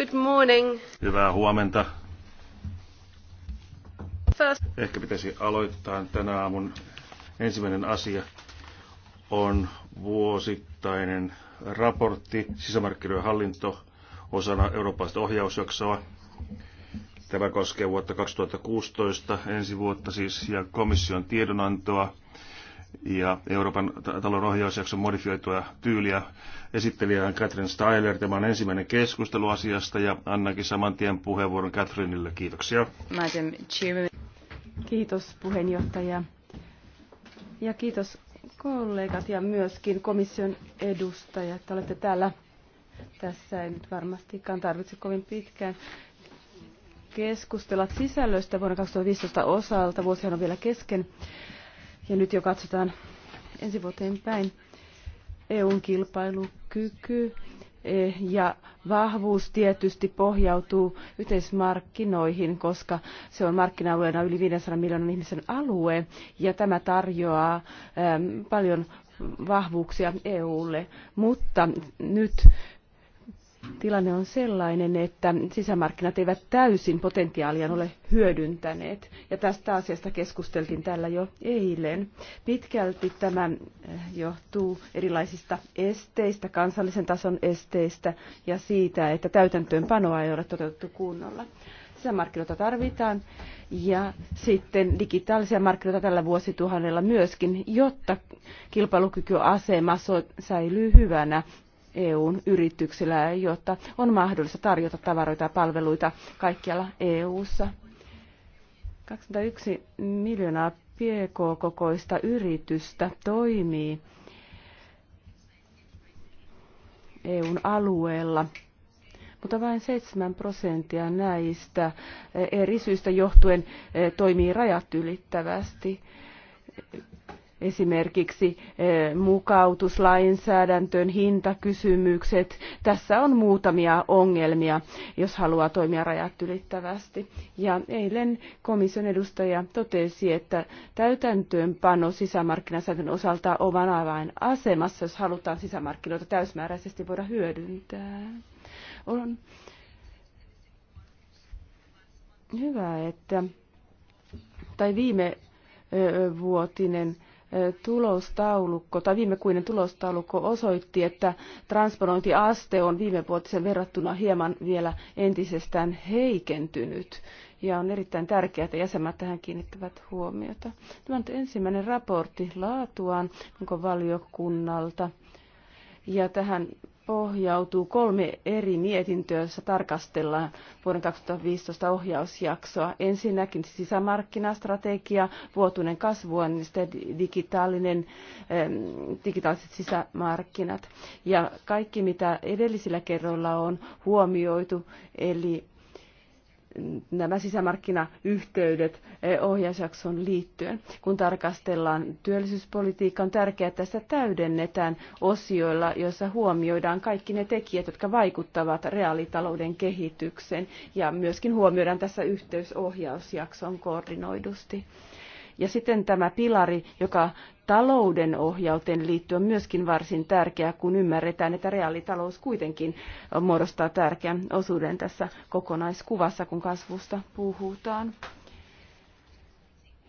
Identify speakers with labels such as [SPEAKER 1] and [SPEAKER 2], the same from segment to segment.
[SPEAKER 1] Good morning.
[SPEAKER 2] Hyvää huomenta. First. Ehkä pitäisi aloittaa tänä aamun ensimmäinen asia on vuosittainen raportti sisämarkkinoiden hallinto osana eurooppalaista ohjausjaksoa. Tämä koskee vuotta 2016, ensi vuotta siis, ja komission tiedonantoa ja Euroopan talon ohjausjakson modifioitua tyyliä. Esittelijä on Katrin Styler. Tämä on ensimmäinen keskustelu asiasta ja annakin saman tien puheenvuoron Katrinille. Kiitoksia.
[SPEAKER 1] Kiitos puheenjohtaja. Ja kiitos kollegat ja myöskin komission edustajat, että olette täällä. Tässä ei nyt varmastikaan tarvitse kovin pitkään keskustella sisällöstä vuonna 2015 osalta. Vuosihan on vielä kesken. Ja nyt jo katsotaan ensi vuoteen päin. EUn kilpailukyky eh, ja vahvuus tietysti pohjautuu yhteismarkkinoihin, koska se on markkina-alueena yli 500 miljoonan ihmisen alue ja tämä tarjoaa eh, paljon vahvuuksia EUlle, mutta nyt tilanne on sellainen, että sisämarkkinat eivät täysin potentiaalia ole hyödyntäneet. Ja tästä asiasta keskusteltiin täällä jo eilen. Pitkälti tämä eh, johtuu erilaisista esteistä, kansallisen tason esteistä ja siitä, että täytäntöönpanoa ei ole toteutettu kunnolla. Sisämarkkinoita tarvitaan ja sitten digitaalisia markkinoita tällä vuosituhannella myöskin, jotta kilpailukykyasema säilyy hyvänä EUn yrityksillä, jotta on mahdollista tarjota tavaroita ja palveluita kaikkialla EUssa. 21 miljoonaa PK-kokoista yritystä toimii EUn alueella, mutta vain 7 prosenttia näistä eri syistä johtuen eh, toimii rajat ylittävästi esimerkiksi eh, mukautuslainsäädäntöön, hintakysymykset. Tässä on muutamia ongelmia, jos haluaa toimia rajat ylittävästi. Ja eilen komission edustaja totesi, että täytäntöönpano sisämarkkinasäätön osalta on aivan asemassa, jos halutaan sisämarkkinoita täysmääräisesti voida hyödyntää. On hyvä, että tai viime vuotinen tulostaulukko tai viimekuinen tulostaulukko osoitti, että transponointiaste on viime vuotisen verrattuna hieman vielä entisestään heikentynyt. Ja on erittäin tärkeää, että jäsenmaat tähän kiinnittävät huomiota. Tämä on ensimmäinen raportti laatuaan valiokunnalta. Ja tähän pohjautuu kolme eri mietintöä, joissa tarkastellaan vuoden 2015 ohjausjaksoa. Ensinnäkin sisämarkkinastrategia, vuotuinen kasvu, niin sitten digitaalinen, digitaaliset sisämarkkinat. Ja kaikki, mitä edellisillä kerroilla on huomioitu, eli nämä sisämarkkinayhteydet eh, ohjausjakson liittyen. Kun tarkastellaan työllisyyspolitiikkaa, on tärkeää, että sitä täydennetään osioilla, joissa huomioidaan kaikki ne tekijät, jotka vaikuttavat reaalitalouden kehitykseen ja myöskin huomioidaan tässä yhteys ohjausjakson koordinoidusti. Ja sitten tämä pilari, joka talouden ohjauteen on myöskin varsin tärkeä, kun ymmärretään, että reaalitalous kuitenkin muodostaa tärkeän osuuden tässä kokonaiskuvassa, kun kasvusta puhutaan.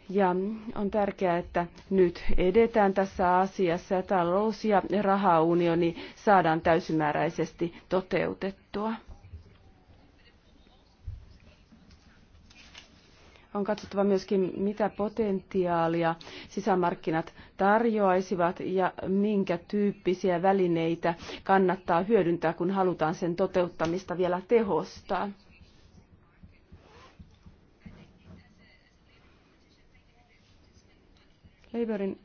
[SPEAKER 1] Ja on tärkeää, että nyt edetään tässä asiassa ja talous- ja rahaunioni saadaan täysimääräisesti toteutettua. on katsottava myöskin, mitä potentiaalia sisämarkkinat tarjoaisivat ja minkä tyyppisiä välineitä kannattaa hyödyntää, kun halutaan sen toteuttamista vielä tehostaa. Labourin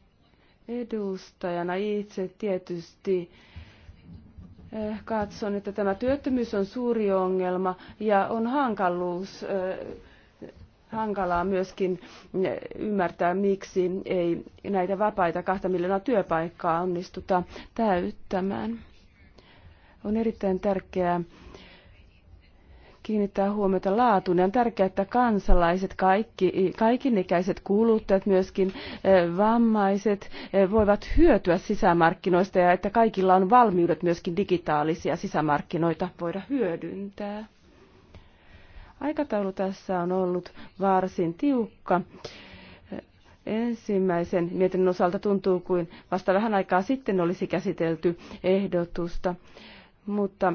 [SPEAKER 1] edustajana itse tietysti eh, katson, että tämä työttömyys on suuri ongelma ja on hankaluus eh, hankalaa myöskin ymmärtää, miksi ei näitä vapaita kahta miljoonaa työpaikkaa onnistuta täyttämään. On erittäin tärkeää kiinnittää huomiota laatuun. On tärkeää, että kansalaiset, kaikki, kaikinikäiset kuluttajat, myöskin eh, vammaiset eh, voivat hyötyä sisämarkkinoista ja että kaikilla on valmiudet myöskin digitaalisia sisämarkkinoita voida hyödyntää. Aikataulu tässä on ollut varsin tiukka. Ensimmäisen mietinnön osalta tuntuu kuin vasta vähän aikaa sitten olisi käsitelty ehdotusta, mutta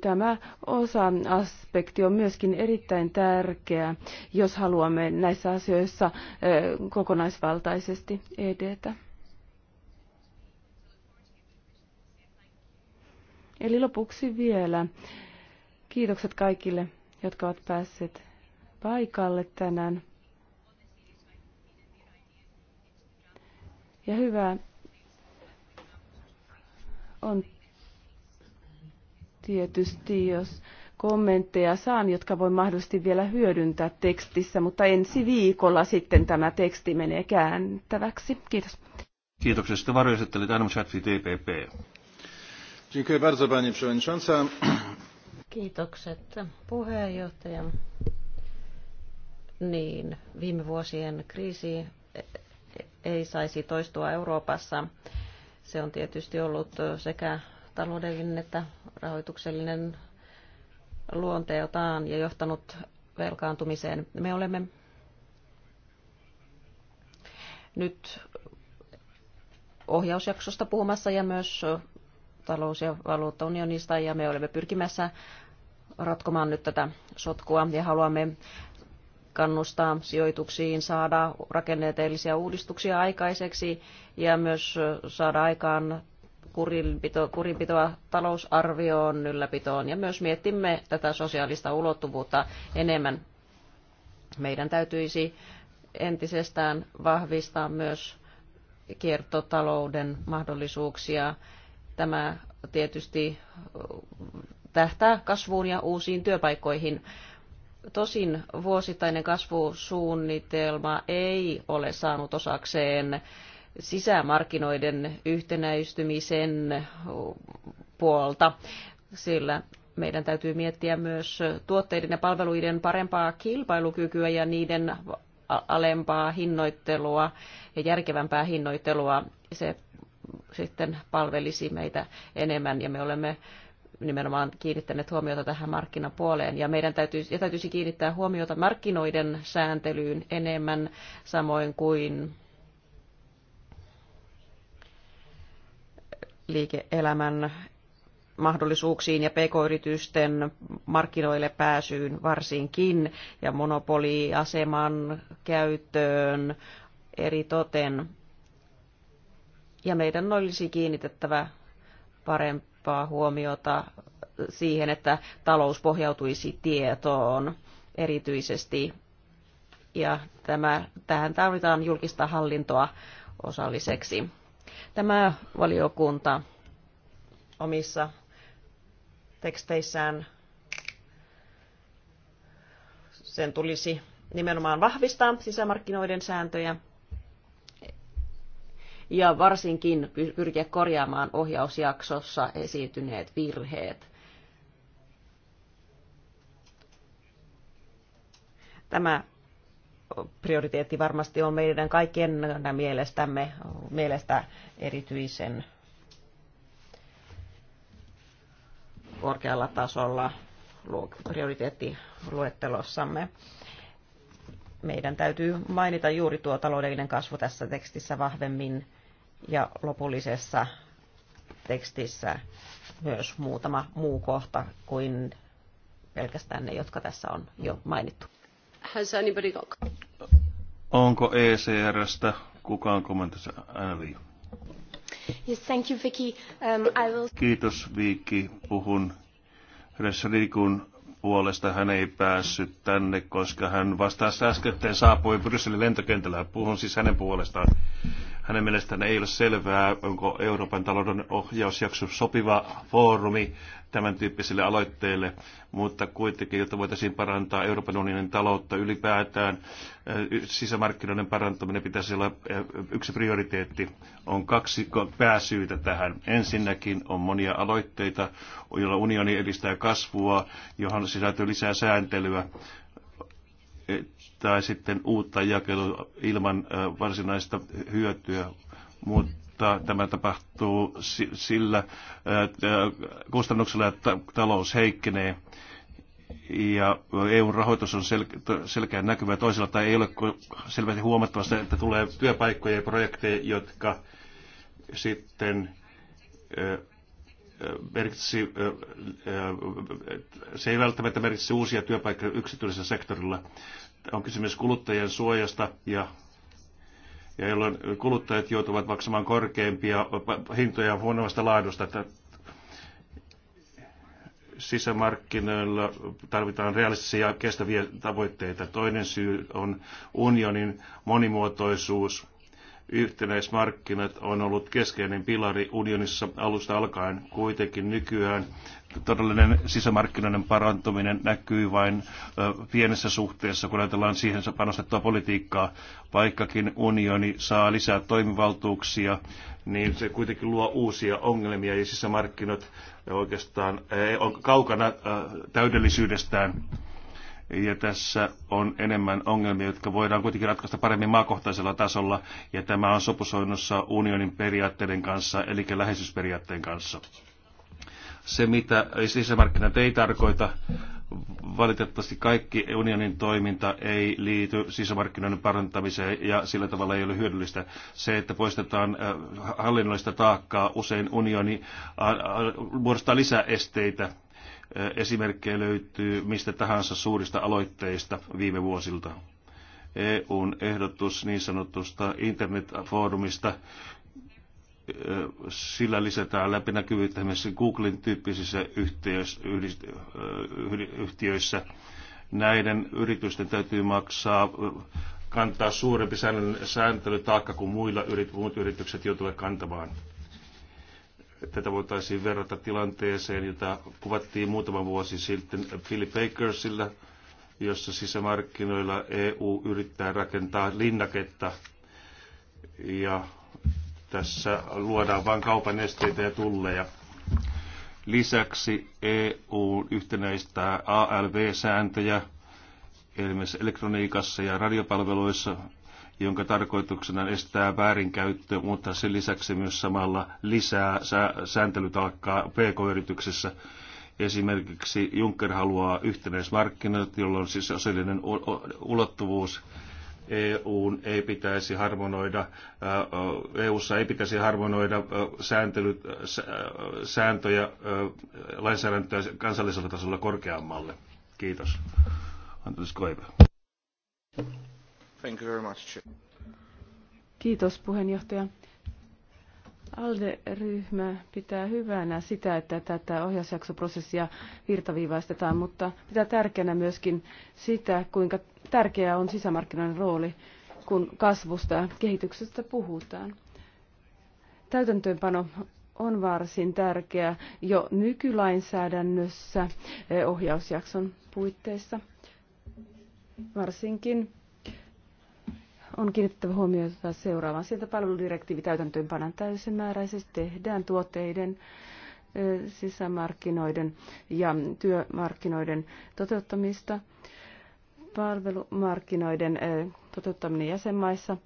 [SPEAKER 1] Tämä osa-aspekti on myöskin erittäin tärkeä, jos haluamme näissä asioissa kokonaisvaltaisesti edetä. Eli lopuksi vielä Kiitokset kaikille, jotka ovat päässeet paikalle tänään. Ja hyvää on tietysti, jos kommentteja saan, jotka voi mahdollisesti vielä hyödyntää tekstissä, mutta ensi viikolla sitten tämä teksti menee kääntäväksi. Kiitos.
[SPEAKER 2] Kiitoksesta varjoisettelit Adam Chatfi TPP. Dziękuję bardzo, panie Przewodnicząca.
[SPEAKER 3] Kiitokset puheenjohtaja. Niin, viime vuosien kriisi ei saisi toistua Euroopassa. Se on tietysti ollut sekä taloudellinen että rahoituksellinen luonteeltaan ja johtanut velkaantumiseen. Me olemme nyt ohjausjaksosta puhumassa ja myös talous- ja valuuttaunionista ja me olemme pyrkimässä ratkomaan nyt tätä sotkua ja haluamme kannustaa sijoituksiin, saada rakenneteellisia uudistuksia aikaiseksi ja myös saada aikaan kurinpito, kurinpitoa talousarvioon, ylläpitoon ja myös miettimme tätä sosiaalista ulottuvuutta enemmän. Meidän täytyisi entisestään vahvistaa myös kiertotalouden mahdollisuuksia. Tämä tietysti tähtää kasvuun ja uusiin työpaikkoihin. Tosin vuosittainen kasvusuunnitelma ei ole saanut osakseen sisämarkkinoiden yhtenäistymisen puolta, sillä meidän täytyy miettiä myös tuotteiden ja palveluiden parempaa kilpailukykyä ja niiden alempaa hinnoittelua ja järkevämpää hinnoittelua. Se sitten palvelisi meitä enemmän ja me olemme nimenomaan kiinnittäneet huomiota tähän markkinapuoleen. Ja meidän täytyisi, ja täytyisi kiinnittää huomiota markkinoiden sääntelyyn enemmän, samoin kuin liike-elämän mahdollisuuksiin ja pk-yritysten markkinoille pääsyyn varsinkin ja monopoliaseman käyttöön eri toten. Ja meidän olisi kiinnitettävä parempi suurempaa huomiota siihen, että talous pohjautuisi tietoon erityisesti. Ja tämä, tähän tarvitaan julkista hallintoa osalliseksi. Tämä valiokunta omissa teksteissään sen tulisi nimenomaan vahvistaa sisämarkkinoiden sääntöjä ja varsinkin pyrkiä korjaamaan ohjausjaksossa esiintyneet virheet. Tämä prioriteetti varmasti on meidän kaikkien mielestämme, mielestä erityisen korkealla tasolla prioriteettiluettelossamme. Meidän täytyy mainita juuri tuo taloudellinen kasvu tässä tekstissä vahvemmin ja lopullisessa tekstissä myös muutama muu kohta kuin pelkästään ne, jotka tässä on jo mainittu. Has anybody got...
[SPEAKER 2] Onko ECRstä kukaan kommentoissa ääni? Yes, thank you, Vicky. Um, I will... Kiitos, Vicky. Puhun Ressalikun puolesta. Hän ei päässyt tänne, koska hän vastasi äsken saapui Brysselin lentokentällä. Puhun siis hänen puolestaan. Hänen mielestään ei ole selvää, onko Euroopan talouden ohjausjakso sopiva foorumi tämän tyyppisille aloitteille, mutta kuitenkin, jotta voitaisiin parantaa Euroopan unionin taloutta ylipäätään, eh, sisämarkkinoiden parantaminen pitäisi olla eh, yksi prioriteetti. On kaksi pääsyytä tähän. Ensinnäkin on monia aloitteita, joilla unioni edistää kasvua, johon sisältyy lisää sääntelyä tai sitten uutta jakelua ilman varsinaista hyötyä, mutta tämä tapahtuu sillä kustannuksella, että talous heikkenee ja EUn rahoitus on sel- selkeän näkyvä toisella tai ei ole selvästi huomattavasti, että tulee työpaikkoja ja projekteja, jotka sitten merkitsi, se ei välttämättä merkitsisi uusia työpaikkoja yksityisellä sektorilla. On kysymys kuluttajien suojasta ja, ja jolloin kuluttajat joutuvat maksamaan korkeampia hintoja huonommasta laadusta. Sisämarkkinoilla tarvitaan realistisia ja kestäviä tavoitteita. Toinen syy on unionin monimuotoisuus yhtenäismarkkinat on ollut keskeinen pilari unionissa alusta alkaen. Kuitenkin nykyään todellinen sisämarkkinoiden parantuminen näkyy vain pienessä suhteessa, kun ajatellaan siihen panostettua politiikkaa. Vaikkakin unioni saa lisää toimivaltuuksia, niin se kuitenkin luo uusia ongelmia ja sisämarkkinat oikeastaan on kaukana täydellisyydestään ja tässä on enemmän ongelmia, jotka voidaan kuitenkin ratkaista paremmin maakohtaisella tasolla, ja tämä on sopusoinnossa unionin periaatteiden kanssa, eli läheisyysperiaatteen kanssa. Se, mitä sisämarkkinat ei tarkoita, valitettavasti kaikki unionin toiminta ei liity sisämarkkinoiden parantamiseen ja sillä tavalla ei ole hyödyllistä. Se, että poistetaan äh, hallinnollista taakkaa, usein unioni äh, äh, muodostaa lisäesteitä Eh, esimerkkejä löytyy mistä tahansa suurista aloitteista viime vuosilta. EUn ehdotus niin sanotusta internetfoorumista, eh, sillä lisätään läpinäkyvyyttä esimerkiksi Googlen tyyppisissä eh, yhtiöissä. Näiden yritysten täytyy maksaa kantaa suurempi sääntelytaakka kuin muilla yrit, muut yritykset joutuvat kantamaan tätä voitaisiin verrata tilanteeseen, jota kuvattiin muutama vuosi sitten Philip Bakersillä, jossa sisämarkkinoilla EU yrittää rakentaa linnaketta ja tässä luodaan vain kaupan esteitä ja tulleja. Lisäksi EU yhtenäistää ALV-sääntöjä esimerkiksi elektroniikassa ja radiopalveluissa jonka tarkoituksena estää väärinkäyttö, mutta sen lisäksi myös samalla lisää sääntelytaakkaa pk-yrityksessä. Esimerkiksi Juncker haluaa yhtenäismarkkinat, jolloin siis sosiaalinen ulottuvuus EUn ei pitäisi harmonoida, EUssa ei pitäisi harmonoida sääntelyt, sääntöjä, lainsäädäntöä kansallisella tasolla korkeammalle. Kiitos. Antti Koive. Thank you very much.
[SPEAKER 1] Kiitos puheenjohtaja. ALDE-ryhmä pitää hyvänä sitä, että tätä ohjausjaksoprosessia virtaviivaistetaan, mutta pitää tärkeänä myöskin sitä, kuinka tärkeää on sisämarkkinoiden rooli, kun kasvusta ja kehityksestä puhutaan. Täytäntöönpano on varsin tärkeä jo nykylainsäädännössä eh, ohjausjakson puitteissa, varsinkin on kiinnitettävä huomiota seuraavaan. Sieltä palveludirektiivi täytäntöönpanan täysimääräisesti tehdään tuotteiden sisämarkkinoiden ja työmarkkinoiden toteuttamista, palvelumarkkinoiden toteuttaminen jäsenmaissa,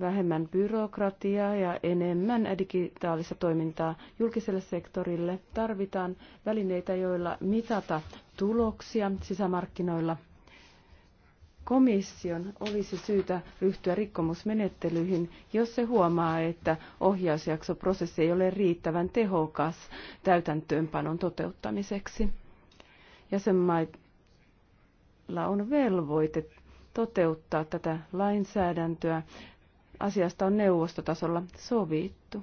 [SPEAKER 1] vähemmän byrokratiaa ja enemmän digitaalista toimintaa julkiselle sektorille. Tarvitaan välineitä, joilla mitata tuloksia sisämarkkinoilla – komission olisi syytä ryhtyä rikkomusmenettelyihin, jos se huomaa, että ohjausjaksoprosessi ei ole riittävän tehokas täytäntöönpanon toteuttamiseksi. Jäsenmailla on velvoite toteuttaa tätä lainsäädäntöä. Asiasta on neuvostotasolla sovittu.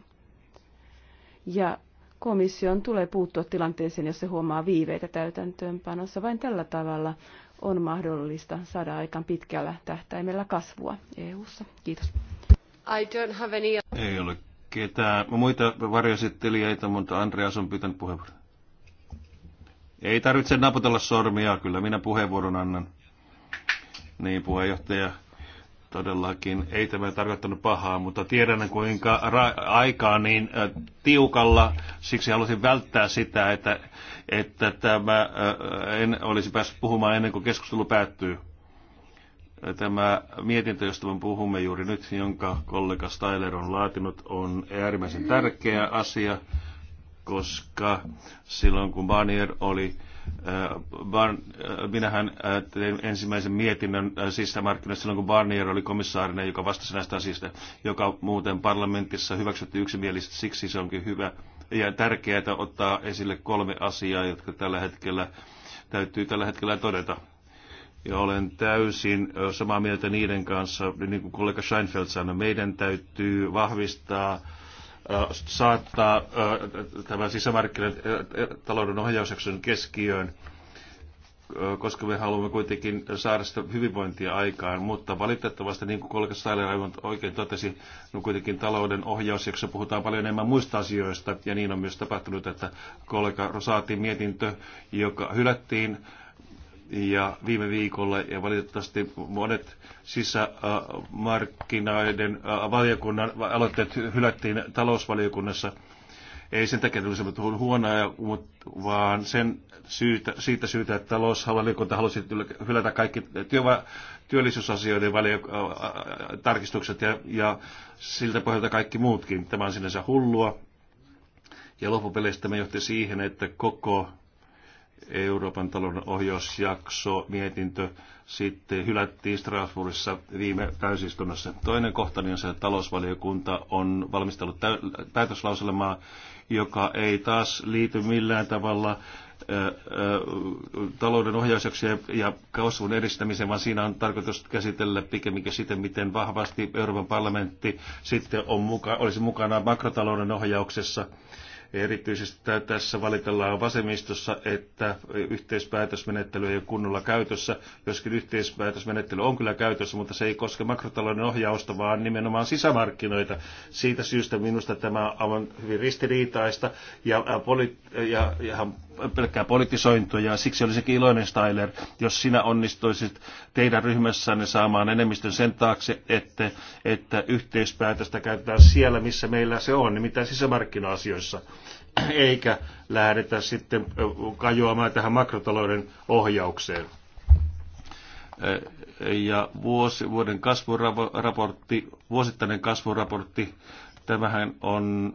[SPEAKER 1] Ja komission tulee puuttua tilanteeseen, jos se huomaa viiveitä täytäntöönpanossa. Vain tällä tavalla on mahdollista saada aikaan pitkällä tähtäimellä kasvua EU:ssa. Kiitos. I don't have any... Ei ole
[SPEAKER 2] ketään. Muita varjosittelijöitä, mutta Andreas on pyytänyt puheenvuoron. Ei tarvitse naputella sormia, kyllä minä puheenvuoron annan. Niin, puheenjohtaja. Todellakin, ei tämä tarkoittanut pahaa, mutta tiedän kuinka ra- aikaa niin ä, äh, tiukalla, siksi halusin välttää sitä, että, että tämä, ä, äh, en olisi päässyt puhumaan ennen kuin keskustelu päättyy. Äh, tämä mietintö, josta me puhumme juuri nyt, jonka kollega Styler on laatinut, on äärimmäisen tärkeä asia, koska silloin kun Barnier oli Äh, Bar, äh, minähän äh, tein ensimmäisen mietinnön sisämarkkinoista silloin, kun Barnier oli komissaarina, joka vastasi näistä asioista, joka muuten parlamentissa hyväksytti yksimielisesti. Siksi se onkin hyvä ja tärkeää ottaa esille kolme asiaa, jotka tällä hetkellä täytyy tällä hetkellä todeta. Ja olen täysin samaa mieltä niiden kanssa, niin kuin kollega Scheinfeld sanoi, meidän täytyy vahvistaa saattaa tämän sisämarkkinatalouden ohjausjakson keskiöön, koska me haluamme kuitenkin saada sitä hyvinvointia aikaan, mutta valitettavasti, niin kuin kollega Sailer aivan oikein totesi, no kuitenkin talouden ohjausjakso puhutaan paljon enemmän muista asioista, ja niin on myös tapahtunut, että kollega Rosaatin mietintö, joka hylättiin, ja viime viikolla ja valitettavasti monet sisämarkkinoiden äh, valiokunnan aloitteet hylättiin talousvaliokunnassa. Ei sen takia tulisivat huonoja, vaan sen syytä, siitä syytä, että talousvaliokunta halusi hylätä kaikki työ, työllisyysasioiden valio, äh, äh, tarkistukset ja, ja siltä pohjalta kaikki muutkin. Tämä on sinänsä hullua. Ja loppupeleistä me johti siihen, että koko Euroopan talouden ohjausjakso, mietintö, sitten hylättiin Strasbourgissa viime täysistunnossa. Toinen kohta on se, että talousvaliokunta on valmistellut päätöslauselmaa, joka ei taas liity millään tavalla talouden ohjausjaksojen ja kasvun edistämiseen, vaan siinä on tarkoitus käsitellä pikemminkin sitä, miten vahvasti Euroopan parlamentti sitten on muka, olisi mukana makrotalouden ohjauksessa Erityisesti tässä valitellaan vasemmistossa, että yhteispäätösmenettely ei ole kunnolla käytössä. Joskin yhteispäätösmenettely on kyllä käytössä, mutta se ei koske makrotalouden ohjausta, vaan nimenomaan sisämarkkinoita. Siitä syystä minusta tämä on hyvin ristiriitaista ja, poli- ja ihan pelkkää politisointua. Ja siksi olisikin iloinen Styler, jos sinä onnistuisit teidän ryhmässänne saamaan enemmistön sen taakse, että, että yhteispäätöstä käytetään siellä, missä meillä se on, nimittäin sisämarkkinoasioissa eikä lähdetä sitten kajoamaan tähän makrotalouden ohjaukseen. Ja vuosi, vuoden kasvuraportti, vuosittainen kasvuraportti, tämähän on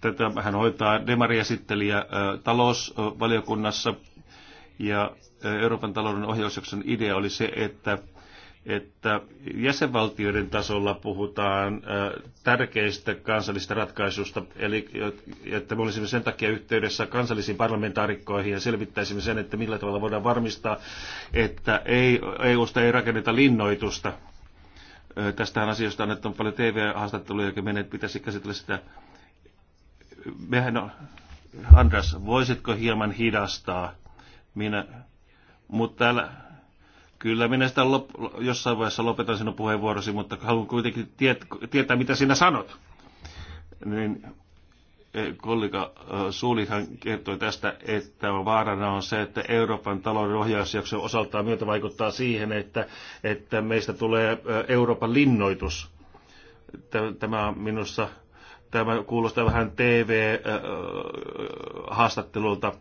[SPEAKER 2] tätähän hoitaa demariesittelijä talousvaliokunnassa ja Euroopan talouden ohjausjakson idea oli se, että että jäsenvaltioiden tasolla puhutaan äh, tärkeistä kansallista ratkaisusta, eli että me olisimme sen takia yhteydessä kansallisiin parlamentaarikkoihin ja selvittäisimme sen, että millä tavalla voidaan varmistaa, että ei, EUsta ei rakenneta linnoitusta. Äh, tästähän asiasta on, on paljon TV-haastatteluja, jotka että pitäisi käsitellä sitä. Mehän on, Andras, voisitko hieman hidastaa? Minä, mutta täällä Kyllä minä sitä lop- jossain vaiheessa lopetan sinun puheenvuorosi, mutta haluan kuitenkin tiet- tietää, mitä sinä sanot. Niin, eh, kollega eh, Suulihan kertoi tästä, että vaarana on se, että Euroopan talouden ohjausjakson osaltaan myötä vaikuttaa siihen, että, että meistä tulee eh, Euroopan linnoitus. Tämä on minusta, tämä kuulostaa vähän TV-haastattelulta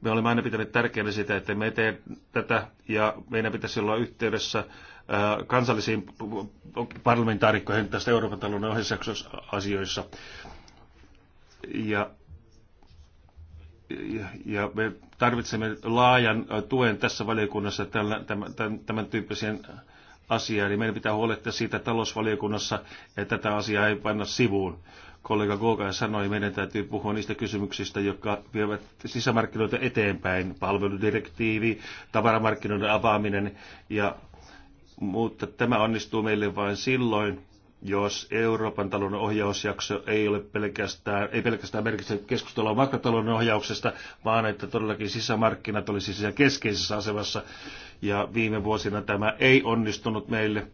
[SPEAKER 2] me olemme aina pitäneet tärkeänä sitä, että me tee tätä ja meidän pitäisi olla yhteydessä äh, kansallisiin parlamentaarikkoihin tästä Euroopan talouden asioissa. Ja, ja, ja me tarvitsemme laajan äh, tuen tässä valiokunnassa tämän, tämän, tämän tyyppisen asiaan, Eli meidän pitää huolehtia siitä talousvaliokunnassa, että tätä asiaa ei panna sivuun kollega Gogan sanoi, meidän täytyy puhua niistä kysymyksistä, jotka vievät sisämarkkinoita eteenpäin. Palveludirektiivi, tavaramarkkinoiden avaaminen, ja, mutta tämä onnistuu meille vain silloin, jos Euroopan talouden ohjausjakso ei ole pelkästään, ei pelkästään merkitse keskustelua makrotalouden ohjauksesta, vaan että todellakin sisämarkkinat olisi siellä keskeisessä asemassa. Ja viime vuosina tämä ei onnistunut meille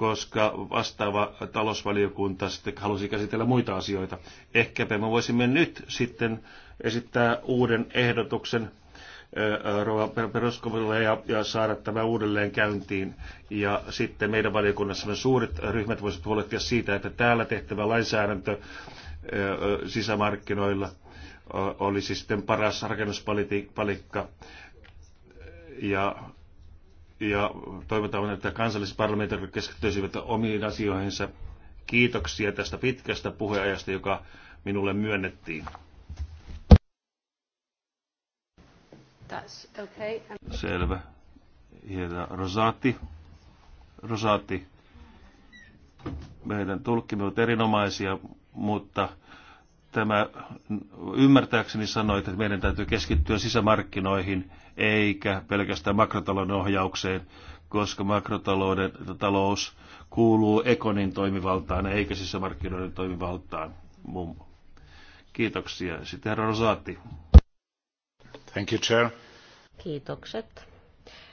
[SPEAKER 2] koska vastaava talousvaliokunta sitten halusi käsitellä muita asioita. Ehkäpä me voisimme nyt sitten esittää uuden ehdotuksen Rova Peruskoville ja, ja saada tämä uudelleen käyntiin. Ja sitten meidän valiokunnassamme suuret ryhmät voisivat huolehtia siitä, että täällä tehtävä lainsäädäntö sisämarkkinoilla olisi sitten paras rakennuspalikka ja ja toivotaan, että kansalliset parlamentit keskittyisivät omiin asioihinsa. Kiitoksia tästä pitkästä puheajasta, joka minulle myönnettiin.
[SPEAKER 1] okay. Selvä.
[SPEAKER 2] Ja Rosati. Rosati. Meidän tulkkimme ovat erinomaisia, mutta tämä ymmärtääkseni sanoi, että meidän täytyy keskittyä sisämarkkinoihin eikä pelkästään makrotalouden ohjaukseen, koska makrotalouden talous kuuluu Ekonin toimivaltaan eikä sisämarkkinoiden toimivaltaan. Kiitoksia. Sitten herra Rosati. Thank you, Chair.
[SPEAKER 3] Kiitokset.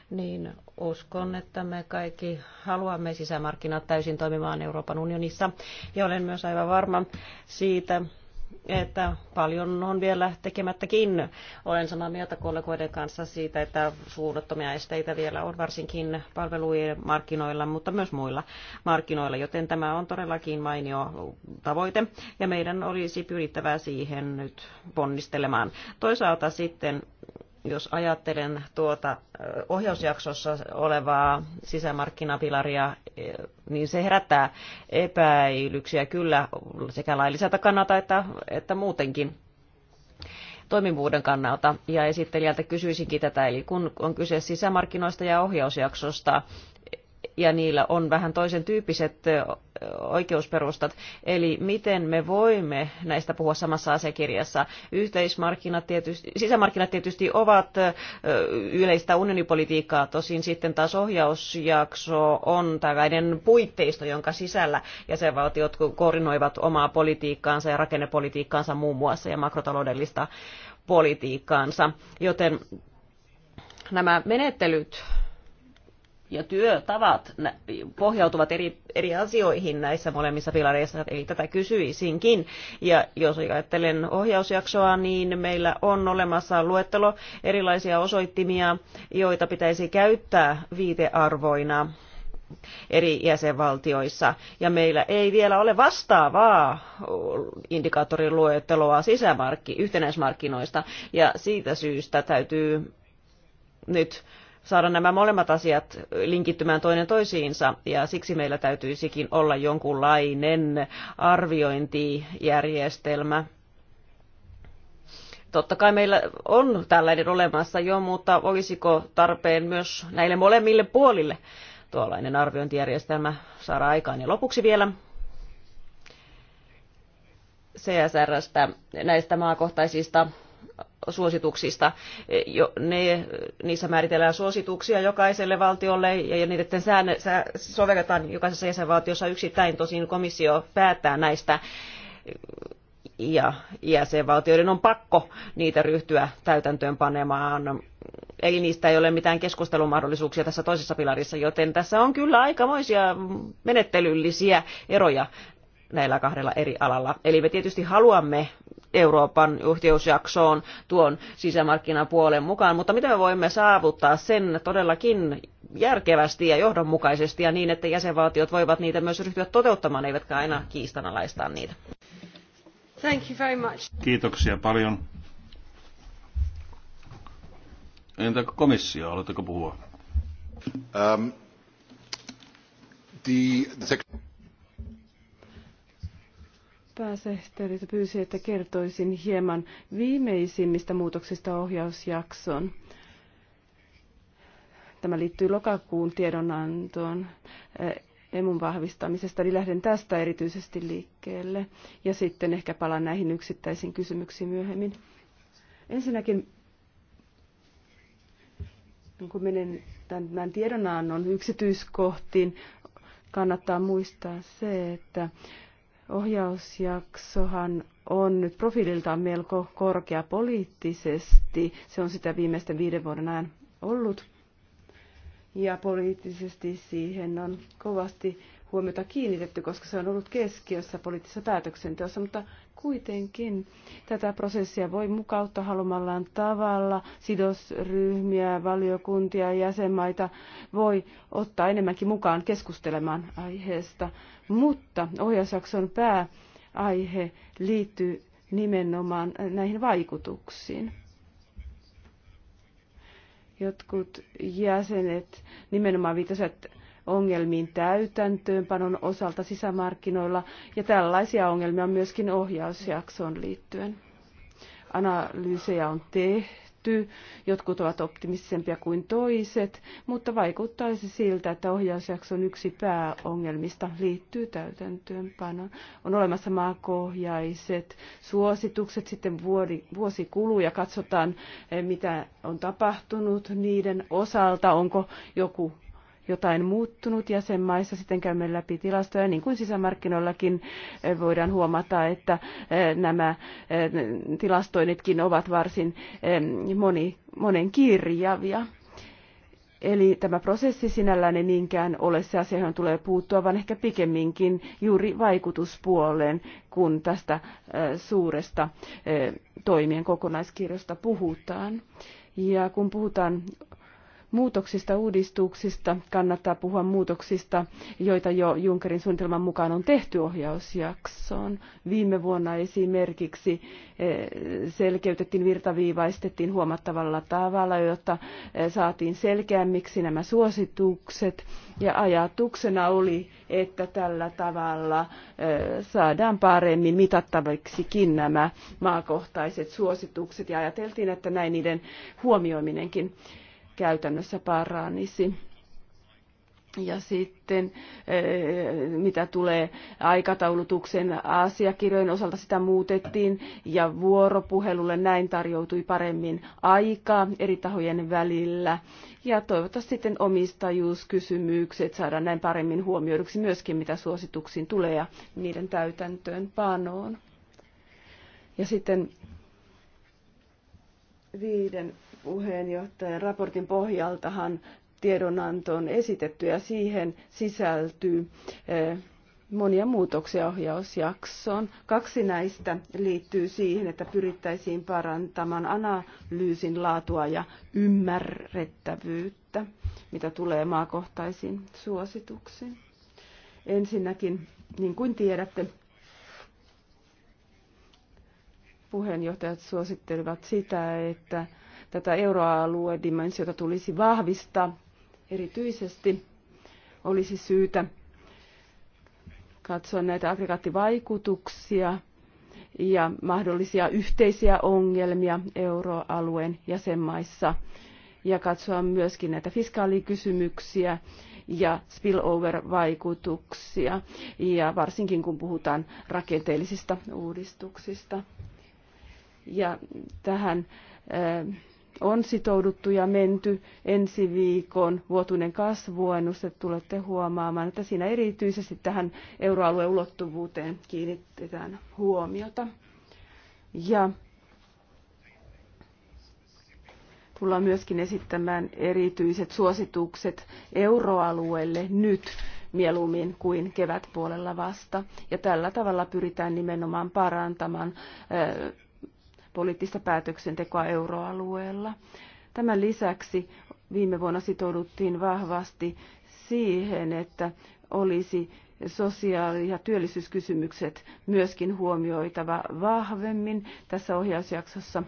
[SPEAKER 3] Niin uskon, että me kaikki haluamme sisämarkkinat täysin toimimaan Euroopan unionissa ja olen myös aivan varma siitä, että paljon on vielä tekemättäkin. Olen samaa mieltä kollegoiden kanssa siitä, että suunnattomia esteitä vielä on varsinkin palvelujen markkinoilla, mutta myös muilla markkinoilla, joten tämä on todellakin mainio tavoite ja meidän olisi pyrittävä siihen nyt ponnistelemaan. Toisaalta sitten jos ajattelen tuota ohjausjaksossa olevaa sisämarkkinapilaria, niin se herättää epäilyksiä kyllä sekä lailliselta kannalta että, että muutenkin toimivuuden kannalta. Ja esittelijältä kysyisinkin tätä, eli kun on kyse sisämarkkinoista ja ohjausjaksosta, ja niillä on vähän toisen tyyppiset oikeusperustat. Eli miten me voimme näistä puhua samassa asiakirjassa? Yhteismarkkinat tietysti, sisämarkkinat tietysti ovat yleistä unionipolitiikkaa, tosin sitten taas ohjausjakso on tällainen puitteisto, jonka sisällä jäsenvaltiot koordinoivat omaa politiikkaansa ja rakennepolitiikkaansa muun muassa ja makrotaloudellista politiikkaansa. Joten nämä menettelyt ja työtavat pohjautuvat eri, eri asioihin näissä molemmissa pilareissa, eli tätä kysyisinkin. Ja jos ajattelen ohjausjaksoa, niin meillä on olemassa luettelo erilaisia osoittimia, joita pitäisi käyttää viitearvoina eri jäsenvaltioissa. Ja meillä ei vielä ole vastaavaa luetteloa sisämarkki, yhtenäismarkkinoista, ja siitä syystä täytyy nyt saada nämä molemmat asiat linkittymään toinen toisiinsa ja siksi meillä täytyisikin olla jonkunlainen arviointijärjestelmä. Totta kai meillä on tällainen olemassa jo, mutta olisiko tarpeen myös näille molemmille puolille tuollainen arviointijärjestelmä saada aikaan. Ja lopuksi vielä CSRstä, näistä maakohtaisista suosituksista. Ne, niissä määritellään suosituksia jokaiselle valtiolle ja niiden säännö, sää, sovelletaan jokaisessa jäsenvaltiossa yksittäin. Tosin komissio päättää näistä ja jäsenvaltioiden on pakko niitä ryhtyä täytäntöön panemaan. Eli niistä ei ole mitään keskustelumahdollisuuksia tässä toisessa pilarissa, joten tässä on kyllä aikamoisia menettelyllisiä eroja näillä kahdella eri alalla. Eli me tietysti haluamme Euroopan yhteysjaksoon tuon sisämarkkinapuolen mukaan, mutta miten me voimme saavuttaa sen todellakin järkevästi ja johdonmukaisesti ja niin, että jäsenvaltiot voivat niitä myös ryhtyä toteuttamaan, eivätkä aina kiistanalaistaa niitä.
[SPEAKER 1] Thank you very much.
[SPEAKER 2] Kiitoksia paljon. Entä komissio, oletteko puhua? Um, the, the
[SPEAKER 1] pääsihteeri pyysi, että kertoisin hieman viimeisimmistä muutoksista ohjausjaksoon. Tämä liittyy lokakuun tiedonantoon eh, emun vahvistamisesta, eli lähden tästä erityisesti liikkeelle ja sitten ehkä palaan näihin yksittäisiin kysymyksiin myöhemmin. Ensinnäkin, kun menen tämän tiedonannon yksityiskohtiin, kannattaa muistaa se, että Ohjausjaksohan on nyt profiililtaan melko korkea poliittisesti. Se on sitä viimeisten viiden vuoden ajan ollut. Ja poliittisesti siihen on kovasti huomiota kiinnitetty, koska se on ollut keskiössä poliittisessa päätöksenteossa, mutta Kuitenkin tätä prosessia voi mukauttaa halumallaan tavalla. Sidosryhmiä, valiokuntia, jäsenmaita voi ottaa enemmänkin mukaan keskustelemaan aiheesta. Mutta ohjausjakson pääaihe liittyy nimenomaan näihin vaikutuksiin jotkut jäsenet nimenomaan viitasivat ongelmiin täytäntöönpanon osalta sisämarkkinoilla ja tällaisia ongelmia on myöskin ohjausjaksoon liittyen. Analyysejä on tehty, jotkut ovat optimistisempia kuin toiset, mutta vaikuttaisi siltä, että ohjausjakson yksi pääongelmista liittyy täytäntöönpanoon. On olemassa maakohjaiset suositukset, sitten vuosi kuluu ja katsotaan, eh, mitä on tapahtunut niiden osalta, onko joku jotain muuttunut jäsenmaissa. Sitten käymme läpi tilastoja, niin kuin sisämarkkinoillakin eh, voidaan huomata, että eh, nämä eh, tilastoinnitkin ovat varsin moni, monen kirjavia. Eli tämä prosessi sinällään ei niinkään ole se asia, johon tulee puuttua, vaan ehkä pikemminkin juuri vaikutuspuoleen, kun tästä suuresta toimien kokonaiskirjosta puhutaan. Ja kun puhutaan muutoksista, uudistuksista. Kannattaa puhua muutoksista, joita jo Junckerin suunnitelman mukaan on tehty ohjausjaksoon. Viime vuonna esimerkiksi eh, selkeytettiin, virtaviivaistettiin huomattavalla tavalla, jotta eh, saatiin selkeämmiksi nämä suositukset. Ja ajatuksena oli, että tällä tavalla eh, saadaan paremmin mitattaviksikin nämä maakohtaiset suositukset. Ja ajateltiin, että näin niiden huomioiminenkin käytännössä paranisi. Ja sitten eh, mitä tulee aikataulutuksen asiakirjojen osalta sitä muutettiin ja vuoropuhelulle näin tarjoutui paremmin aikaa eri tahojen välillä. Ja toivottavasti sitten omistajuuskysymykset saadaan näin paremmin huomioiduksi myöskin mitä suosituksiin tulee ja niiden täytäntöön panoon. Ja sitten viiden puheenjohtajan raportin pohjaltahan tiedonanto on esitetty ja siihen sisältyy eh, monia muutoksia ohjausjaksoon. Kaksi näistä liittyy siihen, että pyrittäisiin parantamaan analyysin laatua ja ymmärrettävyyttä, mitä tulee maakohtaisiin suosituksiin. Ensinnäkin, niin kuin tiedätte, puheenjohtajat suosittelevat sitä, että tätä euroaluedimensiota tulisi vahvistaa erityisesti. Olisi syytä katsoa näitä aggregaattivaikutuksia ja mahdollisia yhteisiä ongelmia euroalueen jäsenmaissa ja katsoa myöskin näitä fiskaalikysymyksiä ja spillover-vaikutuksia, ja varsinkin kun puhutaan rakenteellisista uudistuksista. Ja tähän on sitouduttu ja menty ensi viikon vuotuinen että Tulette huomaamaan, että siinä erityisesti tähän euroalueen ulottuvuuteen kiinnitetään huomiota. Ja tullaan myöskin esittämään erityiset suositukset euroalueelle nyt mieluummin kuin kevätpuolella vasta. Ja tällä tavalla pyritään nimenomaan parantamaan poliittista päätöksentekoa euroalueella. Tämän lisäksi viime vuonna sitouduttiin vahvasti siihen, että olisi sosiaali- ja työllisyyskysymykset myöskin huomioitava vahvemmin tässä ohjausjaksossa.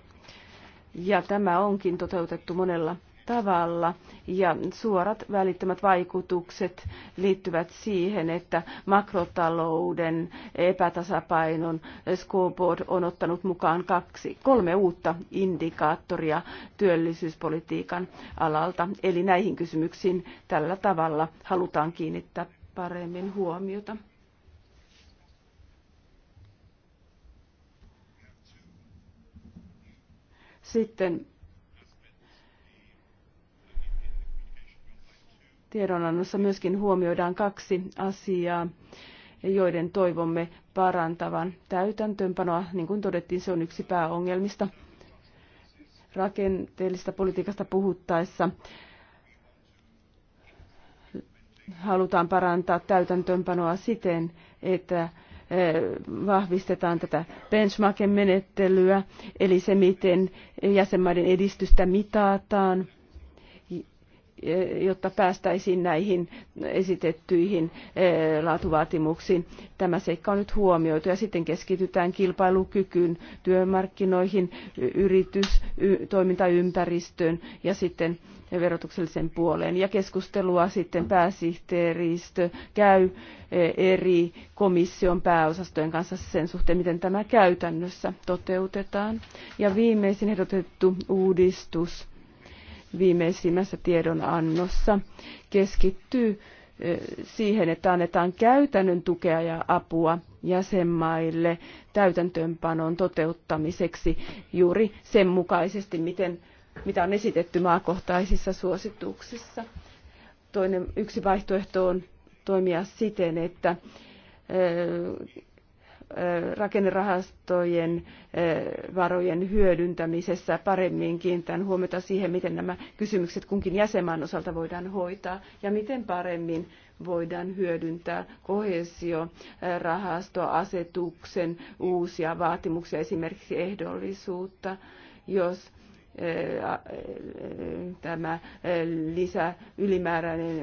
[SPEAKER 1] Ja tämä onkin toteutettu monella tavalla. Ja suorat välittömät vaikutukset liittyvät siihen, että makrotalouden epätasapainon scoreboard on ottanut mukaan kaksi, kolme uutta indikaattoria työllisyyspolitiikan alalta. Eli näihin kysymyksiin tällä tavalla halutaan kiinnittää paremmin huomiota. Sitten tiedonannossa myöskin huomioidaan kaksi asiaa, joiden toivomme parantavan täytäntöönpanoa. Niin kuin todettiin, se on yksi pääongelmista rakenteellista politiikasta puhuttaessa. Halutaan parantaa täytäntöönpanoa siten, että eh, vahvistetaan tätä benchmarken menettelyä, eli se miten jäsenmaiden edistystä mitataan – Eh, jotta päästäisiin näihin esitettyihin eh, laatuvaatimuksiin. Tämä seikka on nyt huomioitu ja sitten keskitytään kilpailukykyyn, työmarkkinoihin, yritys, toimintaympäristöön ja sitten verotuksellisen puoleen. Ja keskustelua sitten pääsihteeristö käy eh, eri komission pääosastojen kanssa sen suhteen, miten tämä käytännössä toteutetaan. Ja viimeisin ehdotettu uudistus viimeisimmässä tiedonannossa keskittyy siihen, että annetaan käytännön tukea ja apua jäsenmaille täytäntöönpanon toteuttamiseksi juuri sen mukaisesti, miten, mitä on esitetty maakohtaisissa suosituksissa. Toinen, yksi vaihtoehto on toimia siten, että rakennerahastojen varojen hyödyntämisessä paremmin kiinnitän huomiota siihen, miten nämä kysymykset kunkin jäsenmaan osalta voidaan hoitaa ja miten paremmin voidaan hyödyntää kohesiorahastoasetuksen uusia vaatimuksia, esimerkiksi ehdollisuutta, jos tämä lisä ylimääräinen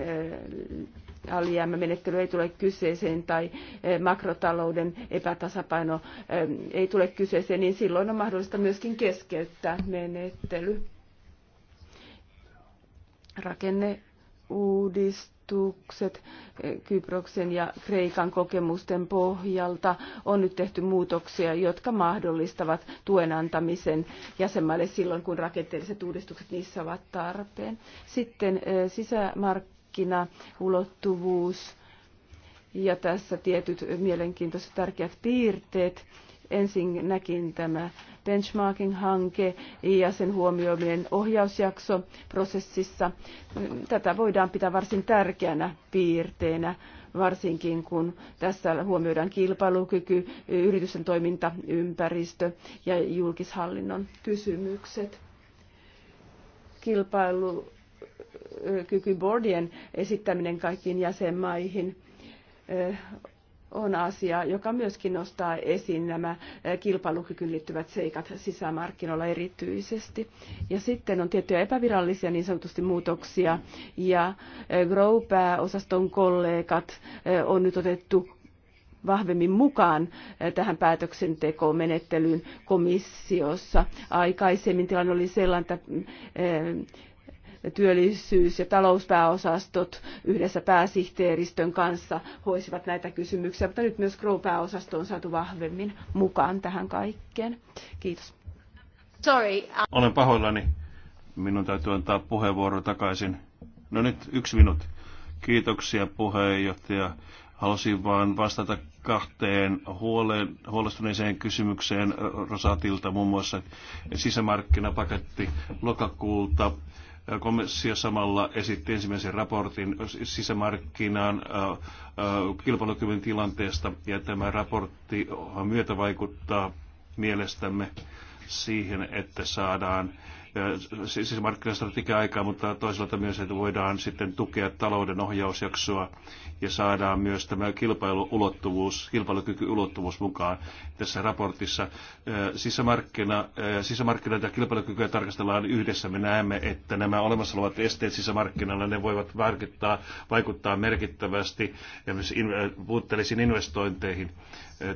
[SPEAKER 1] alijäämämenettely ei tule kyseeseen tai eh, makrotalouden epätasapaino eh, ei tule kyseeseen, niin silloin on mahdollista myöskin keskeyttää menettely. Rakenne uudistukset eh, Kyproksen ja Kreikan kokemusten pohjalta on nyt tehty muutoksia, jotka mahdollistavat tuen antamisen jäsenmaille silloin, kun rakenteelliset uudistukset niissä ovat tarpeen. Sitten sisämark markkinaulottuvuus ja tässä tietyt mielenkiintoiset tärkeät piirteet. Ensinnäkin tämä benchmarking-hanke ja sen huomioiminen ohjausjakso prosessissa. Tätä voidaan pitää varsin tärkeänä piirteenä, varsinkin kun tässä huomioidaan kilpailukyky, yritysten toimintaympäristö ja julkishallinnon kysymykset. Kilpailu Boardien esittäminen kaikkiin jäsenmaihin on asia, joka myöskin nostaa esiin nämä kilpailukykyyn liittyvät seikat sisämarkkinoilla erityisesti. Ja sitten on tiettyjä epävirallisia niin sanotusti muutoksia, ja Grow-pääosaston kollegat on nyt otettu vahvemmin mukaan tähän päätöksentekomenettelyyn komissiossa. Aikaisemmin tilanne oli sellainen, että työllisyys- ja talouspääosastot yhdessä pääsihteeristön kanssa hoisivat näitä kysymyksiä, mutta nyt myös Grow-pääosasto on saatu vahvemmin mukaan tähän kaikkeen. Kiitos.
[SPEAKER 3] Sorry. Olen
[SPEAKER 2] pahoillani. Minun täytyy antaa puheenvuoro takaisin. No nyt yksi minuutti. Kiitoksia puheenjohtaja. Halusin vain vastata kahteen huoleen, huolestuneeseen kysymykseen Rosatilta, muun muassa sisämarkkinapaketti lokakuulta komissio samalla esitti ensimmäisen raportin sisämarkkinaan kilpailukyvyn tilanteesta, ja tämä raportti myötä vaikuttaa mielestämme siihen, että saadaan sisämarkkinastrategia aikaa, mutta toisaalta myös, että voidaan sitten tukea talouden ohjausjaksoa ja saadaan myös tämä kilpailuulottuvuus, kilpailukykyulottuvuus mukaan tässä raportissa. Sisämarkkina, sisämarkkinoita ja kilpailukykyä tarkastellaan yhdessä. Me näemme, että nämä olemassa olevat esteet sisämarkkinoilla, ne voivat vaikuttaa, vaikuttaa merkittävästi in, puutteellisiin investointeihin.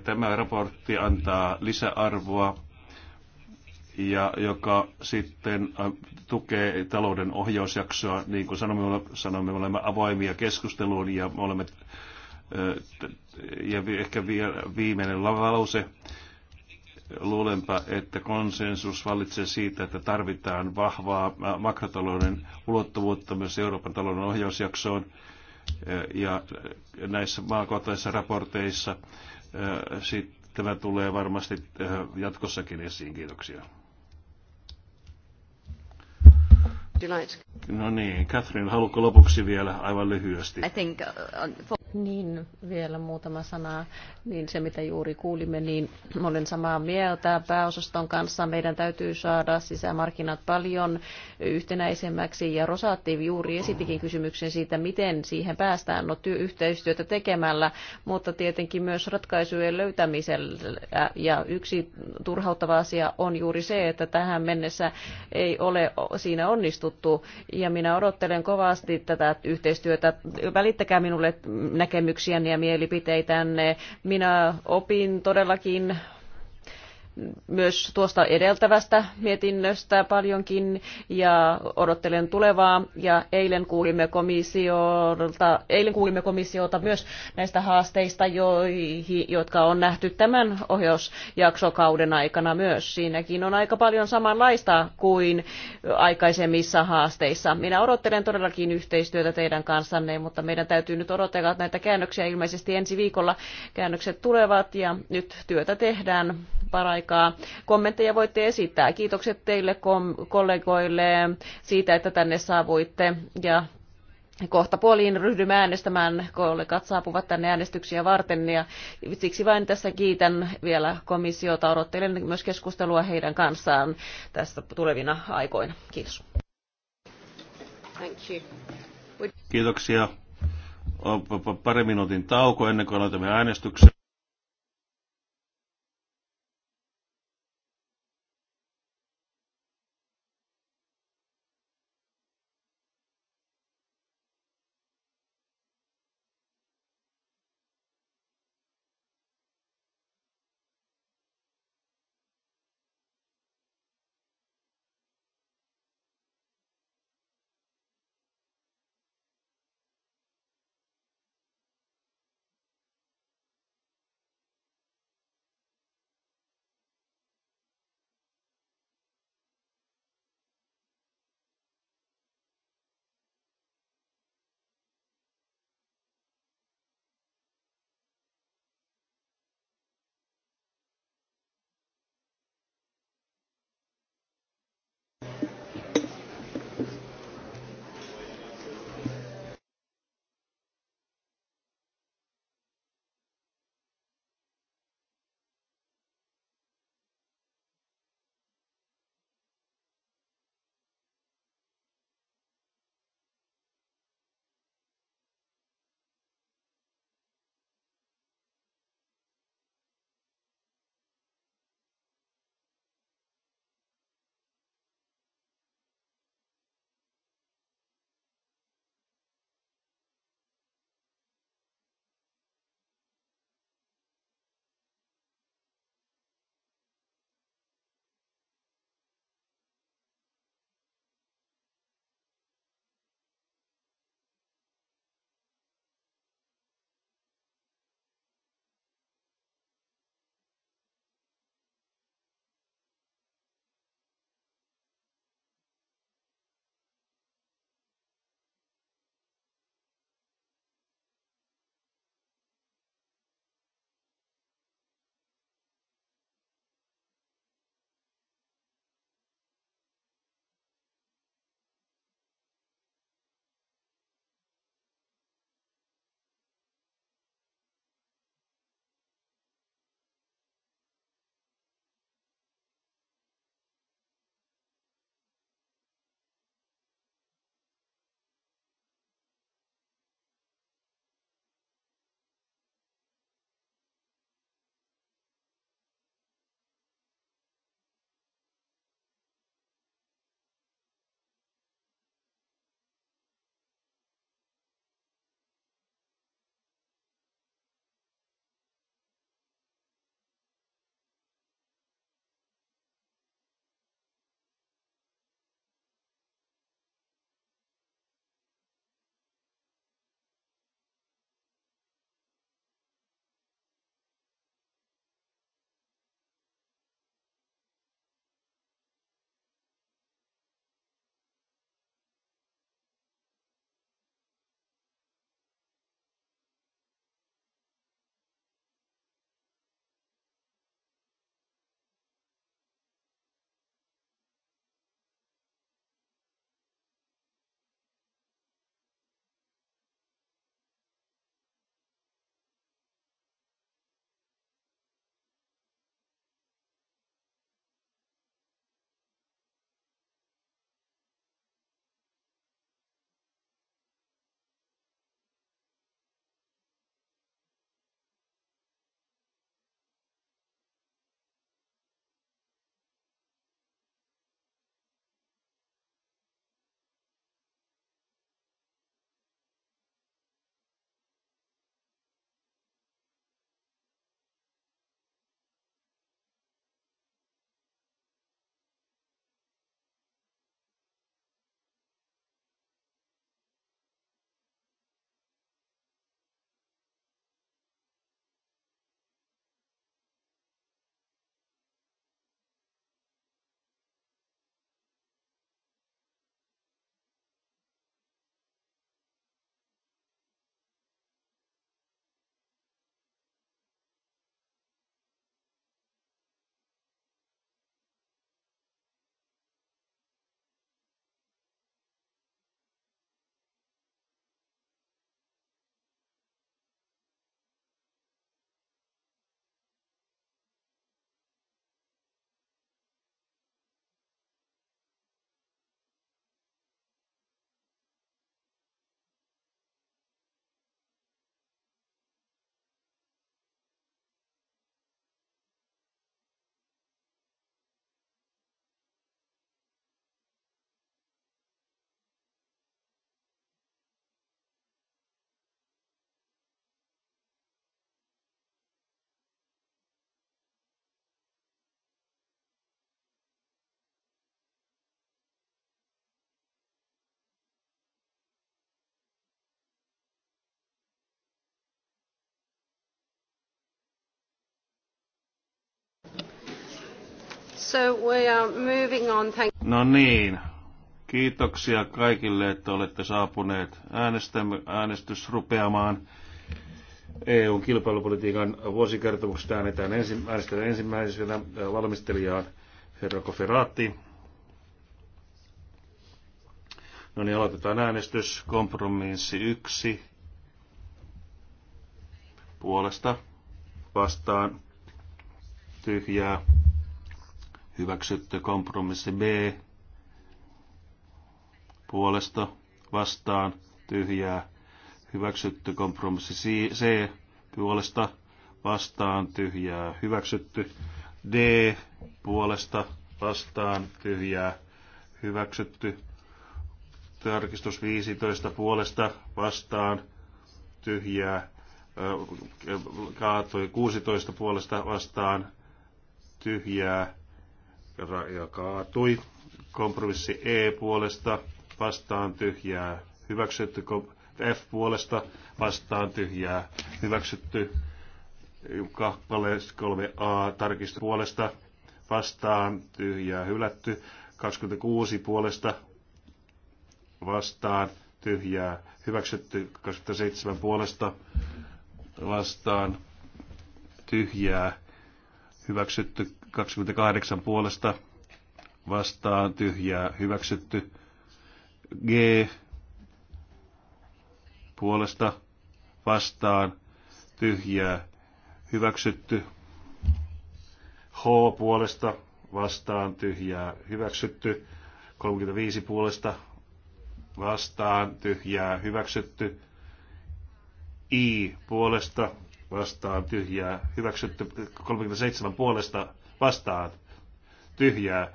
[SPEAKER 2] Tämä raportti antaa lisäarvoa ja joka sitten äh, tukee talouden ohjausjaksoa. Niin kuin sanomme, sanomme, me olemme avoimia keskusteluun ja me olemme, äh, ja ehkä viimeinen lause, luulenpa, että konsensus vallitsee siitä, että tarvitaan vahvaa äh, makrotalouden ulottuvuutta myös Euroopan talouden ohjausjaksoon ja näissä maakohtaisissa raporteissa sitten tämä tulee varmasti jatkossakin esiin. Kiitoksia. No niin, Catherine, haluatko lopuksi vielä aivan lyhyesti? I
[SPEAKER 3] think, uh, for... Niin, vielä muutama sana. Niin se, mitä juuri kuulimme, niin olen samaa mieltä pääosaston kanssa. Meidän täytyy saada sisämarkkinat paljon yhtenäisemmäksi. Ja Rosatti juuri esitikin kysymyksen siitä, miten siihen päästään no, ty- yhteistyötä tekemällä, mutta tietenkin myös ratkaisujen löytämisellä. Ja yksi turhauttava asia on juuri se, että tähän mennessä ei ole siinä onnistuttu. Ja minä odottelen kovasti tätä yhteistyötä. Välittäkää minulle näkemyksiänne ja mielipiteitänne. Minä opin todellakin myös tuosta edeltävästä mietinnöstä paljonkin ja odottelen tulevaa. Ja eilen kuulimme komissiolta, eilen kuulimme komissiolta myös näistä haasteista, joihin, jotka on nähty tämän ohjausjaksokauden aikana myös. Siinäkin on aika paljon samanlaista kuin aikaisemmissa haasteissa. Minä odottelen todellakin yhteistyötä teidän kanssanne, mutta meidän täytyy nyt odotella näitä käännöksiä ilmeisesti ensi viikolla. Käännökset tulevat ja nyt työtä tehdään paraikaa aikaa. Kommentteja voitte esittää. Kiitokset teille kollegoille siitä, että tänne saavuitte ja kohta puoliin ryhdymme äänestämään, kollegat saapuvat tänne äänestyksiä varten ja siksi vain tässä kiitän vielä komissiota. Odottelen myös keskustelua heidän kanssaan tästä tulevina aikoina. Kiitos.
[SPEAKER 2] Kiitoksia. Pari minuutin tauko ennen kuin aloitamme äänestyksen.
[SPEAKER 3] So we are moving on. Thank
[SPEAKER 2] no niin. Kiitoksia kaikille, että olette saapuneet äänestämme, äänestys rupeamaan. EUn kilpailupolitiikan vuosikertomuksesta äänetään ensi, ensimmäisenä valmistelijaan herra Koferaatti. No niin, aloitetaan äänestys. Kompromissi yksi Puolesta vastaan tyhjää Hyväksytty kompromissi B puolesta vastaan tyhjää. Hyväksytty kompromissi C puolesta vastaan tyhjää. Hyväksytty D puolesta vastaan tyhjää. Hyväksytty tarkistus 15 puolesta vastaan tyhjää Kaatui 16 puolesta vastaan tyhjää ja kaatui. Kompromissi E puolesta vastaan tyhjää hyväksytty. F puolesta vastaan tyhjää hyväksytty. Kappale 3A tarkista puolesta vastaan tyhjää hylätty. 26 puolesta vastaan tyhjää hyväksytty. 27 puolesta vastaan tyhjää hyväksytty 28 puolesta vastaan tyhjää hyväksytty. G puolesta vastaan tyhjää hyväksytty. H puolesta vastaan tyhjää hyväksytty. 35 puolesta vastaan tyhjää hyväksytty. I puolesta vastaan tyhjää hyväksytty. 37 puolesta vastaan tyhjää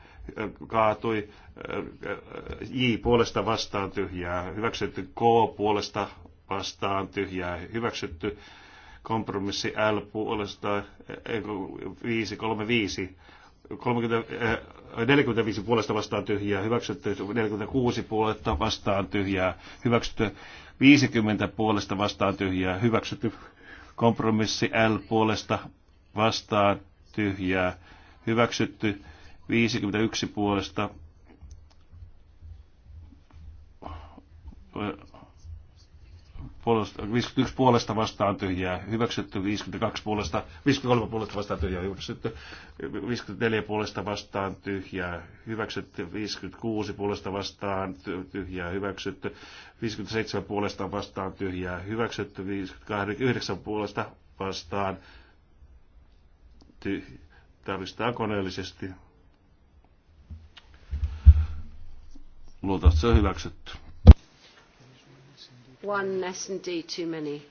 [SPEAKER 2] kaatui, J puolesta vastaan tyhjää, hyväksytty K puolesta vastaan tyhjää, hyväksytty kompromissi L puolesta 5, 3, 5, 30, 45 puolesta vastaan tyhjää, hyväksytty 46 puolesta vastaan tyhjää, hyväksytty 50 puolesta vastaan tyhjää, hyväksytty kompromissi L puolesta vastaan tyhjää, hyväksytty 51 puolesta puolesta, 51 puolesta vastaan tyhjää, hyväksytty 52 puolesta, 53 puolesta vastaan tyhjää, hyväksytty 54 puolesta vastaan tyhjää, hyväksytty 56 puolesta vastaan tyhjää, hyväksytty 57 puolesta vastaan tyhjää, hyväksytty 59 puolesta vastaan tyhjää tarkistaa koneellisesti. Luultavasti se on hyväksytty.
[SPEAKER 3] One S&D too many.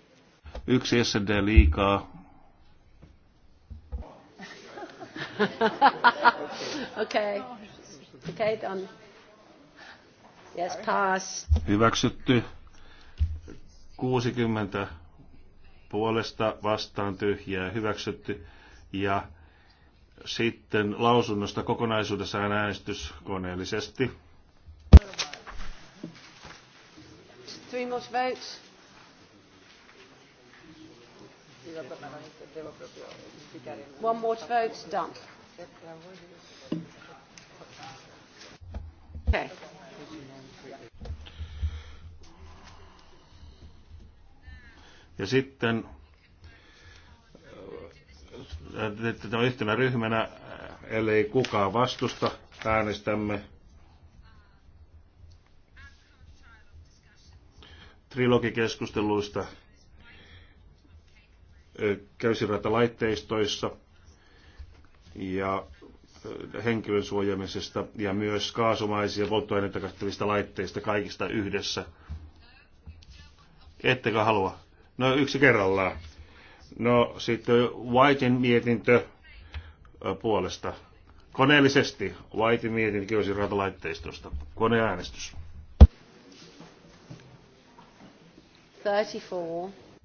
[SPEAKER 2] Yksi S&D liikaa.
[SPEAKER 3] okay.
[SPEAKER 1] Okay, done. Yes, pass.
[SPEAKER 2] Hyväksytty. 60 puolesta vastaan tyhjää hyväksytty ja sitten lausunnosta kokonaisuudessaan äänestyskoneellisesti.
[SPEAKER 1] Three more votes. One more vote done. Okay.
[SPEAKER 2] Ja sitten tämä yhtenä ryhmänä, ellei kukaan vastusta, äänestämme trilogikeskusteluista käysirata-laitteistoissa ja henkilön suojaamisesta ja myös kaasumaisia polttoaineita laitteista kaikista yhdessä. Ettekö halua? No yksi kerrallaan. No sitten Whitein mietintö puolesta. Koneellisesti Whitein mietintö köysi ratalaitteistosta. Koneäänestys.
[SPEAKER 1] 34.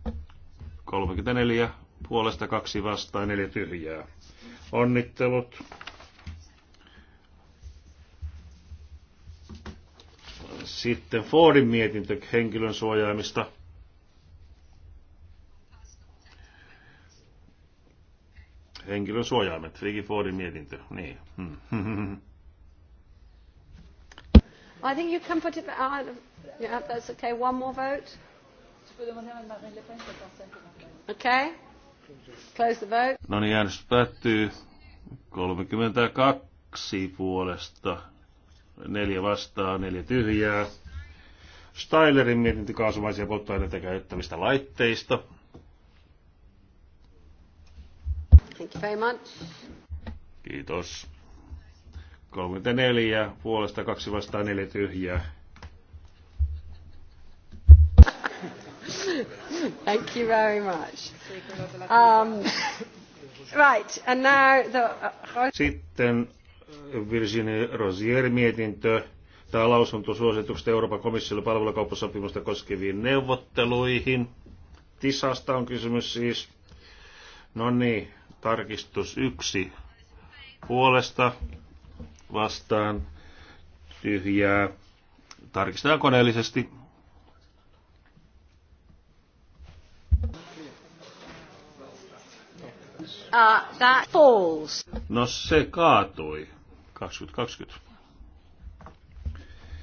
[SPEAKER 2] 34 puolesta kaksi vastaan neljä tyhjää. Onnittelut. Sitten Fordin mietintö henkilön suojaamista – henkilön suojaimet. Ricky Fordin mietintö. Niin. Hmm.
[SPEAKER 1] I think you can put it out. Uh, yeah, that's okay. One more vote. Okay. Close the vote.
[SPEAKER 2] No niin, äänestys päättyy. 32 puolesta, neljä vastaa, neljä tyhjää. Stylerin mietintö kaasumaisia polttoaineita käyttävistä laitteista. Thank you very much. Kiitos. 34 puolesta, 2 vastaan, 4 tyhjää.
[SPEAKER 1] Thank you very much. Um, right, and now the... Uh,
[SPEAKER 2] Sitten Virginie Rosier mietintö tämä lausunto suosituksesta Euroopan komissiolle palvelukauppasopimusta koskeviin neuvotteluihin. Tisasta on kysymys siis. No niin, Tarkistus yksi puolesta vastaan tyhjää. Tarkistetaan koneellisesti.
[SPEAKER 3] Uh, that falls.
[SPEAKER 2] No se kaatui. 2020.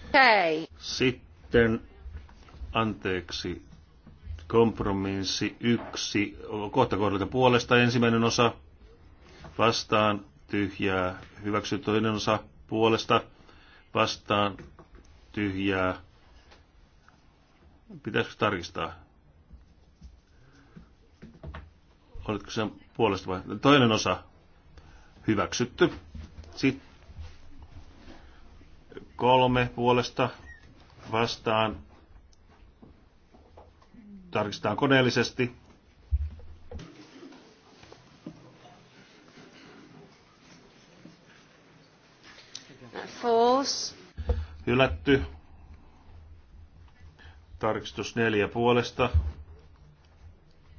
[SPEAKER 2] Okay. Sitten, anteeksi, Kompromissi yksi, kohta kohdalta puolesta ensimmäinen osa, vastaan tyhjää, hyväksy toinen osa puolesta, vastaan tyhjää. Pitäisikö tarkistaa? Oletko se puolesta vai? Toinen osa hyväksytty. Sitten kolme puolesta vastaan tarkistetaan koneellisesti.
[SPEAKER 1] False.
[SPEAKER 2] Hylätty. Tarkistus neljä puolesta.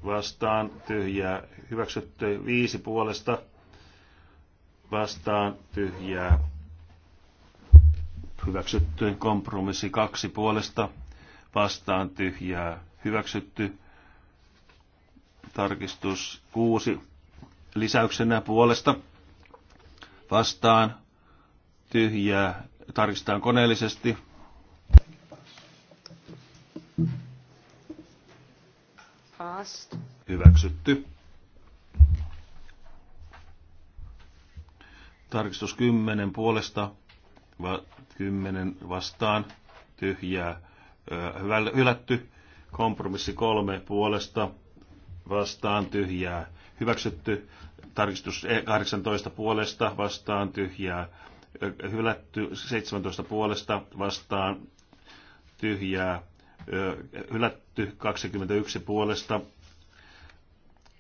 [SPEAKER 2] Vastaan tyhjää. Hyväksytty viisi puolesta. Vastaan tyhjää. Hyväksytty kompromissi kaksi puolesta. Vastaan tyhjää hyväksytty tarkistus 6 lisäyksenä puolesta vastaan tyhjää tarkistetaan koneellisesti. Past. Hyväksytty. Tarkistus 10 puolesta, va, 10 vastaan, tyhjää, ö, hylätty. Kompromissi kolme puolesta vastaan tyhjää. Hyväksytty tarkistus 18 e- puolesta vastaan tyhjää. Hylätty 17 puolesta vastaan tyhjää. Hylätty 21 puolesta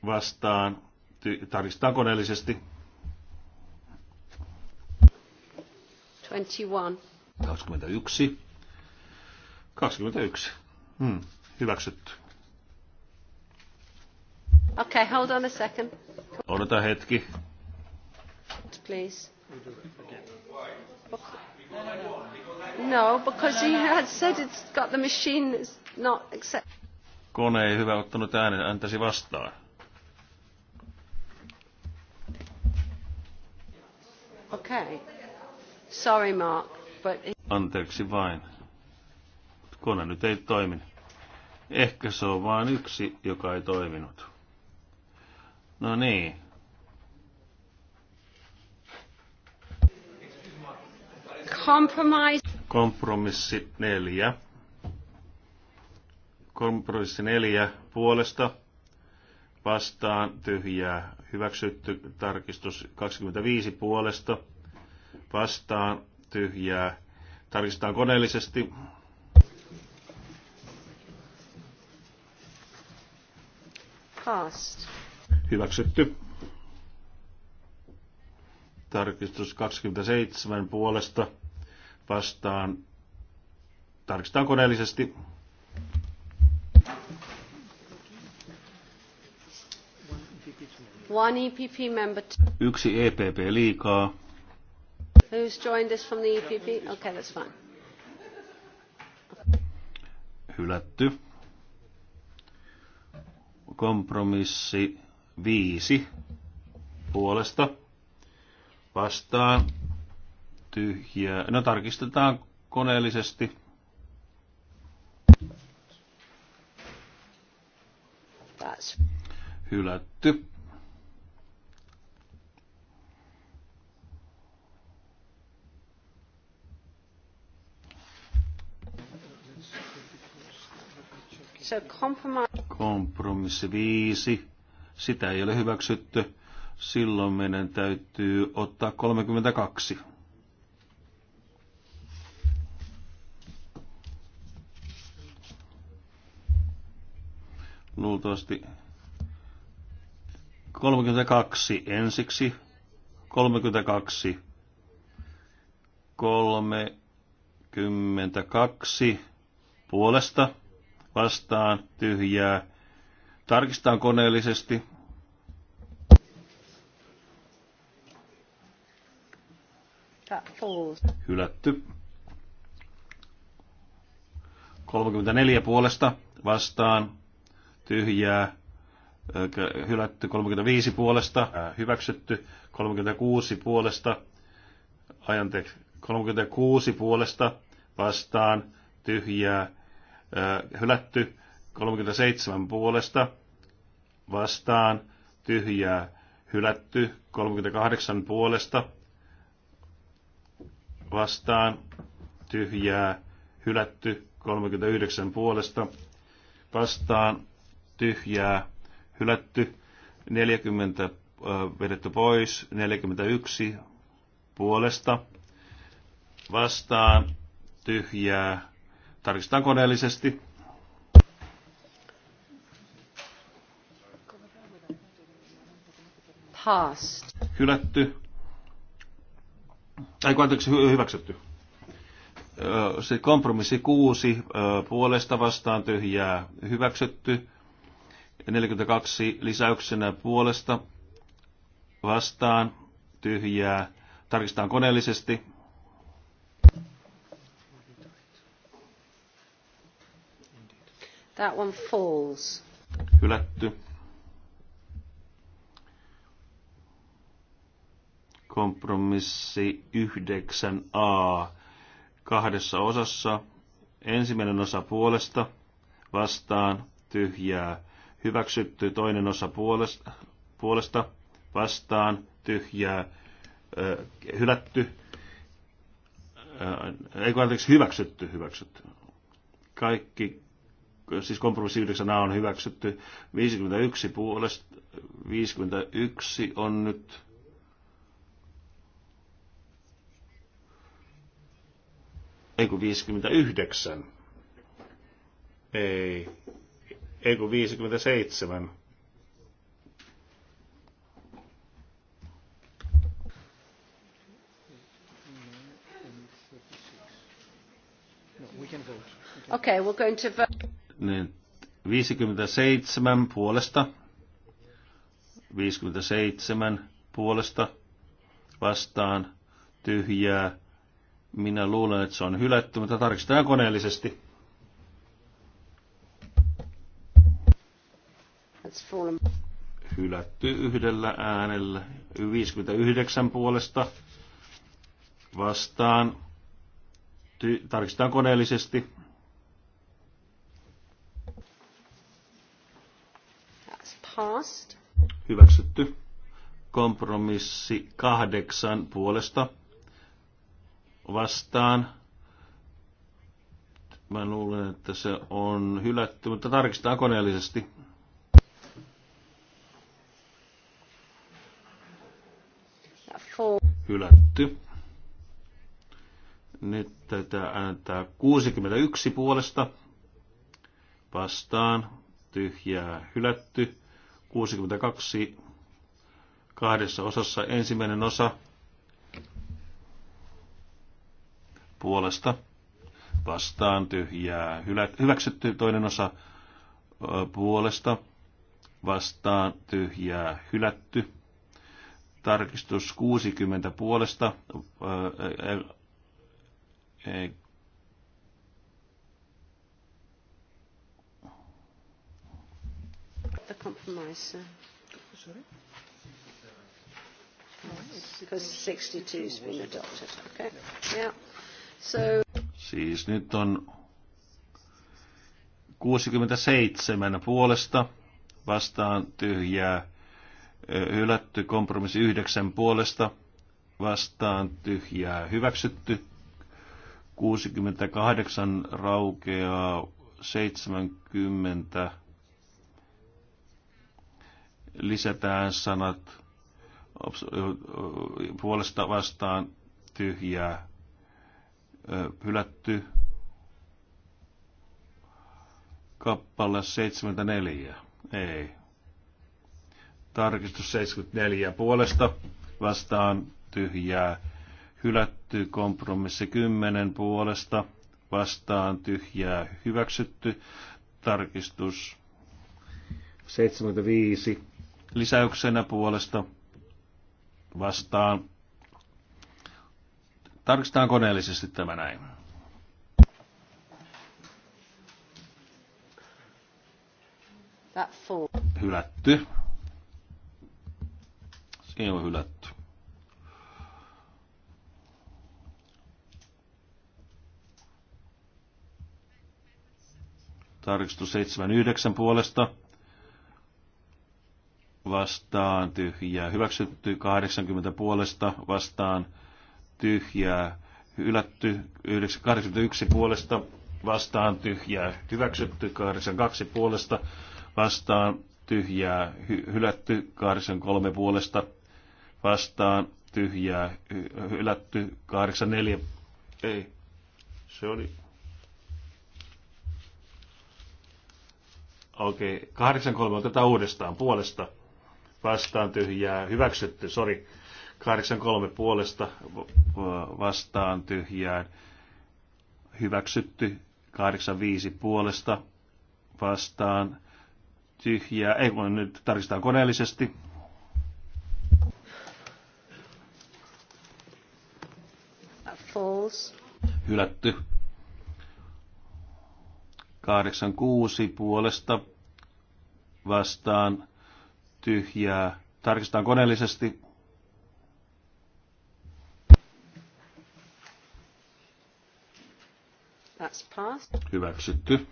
[SPEAKER 2] vastaan. Ty- tarkistetaan koneellisesti. 21. 21. 21. Hmm. Hyväksytty.
[SPEAKER 3] Okay, hold on a second.
[SPEAKER 2] Odota hetki.
[SPEAKER 1] Please. No, because he had said it's got the machine is
[SPEAKER 3] not accept.
[SPEAKER 2] Kone ei hyvä ottanut äänen, antaisi vastaan.
[SPEAKER 3] Okay.
[SPEAKER 1] Sorry Mark, but...
[SPEAKER 2] Anteeksi vain. Kone nyt ei toiminut. Ehkä se on vain yksi, joka ei toiminut. No niin.
[SPEAKER 3] Compromise.
[SPEAKER 2] Kompromissi neljä. Kompromissi neljä puolesta vastaan tyhjää hyväksytty tarkistus 25 puolesta vastaan tyhjää tarkistetaan koneellisesti passed. Hyväksytty. Tarkistus 27 puolesta vastaan. Tarkistetaan koneellisesti.
[SPEAKER 1] One EPP member.
[SPEAKER 2] Yksi EPP liikaa.
[SPEAKER 1] Who's joined us from the EPP? Okay, that's fine.
[SPEAKER 2] Hylätty. Kompromissi viisi puolesta vastaan tyhjää. No tarkistetaan koneellisesti. Hylätty. Kompromissi viisi. Sitä ei ole hyväksytty. Silloin meidän täytyy ottaa 32. Luultavasti 32 ensiksi. 32. 32 puolesta vastaan tyhjää. Tarkistetaan koneellisesti. Hylätty. 34 puolesta vastaan tyhjää. Öö, hylätty 35 puolesta, hyväksytty 36 puolesta, ajanteeksi 36 puolesta vastaan tyhjää hylätty, 37 puolesta vastaan, tyhjää hylätty, 38 puolesta vastaan, tyhjää hylätty, 39 puolesta vastaan, tyhjää hylätty, 40 vedetty pois, 41 puolesta vastaan, tyhjää Tarkistetaan koneellisesti. Past. Hylätty. Ei, anteeksi, hyväksytty. Se kompromissi kuusi puolesta vastaan tyhjää hyväksytty. 42 lisäyksenä puolesta vastaan tyhjää. Tarkistetaan koneellisesti.
[SPEAKER 3] That one falls.
[SPEAKER 2] Hylätty. Kompromissi 9a kahdessa osassa. Ensimmäinen osa puolesta vastaan tyhjää. Hyväksytty toinen osa puolesta, puolesta vastaan tyhjää. hylätty. ei anteeksi, hyväksytty, hyväksytty. Kaikki siis kompromissi 9a on hyväksytty. 51 puolesta, 51 on nyt ei kun 59. Ei. Ei kun 57.
[SPEAKER 1] Okay, we're going to vote
[SPEAKER 2] niin 57 puolesta, 57 puolesta vastaan tyhjää. Minä luulen, että se on hylätty, mutta tarkistetaan koneellisesti. Hylätty yhdellä äänellä. 59 puolesta vastaan. Ty- tarkistetaan koneellisesti. Passed. Hyväksytty. Kompromissi kahdeksan puolesta. Vastaan. Mä luulen, että se on hylätty, mutta tarkistetaan koneellisesti. Hylätty. Nyt tätä äänetään 61 puolesta. Vastaan. Tyhjää hylätty. 62 kahdessa osassa. Ensimmäinen osa puolesta vastaan tyhjää hyväksytty. Toinen osa puolesta vastaan tyhjää hylätty. Tarkistus 60 puolesta.
[SPEAKER 1] compromise? Uh, because 62 has been adopted. Okay. Yeah. So...
[SPEAKER 2] Siis nyt on 67 puolesta vastaan tyhjää hylätty, kompromissi 9 puolesta vastaan tyhjää hyväksytty, 68 raukeaa 70 lisätään sanat puolesta vastaan tyhjää hylätty kappale 74. Ei. Tarkistus 74 puolesta vastaan tyhjää hylätty kompromissi 10 puolesta vastaan tyhjää hyväksytty tarkistus 75 lisäyksenä puolesta vastaan. Tarkistetaan koneellisesti tämä näin. Hylätty. Siinä on hylätty. Tarkistus 79 puolesta vastaan tyhjää. Hyväksytty 80 puolesta vastaan tyhjää. Hylätty 81 puolesta vastaan tyhjää. Hyväksytty 82 puolesta vastaan tyhjää. hylätty 83 puolesta vastaan tyhjää. hylätty 84. Ei. Se oli Okei, okay. 83 otetaan uudestaan puolesta vastaan tyhjää hyväksytty, sori. 83 puolesta vastaan tyhjää hyväksytty. 85 puolesta vastaan tyhjää. Ei kun nyt tarkistetaan koneellisesti.
[SPEAKER 3] False.
[SPEAKER 2] Hylätty. 86 puolesta vastaan tyhjää. Tarkistetaan koneellisesti.
[SPEAKER 3] That's passed.
[SPEAKER 2] Hyväksytty.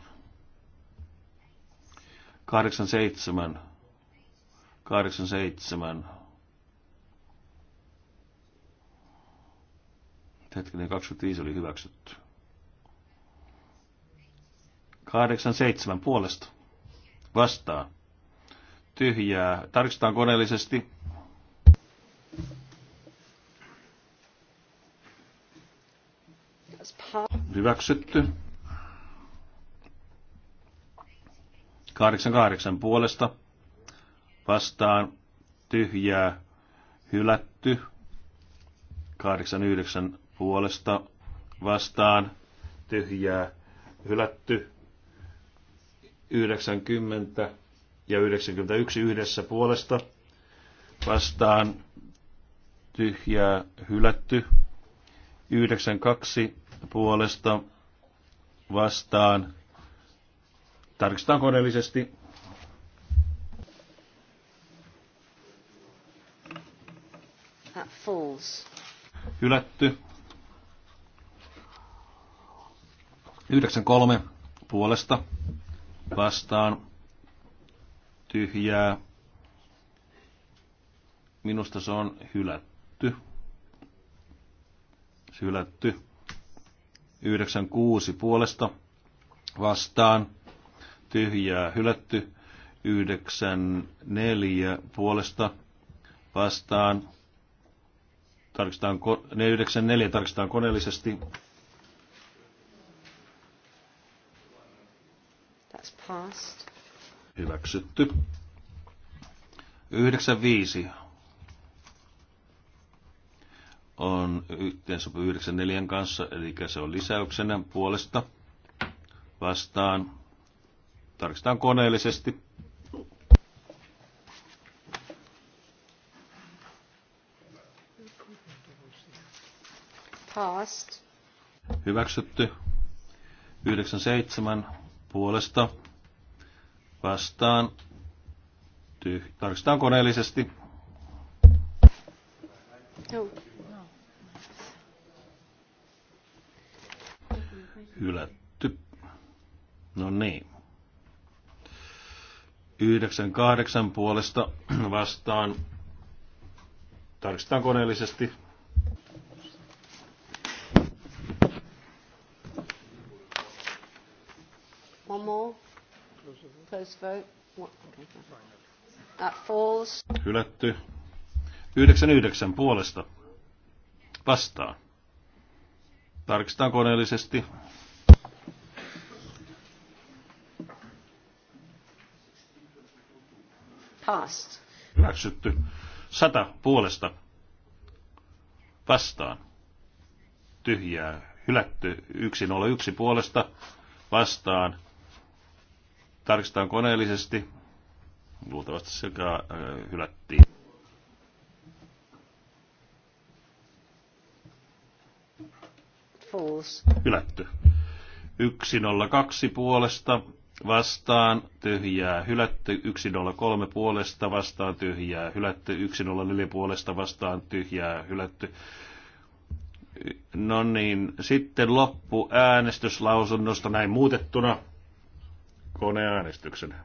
[SPEAKER 2] 87. 87. Hetkinen, 25 oli hyväksytty. 87 puolesta. Vastaan tyhjää. Tarkistetaan koneellisesti. Hyväksytty. 88 puolesta vastaan tyhjää hylätty. 89 puolesta vastaan tyhjää hylätty. 90 ja 91 yhdessä puolesta vastaan tyhjää hylätty. 92 puolesta vastaan. Tarkistetaan koneellisesti.
[SPEAKER 1] That falls.
[SPEAKER 2] Hylätty. 93 puolesta vastaan tyhjää. Minusta se on hylätty. Se hylätty. 96 puolesta vastaan. Tyhjää hylätty. 94 puolesta vastaan. Tarkistetaan, 94 tarkistetaan koneellisesti.
[SPEAKER 3] That's passed.
[SPEAKER 2] Hyväksytty. 95 on yhteensopu 94 kanssa, eli se on lisäyksenä puolesta vastaan. Tarkistetaan koneellisesti.
[SPEAKER 3] Past.
[SPEAKER 2] Hyväksytty. 97 puolesta vastaan. Tyh- tarkistetaan koneellisesti. Hylätty. No niin. 98 puolesta vastaan. Tarkistetaan koneellisesti.
[SPEAKER 1] One more. Close vote. That falls.
[SPEAKER 2] Hylätty. 99 puolesta. Vastaa. Tarkistetaan koneellisesti. Passed. Hyväksytty. Sata puolesta. Vastaan. Tyhjää. Hylätty. 101 puolesta. Vastaan. Tarkistetaan koneellisesti. Luultavasti sekä äh, hylättiin. Fools. Hylätty. 102 puolesta vastaan tyhjää hylätty, 103 puolesta vastaan tyhjää hylätty, 104 puolesta vastaan tyhjää hylätty. No niin, sitten loppu äänestyslausunnosta näin muutettuna koneäänestyksen.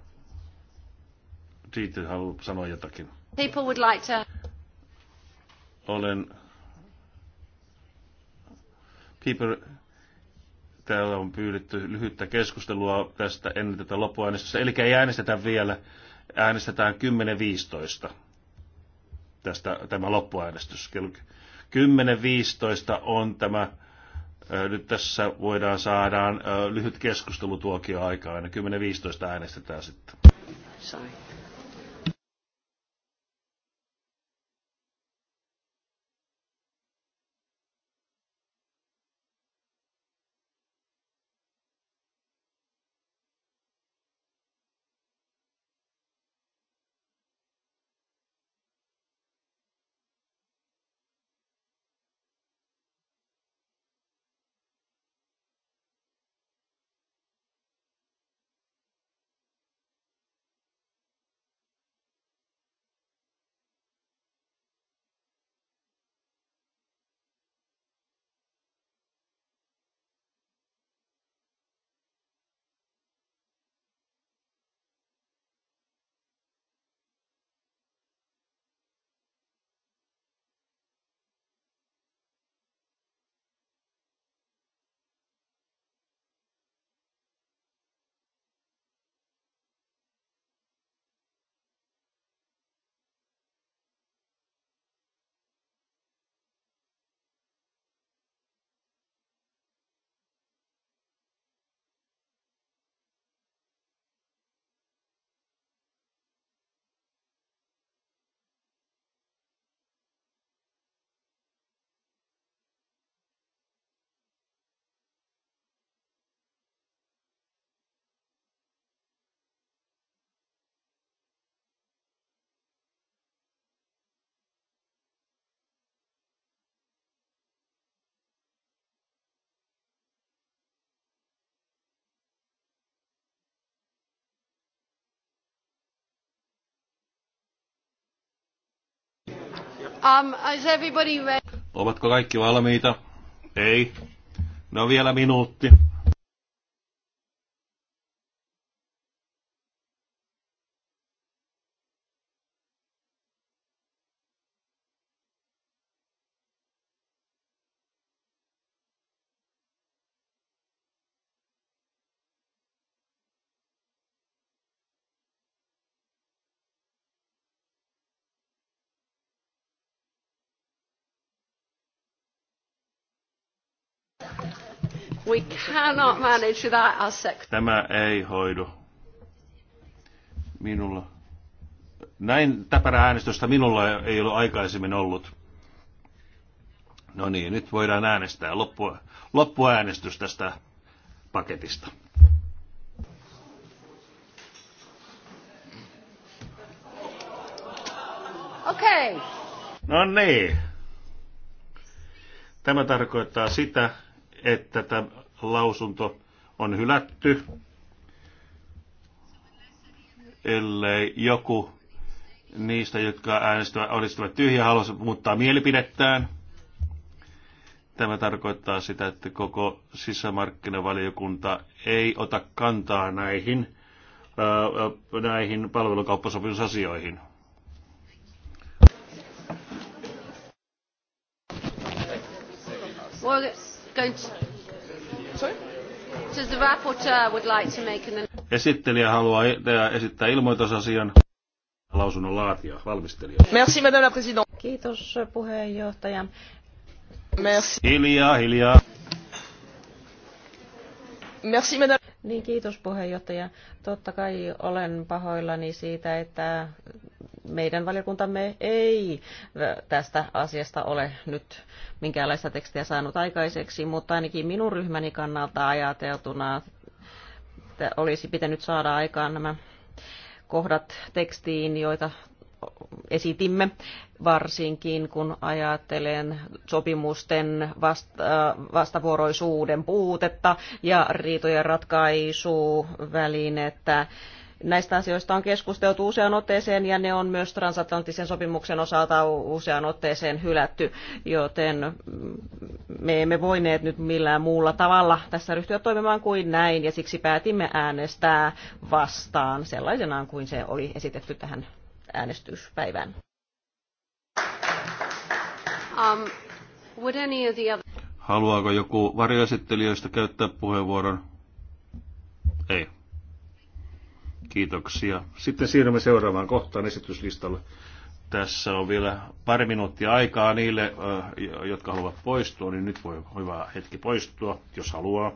[SPEAKER 2] Siitä haluan sanoa jotakin. People would like to... Olen... People... Täällä on pyydetty lyhyttä keskustelua tästä ennen tätä loppuäänestystä. Eli ei äänestetä vielä. Äänestetään 10.15 tästä tämä loppuäänestys. 10.15 on tämä nyt tässä voidaan saadaan lyhyt keskustelutuokio aikaa, aina 10-15 äänestetään sitten. Sorry.
[SPEAKER 3] Um, is everybody ready?
[SPEAKER 2] Ovatko kaikki valmiita? Ei. No vielä minuutti.
[SPEAKER 1] We cannot manage our aspect.
[SPEAKER 2] Tämä ei hoidu. Minulla. Näin täpärä äänestystä minulla ei ole aikaisemmin ollut. No niin, nyt voidaan äänestää loppu, loppuäänestys tästä paketista. Okei. Okay. No niin. Tämä tarkoittaa sitä, että tämä lausunto on hylätty, ellei joku niistä, jotka äänestävät, olisivat tyhjä, haluaisi muuttaa mielipidettään. Tämä tarkoittaa sitä, että koko sisämarkkinavaliokunta ei ota kantaa näihin, näihin palvelukauppasopimusasioihin.
[SPEAKER 3] Don't... Sorry? So the rapporteur would like to make
[SPEAKER 2] an... Esittelijä haluaa e- tehdä, esittää ilmoitusasian lausunnon laatija, valmistelija.
[SPEAKER 3] Merci, madame la présidente. Kiitos puheenjohtaja. Merci.
[SPEAKER 2] Hiljaa, hiljaa.
[SPEAKER 3] Merci, madame. Niin, kiitos puheenjohtaja. Totta kai olen pahoillani siitä, että meidän valiokuntamme ei tästä asiasta ole nyt minkäänlaista tekstiä saanut aikaiseksi, mutta ainakin minun ryhmäni kannalta ajateltuna että olisi pitänyt saada aikaan nämä kohdat tekstiin, joita esitimme varsinkin kun ajattelen sopimusten vasta, vastavuoroisuuden puutetta ja riitojen ratkaisuvälinettä. Näistä asioista on keskusteltu useaan otteeseen ja ne on myös transatlanttisen sopimuksen osalta useaan otteeseen hylätty, joten me emme voineet nyt millään muulla tavalla tässä ryhtyä toimimaan kuin näin ja siksi päätimme äänestää vastaan sellaisenaan kuin se oli esitetty tähän äänestyspäivään. Um, would any of the other...
[SPEAKER 2] Haluaako joku varjoesittelijöistä käyttää puheenvuoron? Ei. Kiitoksia. Sitten siirrymme seuraavaan kohtaan esityslistalle. Tässä on vielä pari minuuttia aikaa niille, jotka haluavat poistua, niin nyt voi hyvä hetki poistua, jos haluaa.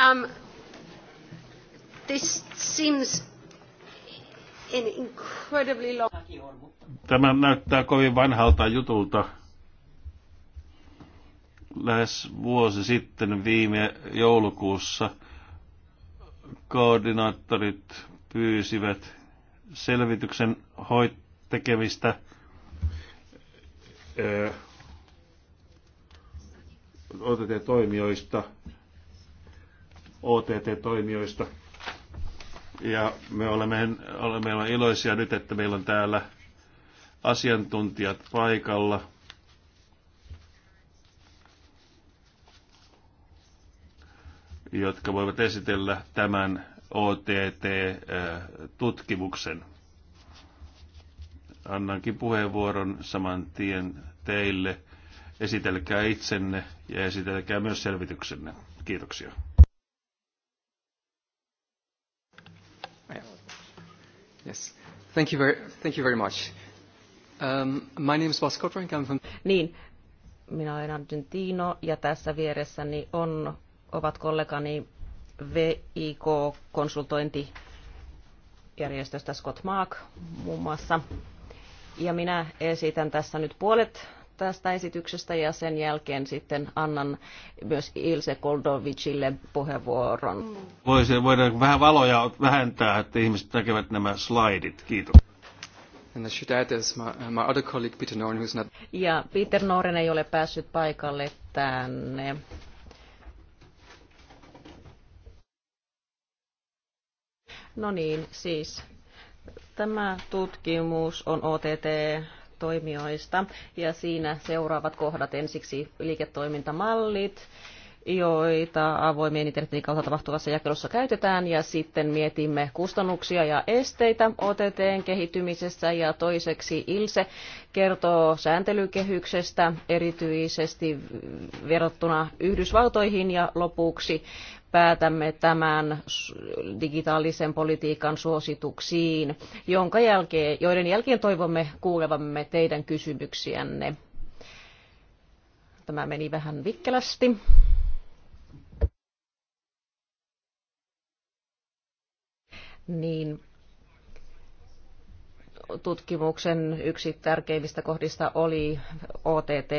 [SPEAKER 3] Um, this seems
[SPEAKER 1] an incredibly long...
[SPEAKER 2] Tämä näyttää kovin vanhalta jutulta. Lähes vuosi sitten viime joulukuussa koordinaattorit pyysivät selvityksen hoit tekemistä öö, – OTT-toimijoista. Ja me olemme, olemme iloisia nyt, että meillä on täällä asiantuntijat paikalla. jotka voivat esitellä tämän OTT-tutkimuksen. Annankin puheenvuoron saman tien teille. Esitelkää itsenne ja esitelkää myös selvityksenne. Kiitoksia.
[SPEAKER 3] Yes. Thank you very, thank you very much. Um, my name is Vasco Kotrank. I'm from... Niin, minä olen Argentino ja tässä vieressäni on, ovat kollegani VIK-konsultointijärjestöstä Scott Mark muun muassa. Ja minä esitän tässä nyt puolet tästä esityksestä ja sen jälkeen sitten annan myös Ilse Koldovicille puheenvuoron.
[SPEAKER 2] Voisi, voidaan vähän valoja vähentää, että ihmiset näkevät nämä slaidit. Kiitos.
[SPEAKER 3] Ja Peter Noren ei ole päässyt paikalle tänne. No niin, siis tämä tutkimus on OTT toimijoista. Ja siinä seuraavat kohdat ensiksi liiketoimintamallit, joita avoimien internetin kautta tapahtuvassa jakelussa käytetään, ja sitten mietimme kustannuksia ja esteitä OTTn kehittymisessä, ja toiseksi ILSE kertoo sääntelykehyksestä erityisesti verrattuna Yhdysvaltoihin, ja lopuksi päätämme tämän digitaalisen politiikan suosituksiin, jonka jälkeen, joiden jälkeen toivomme kuulevamme teidän kysymyksiänne. Tämä meni vähän vikkelästi. Niin tutkimuksen yksi tärkeimmistä kohdista oli OTT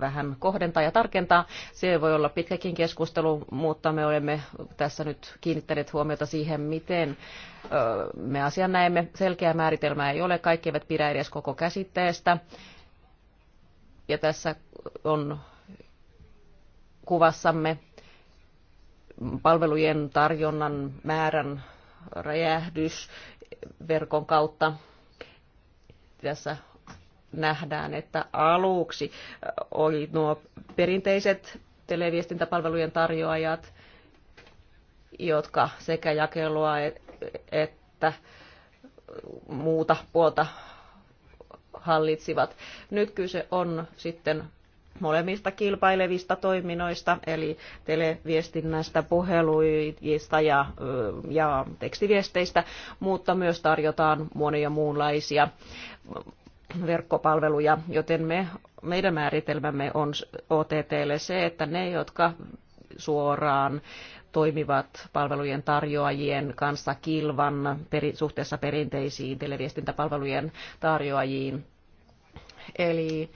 [SPEAKER 3] vähän kohdentaa ja tarkentaa. Se voi olla pitkäkin keskustelu, mutta me olemme tässä nyt kiinnittäneet huomiota siihen, miten me asian näemme. Selkeää määritelmää ei ole, kaikki eivät pidä edes koko käsitteestä. Ja tässä on kuvassamme palvelujen tarjonnan määrän räjähdys verkon kautta. Tässä nähdään, että aluksi oli nuo perinteiset televiestintäpalvelujen tarjoajat, jotka sekä jakelua että muuta puolta hallitsivat. Nyt kyse on sitten molemmista kilpailevista toiminnoista, eli televiestinnästä, puheluista ja, ja tekstiviesteistä, mutta myös tarjotaan monia muunlaisia verkkopalveluja, joten me, meidän määritelmämme on OTTlle se, että ne, jotka suoraan toimivat palvelujen tarjoajien kanssa kilvan peri, suhteessa perinteisiin televiestintäpalvelujen tarjoajiin. Eli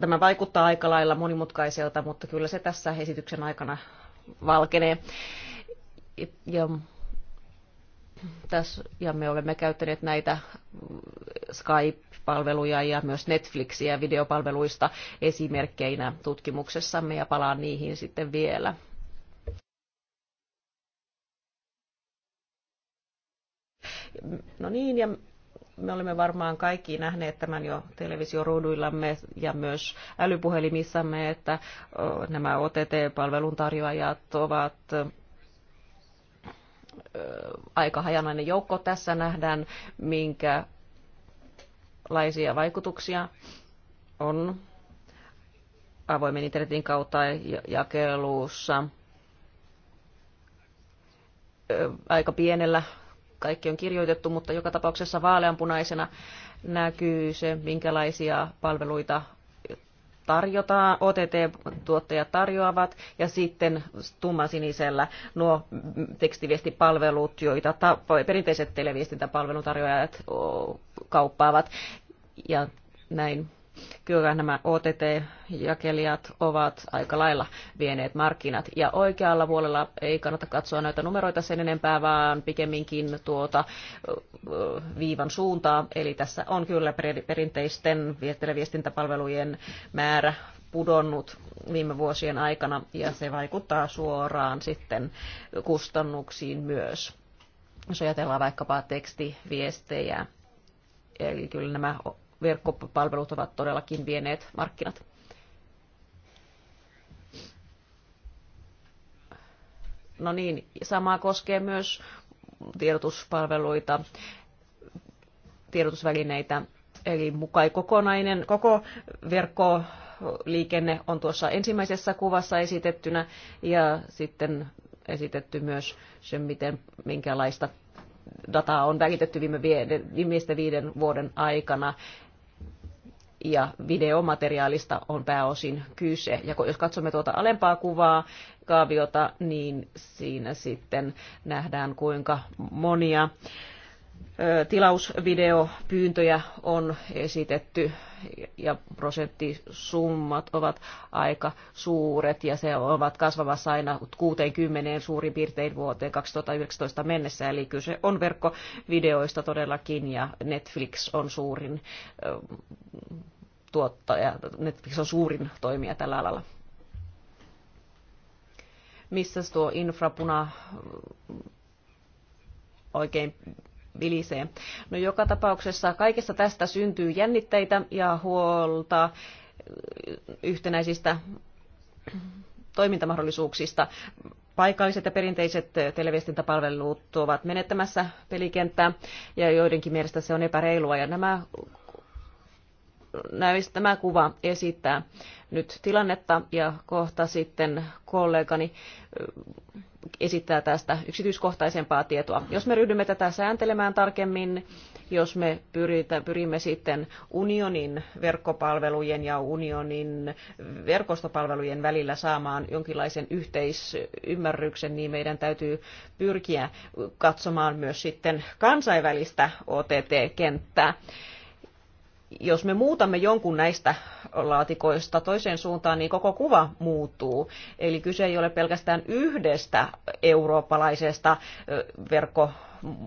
[SPEAKER 3] tämä vaikuttaa aika lailla monimutkaiselta, mutta kyllä se tässä esityksen aikana valkenee. Ja, tässä, ja me olemme käyttäneet näitä Skype-palveluja ja myös Netflixiä videopalveluista esimerkkeinä tutkimuksessamme ja palaan niihin sitten vielä. No niin, ja me olemme varmaan kaikki nähneet tämän jo televisioruuduillamme ja myös älypuhelimissamme, että nämä OTT-palvelun tarjoajat ovat aika hajanainen joukko. Tässä nähdään, minkälaisia vaikutuksia on avoimen internetin kautta jakeluussa aika pienellä kaikki on kirjoitettu, mutta joka tapauksessa vaaleanpunaisena näkyy se, minkälaisia palveluita tarjotaan, OTT-tuottajat tarjoavat, ja sitten sinisellä nuo tekstiviestipalvelut, joita ta- perinteiset televiestintäpalvelutarjoajat kauppaavat, ja näin Kyllä nämä OTT-jakelijat ovat aika lailla vieneet markkinat. Ja oikealla puolella ei kannata katsoa näitä numeroita sen enempää, vaan pikemminkin tuota viivan suuntaa. Eli tässä on kyllä perinteisten viestintäpalvelujen määrä pudonnut viime vuosien aikana ja se vaikuttaa suoraan sitten kustannuksiin myös. Jos ajatellaan vaikkapa tekstiviestejä, eli kyllä nämä verkkopalvelut ovat todellakin vieneet markkinat. No niin, sama koskee myös tiedotuspalveluita, tiedotusvälineitä. Eli mukai kokonainen, koko verkkoliikenne on tuossa ensimmäisessä kuvassa esitettynä ja sitten esitetty myös se, miten, minkälaista dataa on välitetty viime viimeisten viiden vuoden aikana ja videomateriaalista on pääosin kyse. Ja jos katsomme tuota alempaa kuvaa, kaaviota, niin siinä sitten nähdään kuinka monia tilausvideopyyntöjä on esitetty ja prosenttisummat ovat aika suuret ja se ovat kasvamassa aina 60 suurin piirtein vuoteen 2019 mennessä. Eli kyse on verkkovideoista todellakin ja Netflix on suurin tuottaja, Netflix on suurin toimija tällä alalla missä tuo infrapuna oikein vilisee. No joka tapauksessa kaikessa tästä syntyy jännitteitä ja huolta äh, yhtenäisistä toimintamahdollisuuksista. Paikalliset ja perinteiset televiestintäpalvelut ovat menettämässä pelikenttää ja joidenkin mielestä se on epäreilua. Ja nämä näistä siis tämä kuva esittää nyt tilannetta ja kohta sitten kollegani esittää tästä yksityiskohtaisempaa tietoa. Jos me ryhdymme tätä sääntelemään tarkemmin, jos me pyritä, pyrimme sitten unionin verkkopalvelujen ja unionin verkostopalvelujen välillä saamaan jonkinlaisen yhteisymmärryksen, niin meidän täytyy pyrkiä katsomaan myös sitten kansainvälistä OTT-kenttää jos me muutamme jonkun näistä laatikoista toiseen suuntaan, niin koko kuva muuttuu. Eli kyse ei ole pelkästään yhdestä eurooppalaisesta verkko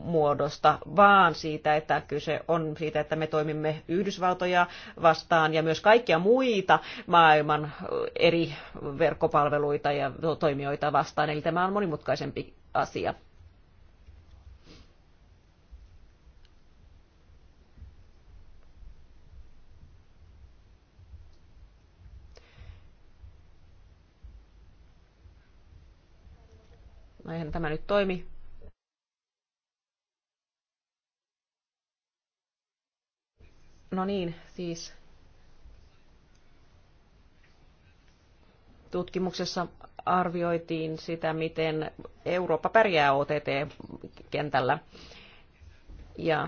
[SPEAKER 3] muodosta, vaan siitä, että kyse on siitä, että me toimimme Yhdysvaltoja vastaan ja myös kaikkia muita maailman eri verkkopalveluita ja toimijoita vastaan. Eli tämä on monimutkaisempi asia. No eihän tämä nyt toimi. No niin, siis tutkimuksessa arvioitiin sitä, miten Eurooppa pärjää OTT-kentällä. Ja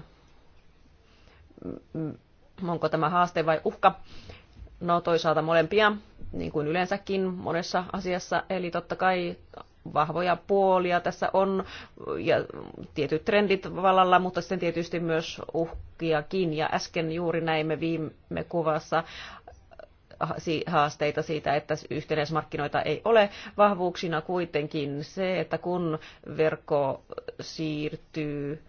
[SPEAKER 3] onko tämä haaste vai uhka? No toisaalta molempia, niin kuin yleensäkin monessa asiassa. Eli totta kai vahvoja puolia tässä on ja tietyt trendit vallalla, mutta sitten tietysti myös uhkiakin. Ja äsken juuri näimme viime kuvassa haasteita siitä, että yhtenäismarkkinoita ei ole. Vahvuuksina kuitenkin se, että kun verkko siirtyy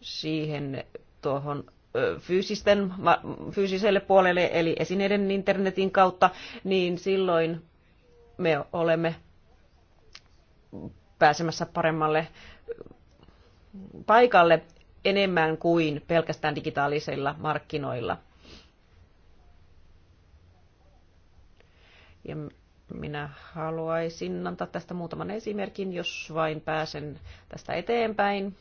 [SPEAKER 3] siihen tuohon fyysisten, fyysiselle puolelle, eli esineiden internetin kautta, niin silloin me olemme pääsemässä paremmalle paikalle enemmän kuin pelkästään digitaalisilla markkinoilla. Ja minä haluaisin antaa tästä muutaman esimerkin, jos vain pääsen tästä eteenpäin.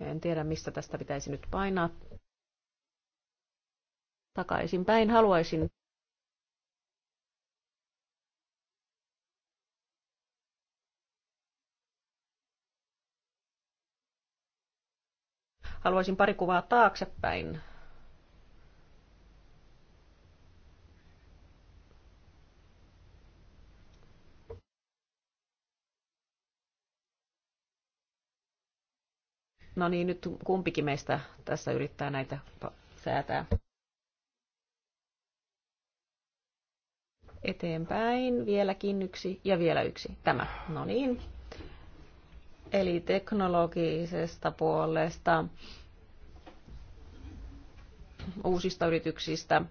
[SPEAKER 3] En tiedä, mistä tästä pitäisi nyt painaa takaisinpäin haluaisin Haluaisin pari kuvaa taaksepäin. No niin, nyt kumpikin meistä tässä yrittää näitä säätää. eteenpäin. Vieläkin yksi ja vielä yksi. Tämä. No niin. Eli teknologisesta puolesta, uusista yrityksistä,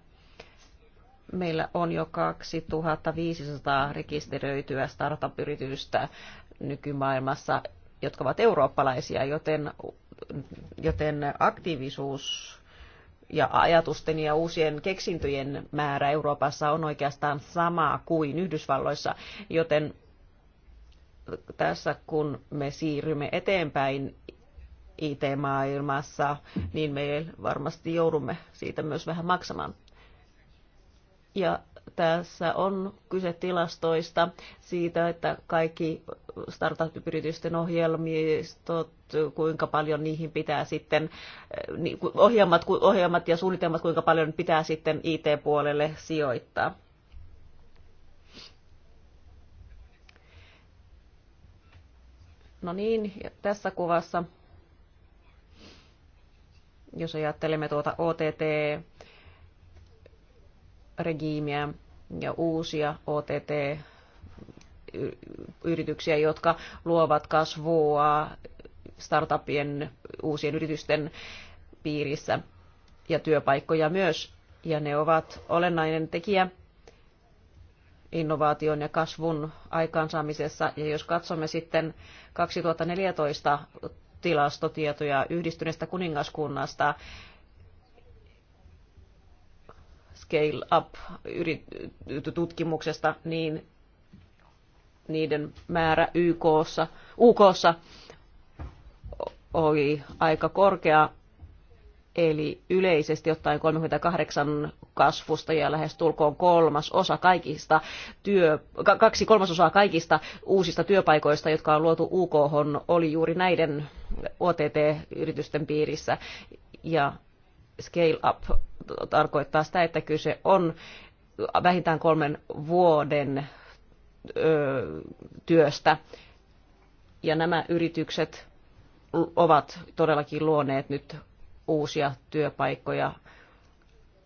[SPEAKER 3] meillä on jo 2500 rekisteröityä startup-yritystä nykymaailmassa, jotka ovat eurooppalaisia, joten, joten aktiivisuus ja ajatusten ja uusien keksintöjen määrä Euroopassa on oikeastaan sama kuin Yhdysvalloissa, joten tässä kun me siirrymme eteenpäin IT-maailmassa, niin me varmasti joudumme siitä myös vähän maksamaan. Ja tässä on kyse tilastoista siitä, että kaikki startup-yritysten ohjelmistot, kuinka paljon niihin pitää sitten, eh, ohjelmat, ohjelmat ja suunnitelmat, kuinka paljon pitää sitten IT-puolelle sijoittaa. No niin, tässä kuvassa, jos ajattelemme tuota OTT regiimiä ja uusia OTT-yrityksiä, jotka luovat kasvua startupien uusien yritysten piirissä ja työpaikkoja myös. Ja ne ovat olennainen tekijä innovaation ja kasvun aikaansaamisessa. Ja jos katsomme sitten 2014 tilastotietoja yhdistyneestä kuningaskunnasta, Scale Up-tutkimuksesta, niin niiden määrä YKssa, UKssa oli aika korkea, eli yleisesti ottaen 38 kasvusta ja lähes tulkoon kolmas osa kaikista työ, kaksi kolmasosaa kaikista uusista työpaikoista, jotka on luotu UKH, oli juuri näiden OTT-yritysten piirissä. Ja scale up tarkoittaa sitä, että kyse on vähintään kolmen vuoden työstä. Ja nämä yritykset ovat todellakin luoneet nyt uusia työpaikkoja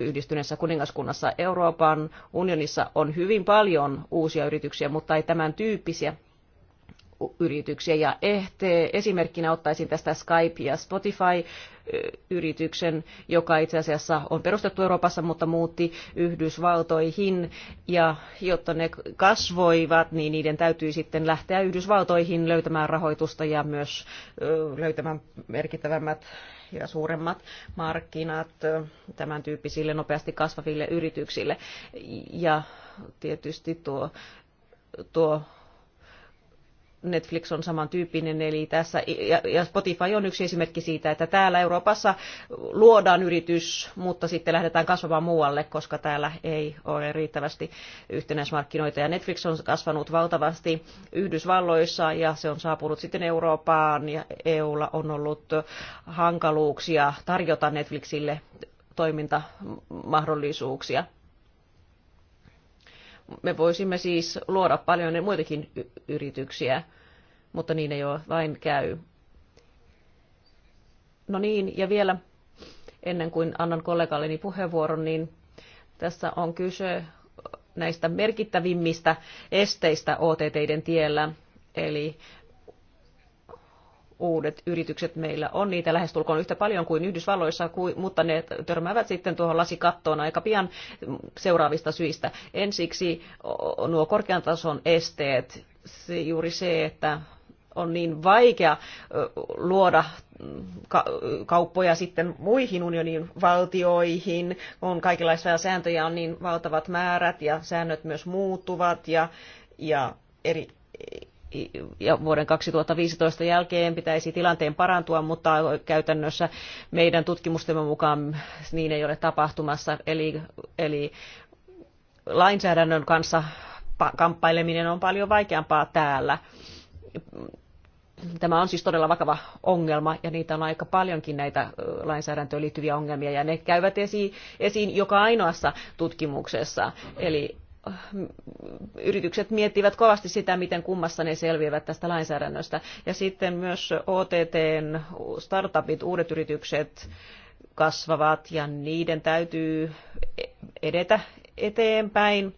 [SPEAKER 3] yhdistyneessä kuningaskunnassa. Euroopan unionissa on hyvin paljon uusia yrityksiä, mutta ei tämän tyyppisiä yrityksiä. Ja ehte, esimerkkinä ottaisin tästä Skype ja Spotify yrityksen, joka itse asiassa on perustettu Euroopassa, mutta muutti Yhdysvaltoihin. Ja jotta ne kasvoivat, niin niiden täytyy sitten lähteä Yhdysvaltoihin löytämään rahoitusta ja myös löytämään merkittävämmät ja suuremmat markkinat tämän tyyppisille nopeasti kasvaville yrityksille. Ja tietysti tuo, tuo Netflix on samantyyppinen, eli tässä, ja Spotify on yksi esimerkki siitä, että täällä Euroopassa luodaan yritys, mutta sitten lähdetään kasvamaan muualle, koska täällä ei ole riittävästi yhtenäismarkkinoita. Ja Netflix on kasvanut valtavasti Yhdysvalloissa, ja se on saapunut sitten Eurooppaan, ja EUlla on ollut hankaluuksia tarjota Netflixille toimintamahdollisuuksia me voisimme siis luoda paljon muitakin yrityksiä, mutta niin ei ole vain käy. No niin, ja vielä ennen kuin annan kollegalleni puheenvuoron, niin tässä on kyse näistä merkittävimmistä esteistä OTTiden tiellä, eli uudet yritykset meillä on. Niitä lähestulkoon yhtä paljon kuin Yhdysvalloissa, mutta ne törmäävät sitten tuohon lasikattoon aika pian seuraavista syistä. Ensiksi nuo korkean tason esteet, se juuri se, että on niin vaikea luoda mm, kauppoja sitten muihin unionin valtioihin, on kaikenlaisia sääntöjä, on niin valtavat määrät ja säännöt myös muuttuvat ja, ja eri ja vuoden 2015 jälkeen pitäisi tilanteen parantua, mutta käytännössä meidän tutkimustemme mukaan niin ei ole tapahtumassa. Eli, eli lainsäädännön kanssa kamppaileminen on paljon vaikeampaa täällä. Tämä on siis todella vakava ongelma ja niitä on aika paljonkin näitä lainsäädäntöön liittyviä ongelmia ja ne käyvät esiin, esiin joka ainoassa tutkimuksessa. Eli yritykset miettivät kovasti sitä, miten kummassa ne selviävät tästä lainsäädännöstä. Ja sitten myös OTTn startupit, uudet yritykset kasvavat ja niiden täytyy edetä eteenpäin.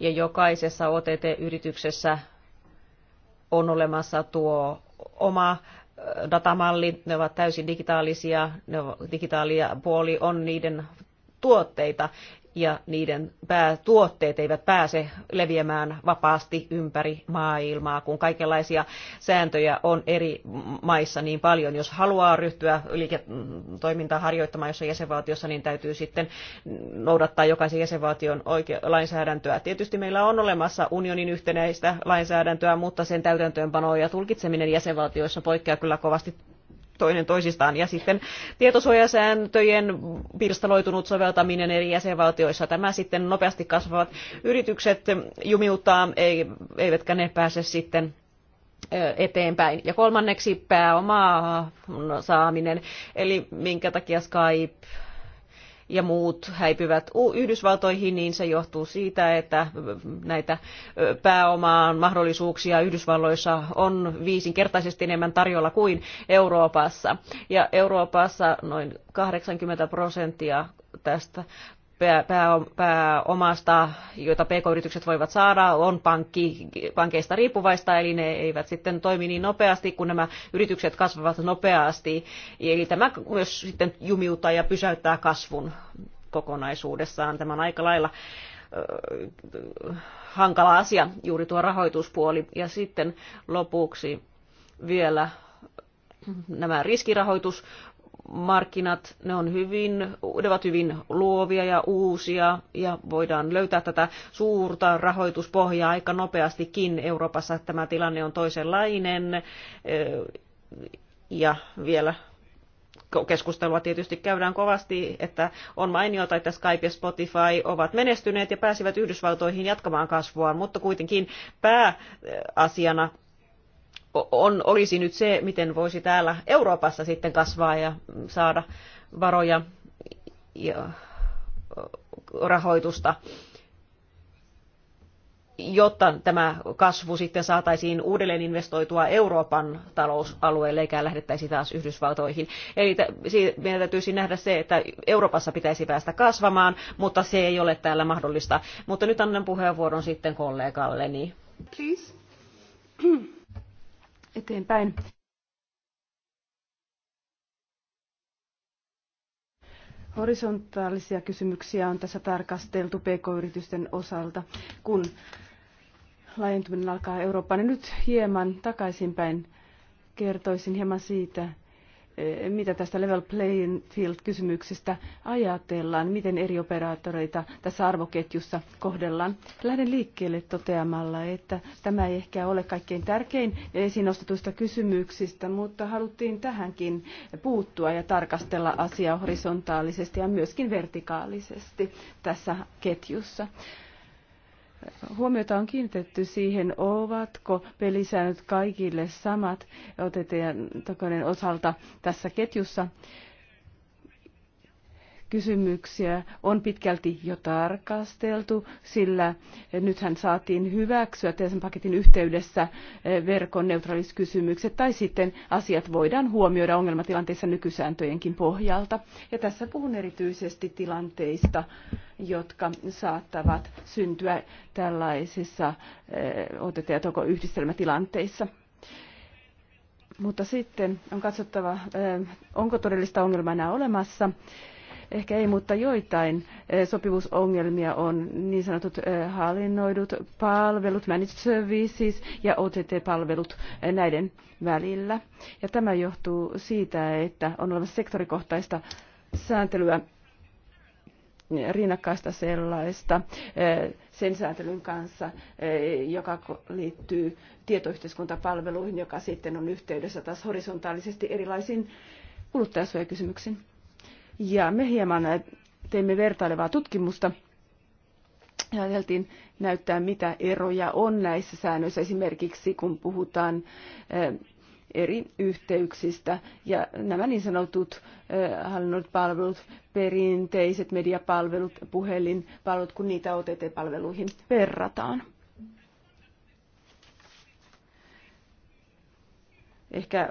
[SPEAKER 3] Ja jokaisessa OTT-yrityksessä on olemassa tuo oma äh, datamalli, ne ovat täysin digitaalisia, ne ovat, digitaalia puoli on niiden tuotteita ja niiden tuotteet eivät pääse leviämään vapaasti ympäri maailmaa, kun kaikenlaisia sääntöjä on eri maissa niin paljon. Jos haluaa ryhtyä liiketoimintaa harjoittamaan jossain jäsenvaltiossa, niin täytyy sitten noudattaa jokaisen jäsenvaltion oikea lainsäädäntöä. Tietysti meillä on olemassa unionin yhtenäistä lainsäädäntöä, mutta sen täytäntöönpano ja tulkitseminen jäsenvaltioissa poikkeaa kyllä kovasti toinen toisistaan. Ja sitten tietosuojasääntöjen pirstaloitunut soveltaminen eri jäsenvaltioissa. Tämä sitten nopeasti kasvavat yritykset jumiuttaa, eivätkä ne pääse sitten eteenpäin. Ja kolmanneksi pääomaa saaminen, eli minkä takia Skype ja muut häipyvät Yhdysvaltoihin, niin se johtuu siitä, että näitä pääomaan mahdollisuuksia Yhdysvalloissa on viisinkertaisesti enemmän tarjolla kuin Euroopassa. Ja Euroopassa noin 80 prosenttia tästä pääomasta, jota pk-yritykset voivat saada, on pankki, pankeista riippuvaista, eli ne eivät sitten toimi niin nopeasti, kun nämä yritykset kasvavat nopeasti. Eli tämä myös sitten jumiuttaa ja pysäyttää kasvun kokonaisuudessaan. Tämä on aika lailla hankala asia, juuri tuo rahoituspuoli. Ja sitten lopuksi vielä nämä riskirahoitus markkinat, ne, on hyvin, ne ovat hyvin luovia ja uusia ja voidaan löytää tätä suurta rahoituspohjaa aika nopeastikin Euroopassa. Tämä tilanne on toisenlainen eh, ja vielä keskustelua tietysti käydään kovasti, että on mainiota, että Skype ja Spotify ovat menestyneet ja pääsivät Yhdysvaltoihin jatkamaan kasvuaan, mutta kuitenkin pääasiana on, olisi nyt se, miten voisi täällä Euroopassa sitten kasvaa ja saada varoja ja rahoitusta, jotta tämä kasvu sitten saataisiin uudelleen investoitua Euroopan talousalueelle eikä lähdettäisi taas Yhdysvaltoihin. Eli meidän täytyisi nähdä se, että Euroopassa pitäisi päästä kasvamaan, mutta se ei ole täällä mahdollista. Mutta nyt annan puheenvuoron sitten kollegalleni. Please eteenpäin.
[SPEAKER 1] Horisontaalisia kysymyksiä on tässä tarkasteltu pk-yritysten osalta, kun laajentuminen alkaa Eurooppaan. Ja niin nyt hieman takaisinpäin kertoisin hieman siitä, Eh, mitä tästä level playing field kysymyksestä ajatellaan, miten eri operaattoreita tässä arvoketjussa kohdellaan. Lähden liikkeelle toteamalla, että tämä ei ehkä ole kaikkein tärkein esiin nostetuista kysymyksistä, mutta haluttiin tähänkin puuttua ja tarkastella asiaa horisontaalisesti ja myöskin vertikaalisesti tässä ketjussa. Huomiota on kiinnitetty siihen, ovatko pelisäännöt kaikille samat takainen osalta tässä ketjussa kysymyksiä on pitkälti jo tarkasteltu, sillä nythän saatiin hyväksyä sen paketin yhteydessä eh, verkon neutraaliskysymykset, tai sitten asiat voidaan huomioida ongelmatilanteissa nykysääntöjenkin pohjalta. Ja tässä puhun erityisesti tilanteista, jotka saattavat syntyä tällaisissa eh, OTT- ja yhdistelmätilanteissa. Mutta sitten on katsottava, eh, onko todellista ongelmaa enää olemassa ehkä ei, mutta joitain eh, sopivuusongelmia on niin sanotut eh, hallinnoidut palvelut, managed services ja OTT-palvelut eh, näiden välillä. Ja tämä johtuu siitä, että on olemassa sektorikohtaista sääntelyä rinnakkaista sellaista sen sääntelyn kanssa, joka liittyy tietoyhteiskuntapalveluihin, joka sitten on yhteydessä taas horisontaalisesti erilaisiin kuluttajasuojakysymyksiin. Ja me hieman teimme vertailevaa tutkimusta ja ajateltiin näyttää, mitä eroja on näissä säännöissä, esimerkiksi kun puhutaan eri yhteyksistä. Ja nämä niin sanotut hallinnolliset palvelut, perinteiset mediapalvelut, puhelinpalvelut, kun niitä OTT-palveluihin verrataan. Ehkä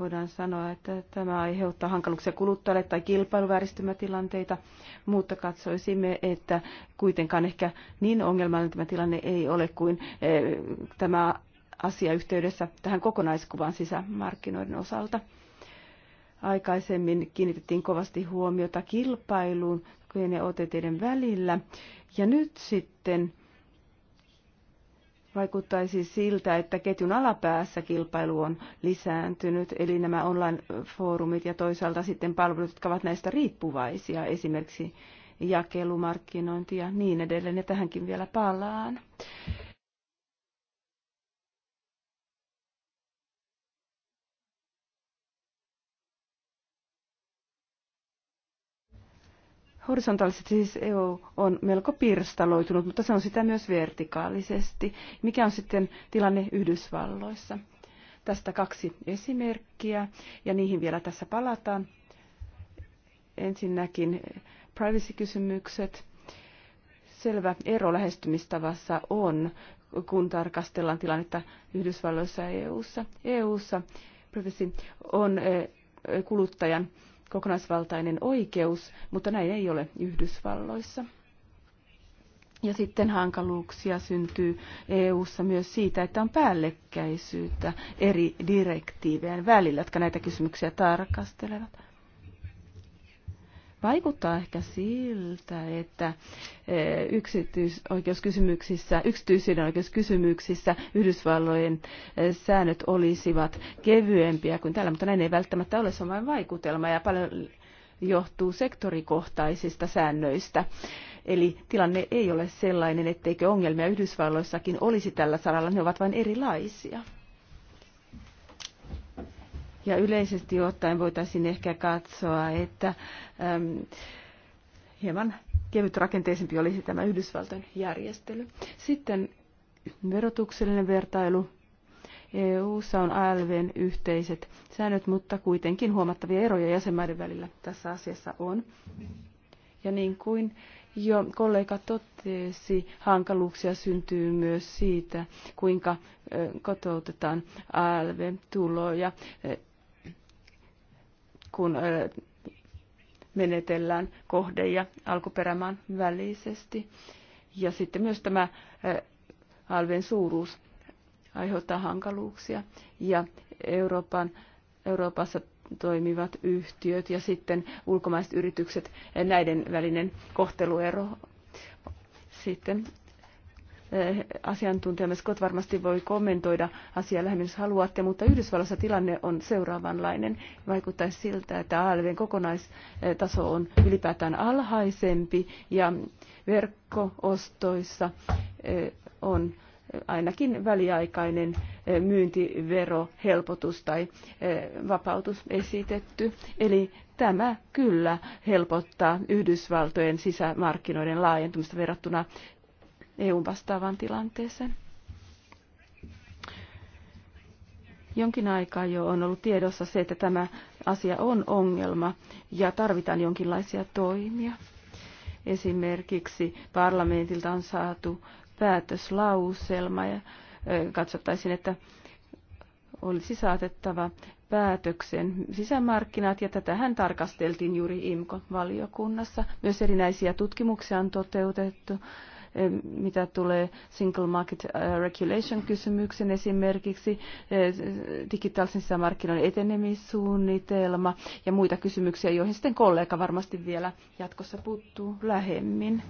[SPEAKER 1] voidaan sanoa, että tämä aiheuttaa hankaluuksia kuluttajalle tai kilpailuvääristymätilanteita, mutta katsoisimme, että kuitenkaan ehkä niin ongelmallinen tämä tilanne ei ole kuin eh, tämä asia yhteydessä tähän kokonaiskuvaan sisämarkkinoiden osalta. Aikaisemmin kiinnitettiin kovasti huomiota kilpailuun ja OTTiden välillä, ja nyt sitten vaikuttaisi siltä, että ketjun alapäässä kilpailu on lisääntynyt, eli nämä online-foorumit ja toisaalta sitten palvelut, jotka ovat näistä riippuvaisia, esimerkiksi jakelumarkkinointi ja niin edelleen, ja tähänkin vielä palaan. Horisontaalisesti siis EU on melko pirstaloitunut, mutta se on sitä myös vertikaalisesti. Mikä on sitten tilanne Yhdysvalloissa? Tästä kaksi esimerkkiä, ja niihin vielä tässä palataan. Ensinnäkin privacy-kysymykset. Selvä ero lähestymistavassa on, kun tarkastellaan tilannetta Yhdysvalloissa ja EUssa. EUssa privacy on e, kuluttajan kokonaisvaltainen oikeus, mutta näin ei ole Yhdysvalloissa. Ja sitten hankaluuksia syntyy EU:ssa myös siitä, että on päällekkäisyyttä eri direktiivien välillä, jotka näitä kysymyksiä tarkastelevat. Vaikuttaa ehkä siltä, että eh, yksityisoikeuskysymyksissä, yksityisyyden oikeuskysymyksissä Yhdysvallojen eh, säännöt olisivat kevyempiä kuin täällä, mutta näin ei välttämättä ole, se on vain vaikutelma ja paljon johtuu sektorikohtaisista säännöistä. Eli tilanne ei ole sellainen, etteikö ongelmia Yhdysvalloissakin olisi tällä saralla, ne ovat vain erilaisia. Ja yleisesti ottaen voitaisiin ehkä katsoa, että äm, hieman kevyt rakenteisempi olisi tämä Yhdysvaltojen järjestely. Sitten verotuksellinen vertailu. EU:ssa on ALVn yhteiset säännöt, mutta kuitenkin huomattavia eroja jäsenmaiden välillä tässä asiassa on. Ja niin kuin jo kollega totesi, hankaluuksia syntyy myös siitä, kuinka kotoutetaan ALV-tuloja kun menetellään kohde- ja alkuperämaan välisesti. Ja sitten myös tämä alven suuruus aiheuttaa hankaluuksia. Ja Euroopan, Euroopassa toimivat yhtiöt ja sitten ulkomaiset yritykset, näiden välinen kohteluero. Sitten Eh, asiantuntijamme Scott varmasti voi kommentoida asiaa lähemmin, jos haluatte, mutta Yhdysvalloissa tilanne on seuraavanlainen. Vaikuttaisi siltä, että ALVn kokonaistaso on ylipäätään alhaisempi ja verkkoostoissa eh, on ainakin väliaikainen eh, myyntivero, helpotus tai vapautus esitetty. Eli tämä kyllä helpottaa Yhdysvaltojen sisämarkkinoiden laajentumista verrattuna EUn vastaavaan tilanteeseen. Jonkin aikaa jo on ollut tiedossa se, että tämä asia on ongelma ja tarvitaan jonkinlaisia toimia. Esimerkiksi parlamentilta on saatu päätöslauselma ja katsottaisiin, että olisi saatettava päätöksen sisämarkkinat, ja tätähän tarkasteltiin juuri IMKO-valiokunnassa. Myös erinäisiä tutkimuksia on toteutettu Eh, mitä tulee Single Market eh, Regulation kysymyksen esimerkiksi, eh, digitaalisen sisämarkkinoiden etenemissuunnitelma ja muita kysymyksiä, joihin sitten kollega varmasti vielä jatkossa puuttuu lähemmin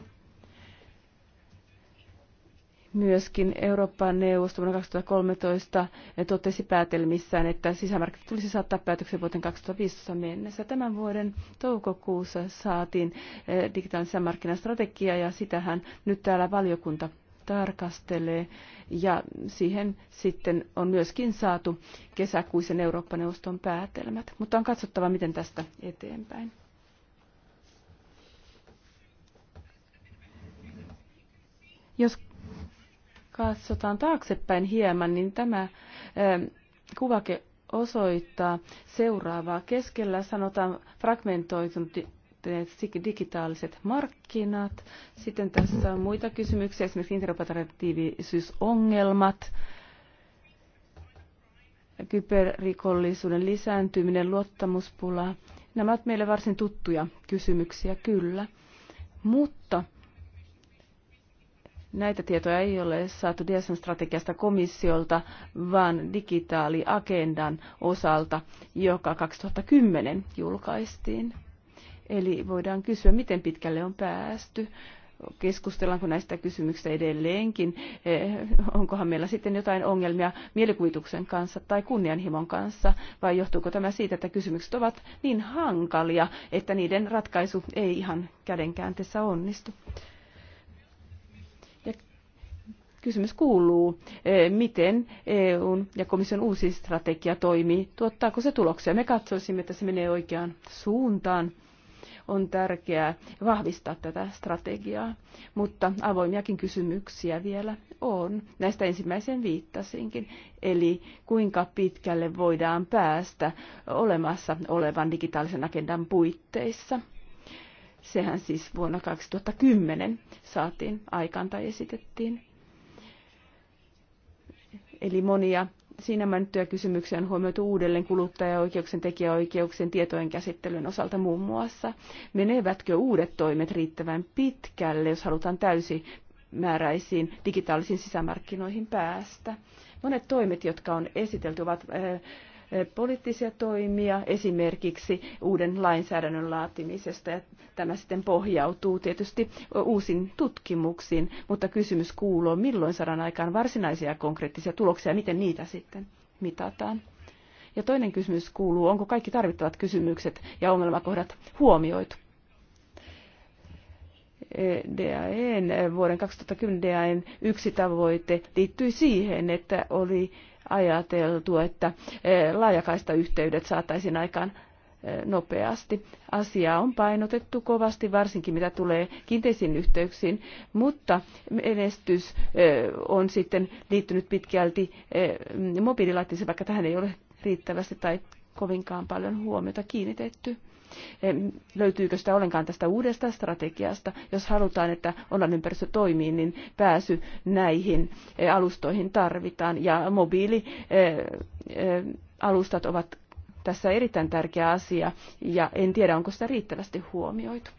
[SPEAKER 1] myöskin Euroopan neuvosto vuonna 2013 totesi päätelmissään, että sisämarkkinat tulisi saattaa päätöksen vuoteen 2015 mennessä. Tämän vuoden toukokuussa saatiin eh, digitaalinen sisämarkkinastrategia ja sitähän nyt täällä valiokunta tarkastelee ja siihen sitten on myöskin saatu kesäkuisen Eurooppa-neuvoston päätelmät. Mutta on katsottava, miten tästä eteenpäin. Jos katsotaan taaksepäin hieman, niin tämä ähm, kuvake osoittaa seuraavaa. Keskellä sanotaan fragmentoitunut digitaaliset markkinat. Sitten tässä on muita kysymyksiä, esimerkiksi interoperatiivisuusongelmat, kyberrikollisuuden lisääntyminen, luottamuspula. Nämä ovat meille varsin tuttuja kysymyksiä, kyllä. Mutta Näitä tietoja ei ole saatu DSN strategiasta komissiolta, vaan digitaaliagendan osalta, joka 2010 julkaistiin. Eli voidaan kysyä, miten pitkälle on päästy keskustellaanko näistä kysymyksistä edelleenkin, eh, onkohan meillä sitten jotain ongelmia mielikuvituksen kanssa tai kunnianhimon kanssa, vai johtuuko tämä siitä, että kysymykset ovat niin hankalia, että niiden ratkaisu ei ihan kädenkääntessä onnistu. Kysymys kuuluu, eh, miten EU ja komission uusi strategia toimii, tuottaako se tuloksia. Me katsoisimme, että se menee oikeaan suuntaan. On tärkeää vahvistaa tätä strategiaa, mutta avoimiakin kysymyksiä vielä on. Näistä ensimmäiseen viittasinkin, eli kuinka pitkälle voidaan päästä olemassa olevan digitaalisen agendan puitteissa sehän siis vuonna 2010 saatiin aikaan tai esitettiin. Eli monia siinä mainittuja kysymyksiä on huomioitu uudelleen kuluttajaoikeuksien, tekijäoikeuksien, tietojen käsittelyn osalta muun muassa. Menevätkö uudet toimet riittävän pitkälle, jos halutaan täysimääräisiin digitaalisiin sisämarkkinoihin päästä? Monet toimet, jotka on esitelty, ovat eh, poliittisia toimia, esimerkiksi uuden lainsäädännön laatimisesta. Ja tämä sitten pohjautuu tietysti uusiin tutkimuksiin, mutta kysymys kuuluu, milloin saadaan aikaan varsinaisia konkreettisia tuloksia ja miten niitä sitten mitataan. Ja toinen kysymys kuuluu, onko kaikki tarvittavat kysymykset ja ongelmakohdat huomioitu? DAEn, vuoden 2010 DAEn yksi tavoite liittyi siihen, että oli ajateltu, että eh, laajakaistayhteydet saataisiin aikaan eh, nopeasti. Asiaa on painotettu kovasti, varsinkin mitä tulee kiinteisiin yhteyksiin, mutta menestys eh, on sitten liittynyt pitkälti mobiililaitteeseen, vaikka tähän ei ole riittävästi tai kovinkaan paljon huomiota kiinnitetty. Löytyykö sitä ollenkaan tästä uudesta strategiasta? Jos halutaan, että online-ympäristö toimii, niin pääsy näihin e, alustoihin tarvitaan. Ja mobiilialustat e, e, ovat tässä erittäin tärkeä asia, ja en tiedä, onko sitä riittävästi huomioitu.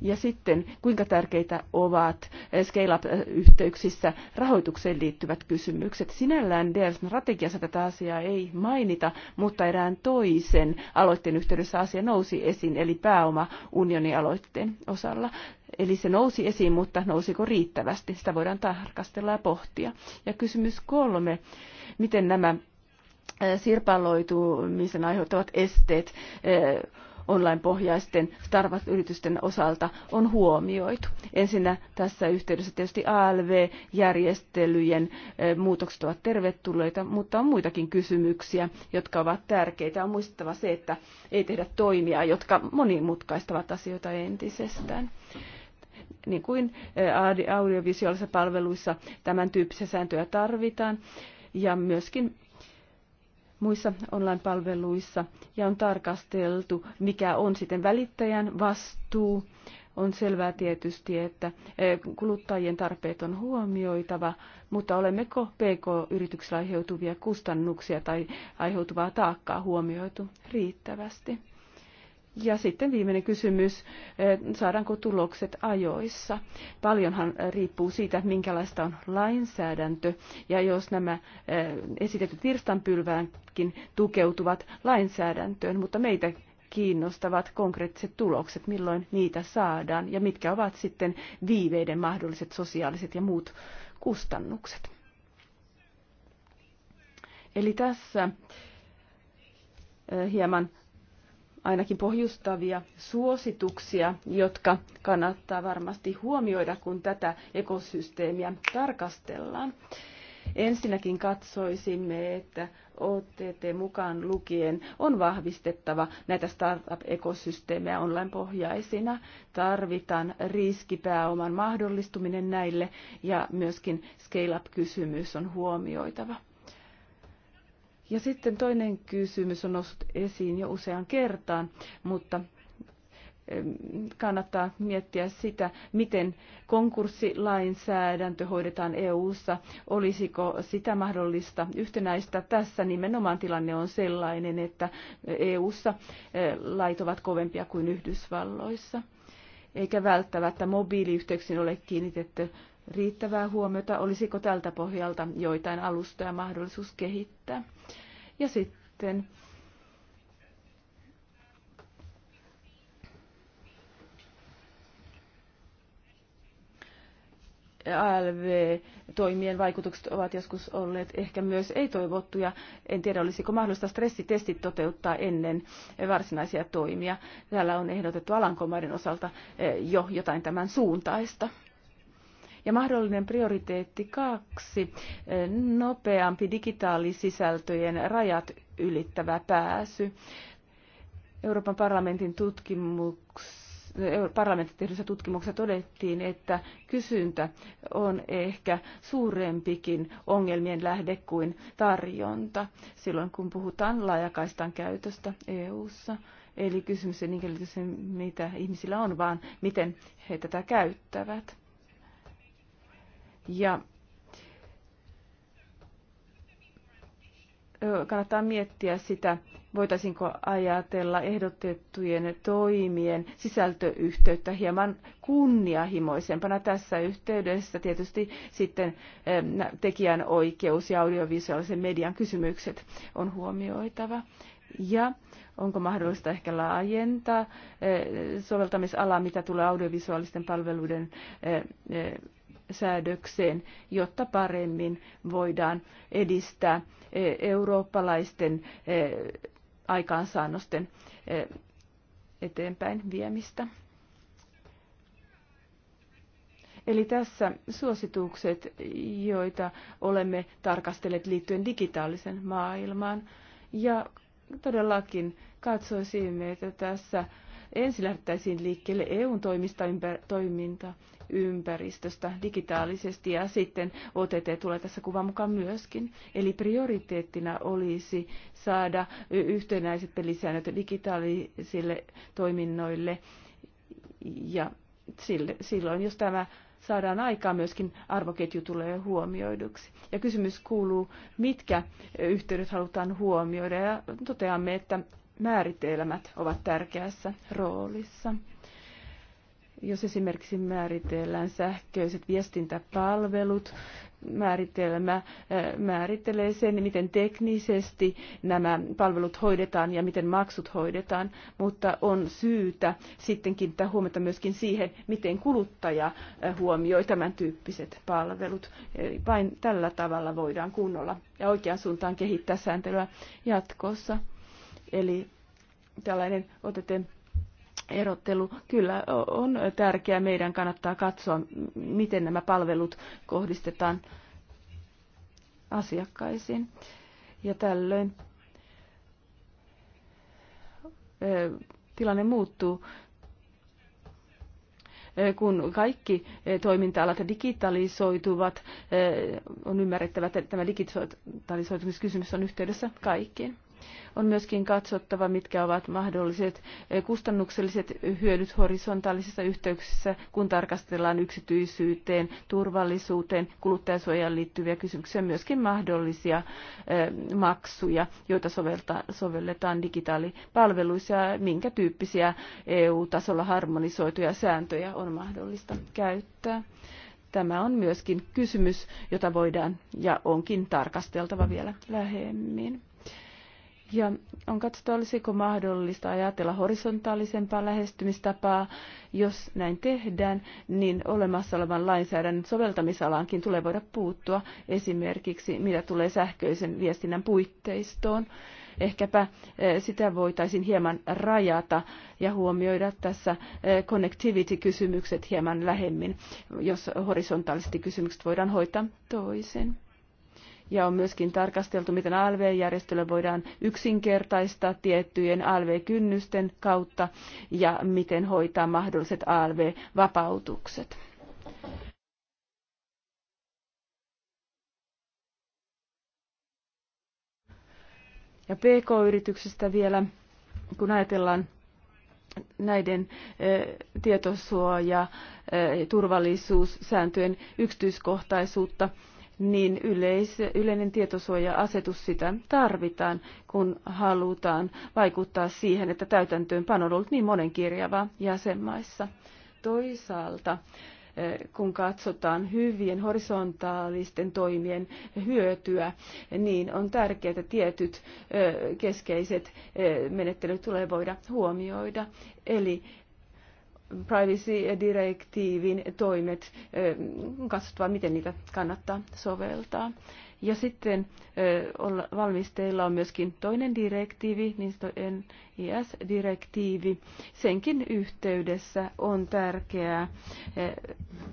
[SPEAKER 1] Ja sitten, kuinka tärkeitä ovat scale-up-yhteyksissä rahoitukseen liittyvät kysymykset. Sinällään dr strategiassa tätä asiaa ei mainita, mutta erään toisen aloitteen yhteydessä asia nousi esiin, eli pääoma unionialoitteen osalla. Eli se nousi esiin, mutta nousiko riittävästi? Sitä voidaan tarkastella ja pohtia. Ja kysymys kolme, miten nämä sirpaloitumisen aiheuttavat esteet eh, online-pohjaisten startup-yritysten osalta on huomioitu. Ensinnä tässä yhteydessä tietysti ALV-järjestelyjen eh, muutokset ovat tervetulleita, mutta on muitakin kysymyksiä, jotka ovat tärkeitä. On muistettava se, että ei tehdä toimia, jotka monimutkaistavat asioita entisestään niin kuin eh, audiovisuaalisissa palveluissa tämän tyyppisiä sääntöjä tarvitaan. Ja myöskin muissa online-palveluissa ja on tarkasteltu, mikä on sitten välittäjän vastuu. On selvää tietysti, että e, kuluttajien tarpeet on huomioitava, mutta olemmeko PK-yrityksillä aiheutuvia kustannuksia tai aiheutuvaa taakkaa huomioitu riittävästi? Ja sitten viimeinen kysymys, eh, saadaanko tulokset ajoissa? Paljonhan eh, riippuu siitä, minkälaista on lainsäädäntö. Ja jos nämä eh, esitetyt virstanpylväänkin tukeutuvat lainsäädäntöön, mutta meitä kiinnostavat konkreettiset tulokset, milloin niitä saadaan ja mitkä ovat sitten viiveiden mahdolliset sosiaaliset ja muut kustannukset. Eli tässä hieman ainakin pohjustavia suosituksia, jotka kannattaa varmasti huomioida, kun tätä ekosysteemiä tarkastellaan. Ensinnäkin katsoisimme, että OTT mukaan lukien on vahvistettava näitä startup-ekosysteemejä online-pohjaisina. Tarvitaan riskipääoman mahdollistuminen näille ja myöskin scale-up-kysymys on huomioitava. Ja sitten toinen kysymys on noussut esiin jo usean kertaan, mutta kannattaa miettiä sitä, miten konkurssilainsäädäntö hoidetaan EU-ssa. Olisiko sitä mahdollista yhtenäistä? Tässä nimenomaan tilanne on sellainen, että EU-ssa eh, lait ovat kovempia kuin Yhdysvalloissa. Eikä välttämättä mobiiliyhteyksiin ole kiinnitetty riittävää huomiota, olisiko tältä pohjalta joitain alustoja mahdollisuus kehittää. Ja sitten ALV-toimien vaikutukset ovat joskus olleet ehkä myös ei-toivottuja. En tiedä, olisiko mahdollista stressitestit toteuttaa ennen varsinaisia toimia. Täällä on ehdotettu Alankomaiden osalta eh, jo jotain tämän suuntaista. Ja mahdollinen prioriteetti kaksi, nopeampi digitaalisisältöjen rajat ylittävä pääsy. Euroopan parlamentin tutkimuksessa parlamentin tehdyssä tutkimuksessa todettiin, että kysyntä on ehkä suurempikin ongelmien lähde kuin tarjonta silloin, kun puhutaan laajakaistan käytöstä EU:ssa. Eli kysymys ei niinkään mitä ihmisillä on, vaan miten he tätä käyttävät. Ja kannattaa miettiä sitä, voitaisiinko ajatella ehdotettujen toimien sisältöyhteyttä hieman kunnianhimoisempana tässä yhteydessä. Tietysti sitten tekijänoikeus ja audiovisuaalisen median kysymykset on huomioitava. Ja onko mahdollista ehkä laajentaa soveltamisalaa mitä tulee audiovisuaalisten palveluiden säädökseen, jotta paremmin voidaan edistää e, eurooppalaisten e, aikaansaannosten e, eteenpäin viemistä. Eli tässä suositukset, joita olemme tarkastelleet liittyen digitaalisen maailmaan. Ja todellakin katsoisimme, että tässä ensin lähdettäisiin liikkeelle EUn toimista ympär- toiminta ympäristöstä digitaalisesti ja sitten OTT tulee tässä kuvan mukaan myöskin. Eli prioriteettina olisi saada yhtenäiset pelisäännöt digitaalisille toiminnoille ja sille, silloin, jos tämä saadaan aikaa, myöskin arvoketju tulee huomioiduksi. Ja kysymys kuuluu, mitkä yhteydet halutaan huomioida. Ja toteamme, että määritelmät ovat tärkeässä roolissa. Jos esimerkiksi määritellään sähköiset viestintäpalvelut, määritelmä äh, määrittelee sen, miten teknisesti nämä palvelut hoidetaan ja miten maksut hoidetaan, mutta on syytä sitten kiinnittää huomiota myöskin siihen, miten kuluttaja äh, huomioi tämän tyyppiset palvelut. Eli vain tällä tavalla voidaan kunnolla ja oikeaan suuntaan kehittää sääntelyä jatkossa. Eli tällainen oteten erottelu kyllä on tärkeää. Meidän kannattaa katsoa, miten nämä palvelut kohdistetaan asiakkaisiin. Ja tällöin tilanne muuttuu, kun kaikki toiminta-alat digitalisoituvat, on ymmärrettävä, että tämä digitalisoitumiskysymys on yhteydessä kaikkiin. On myöskin katsottava, mitkä ovat mahdolliset e, kustannukselliset hyödyt horisontaalisissa yhteyksissä, kun tarkastellaan yksityisyyteen, turvallisuuteen, kuluttajasuojaan liittyviä kysymyksiä, myöskin mahdollisia e, maksuja, joita sovelletaan digitaalipalveluissa ja minkä tyyppisiä EU-tasolla harmonisoituja sääntöjä on mahdollista käyttää tämä on myöskin kysymys, jota voidaan ja onkin tarkasteltava vielä lähemmin. Ja on katsottu, olisiko mahdollista ajatella horisontaalisempaa lähestymistapaa. Jos näin tehdään, niin olemassa olevan lainsäädännön soveltamisalaankin tulee voida puuttua esimerkiksi, mitä tulee sähköisen viestinnän puitteistoon. Ehkäpä eh, sitä voitaisiin hieman rajata ja huomioida tässä eh, connectivity-kysymykset hieman lähemmin, jos horisontaalisesti kysymykset voidaan hoitaa toisen ja on myöskin tarkasteltu, miten ALV-järjestelyä voidaan yksinkertaistaa tiettyjen ALV-kynnysten kautta ja miten hoitaa mahdolliset ALV-vapautukset. Ja PK-yrityksistä vielä, kun ajatellaan näiden e, tietosuoja- ja e, turvallisuussääntöjen yksityiskohtaisuutta, niin yleis, yleinen tietosuoja-asetus sitä tarvitaan, kun halutaan vaikuttaa siihen, että täytäntöönpano on ollut niin monenkirjavaa jäsenmaissa. Toisaalta eh, kun katsotaan hyvien horisontaalisten toimien hyötyä, niin on tärkeää, että tietyt eh, keskeiset eh, menettelyt tulee voida huomioida. Eli privacy-direktiivin toimet, katsotaan miten niitä kannattaa soveltaa. Ja sitten valmisteilla on myöskin toinen direktiivi, niin NIS-direktiivi. Senkin yhteydessä on tärkeää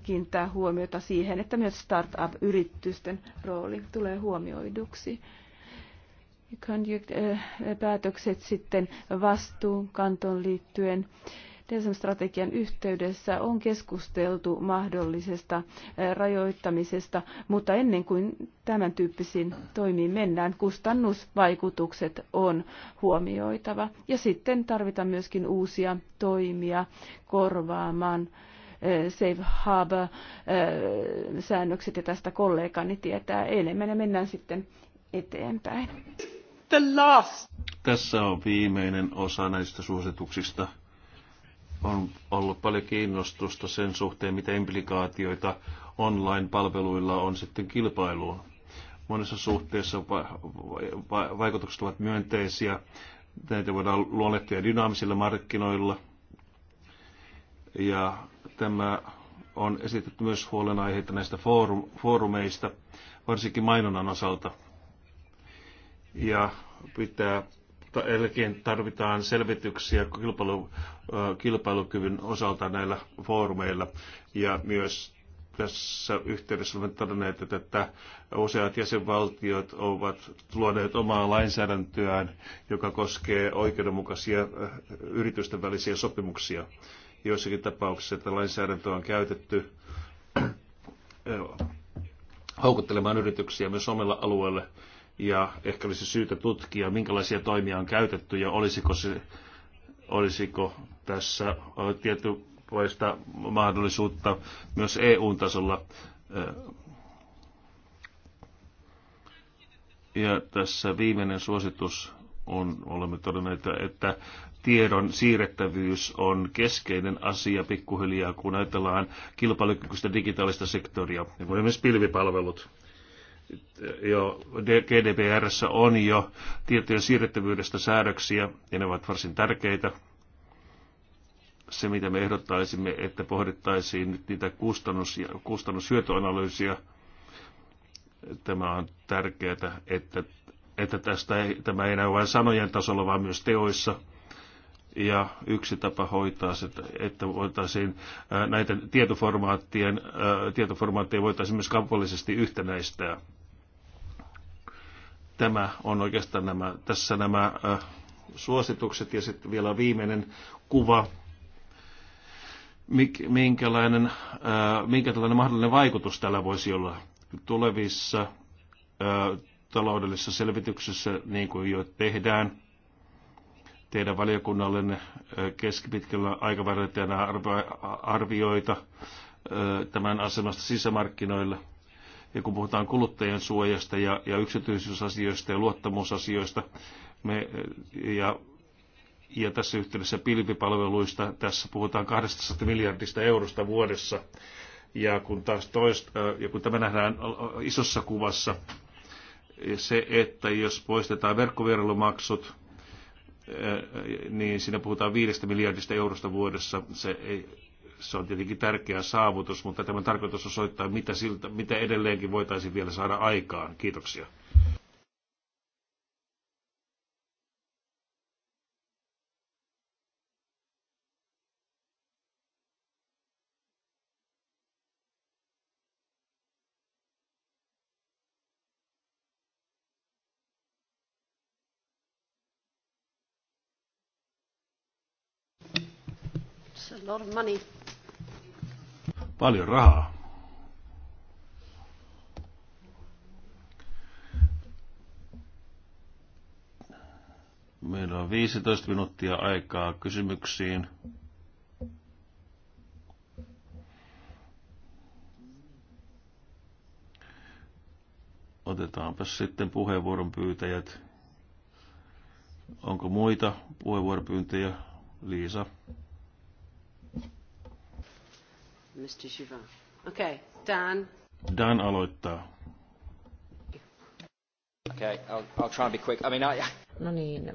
[SPEAKER 1] kiinnittää huomiota siihen, että myös startup-yritysten rooli tulee huomioiduksi päätökset sitten vastuunkantoon liittyen DSM-strategian yhteydessä on keskusteltu mahdollisesta eh, rajoittamisesta, mutta ennen kuin tämän tyyppisiin toimiin mennään, kustannusvaikutukset on huomioitava. Ja sitten tarvitaan myöskin uusia toimia korvaamaan eh, Safe Harbor-säännökset, eh, ja tästä kollegani tietää enemmän, ja mennään sitten eteenpäin. The last.
[SPEAKER 2] Tässä on viimeinen osa näistä suosituksista on ollut paljon kiinnostusta sen suhteen, mitä implikaatioita online-palveluilla on sitten kilpailuun. Monessa suhteessa vaikutukset ovat myönteisiä. Näitä voidaan luonnehtia dynaamisilla markkinoilla. Ja tämä on esitetty myös huolenaiheita näistä foorum, foorumeista, varsinkin mainonnan osalta. Ja pitää jälkeen tarvitaan selvityksiä kilpailu, kilpailukyvyn osalta näillä foorumeilla ja myös tässä yhteydessä olemme todenneet, että, useat jäsenvaltiot ovat luoneet omaa lainsäädäntöään, joka koskee oikeudenmukaisia yritysten välisiä sopimuksia. Joissakin tapauksissa että lainsäädäntöä on käytetty houkuttelemaan yrityksiä myös omilla alueille ja ehkä olisi syytä tutkia, minkälaisia toimia on käytetty ja olisiko, se, olisiko tässä tietynlaista mahdollisuutta myös EU-tasolla. Ja tässä viimeinen suositus on, olemme todenneet, että tiedon siirrettävyys on keskeinen asia pikkuhiljaa, kun ajatellaan kilpailukykyistä digitaalista sektoria, ja myös pilvipalvelut jo GDPRssä on jo tietojen siirrettävyydestä säädöksiä, ja ne ovat varsin tärkeitä. Se, mitä me ehdottaisimme, että pohdittaisiin nyt niitä kustannus- ja kustannushyötyanalyysiä. Tämä on tärkeää, että, että tästä ei, tämä ei näy vain sanojen tasolla, vaan myös teoissa. Ja yksi tapa hoitaa se, että voitaisiin näitä tietoformaattien, tietoformaatteja voitaisiin myös kaupallisesti yhtenäistää Tämä on oikeastaan nämä, tässä nämä suositukset ja sitten vielä viimeinen kuva, minkälainen, minkälainen mahdollinen vaikutus tällä voisi olla tulevissa taloudellisissa selvityksissä, niin kuin jo tehdään teidän valiokunnalle keskipitkällä aikavälillä arvioita tämän asemasta sisämarkkinoilla – ja kun puhutaan kuluttajien suojasta ja, ja yksityisyysasioista ja luottamusasioista, me, ja, ja tässä yhteydessä pilvipalveluista, tässä puhutaan 200 miljardista eurosta vuodessa. Ja kun taas toista, ja kun tämä nähdään isossa kuvassa, se, että jos poistetaan verkkovierailumaksut, niin siinä puhutaan 5 miljardista eurosta vuodessa. Se ei, se on tietenkin tärkeä saavutus, mutta tämän tarkoitus osoittaa, mitä, siltä, mitä edelleenkin voitaisiin vielä saada aikaan. Kiitoksia.
[SPEAKER 3] a lot of money.
[SPEAKER 2] Paljon rahaa. Meillä on 15 minuuttia aikaa kysymyksiin. Otetaanpa sitten puheenvuoron pyytäjät. Onko muita puheenvuoropyyntöjä? Liisa.
[SPEAKER 1] Mr. Juvin. Okay, Dan.
[SPEAKER 2] Dan aloittaa. Okay, I'll, I'll try and be quick. I mean, I...
[SPEAKER 3] No niin,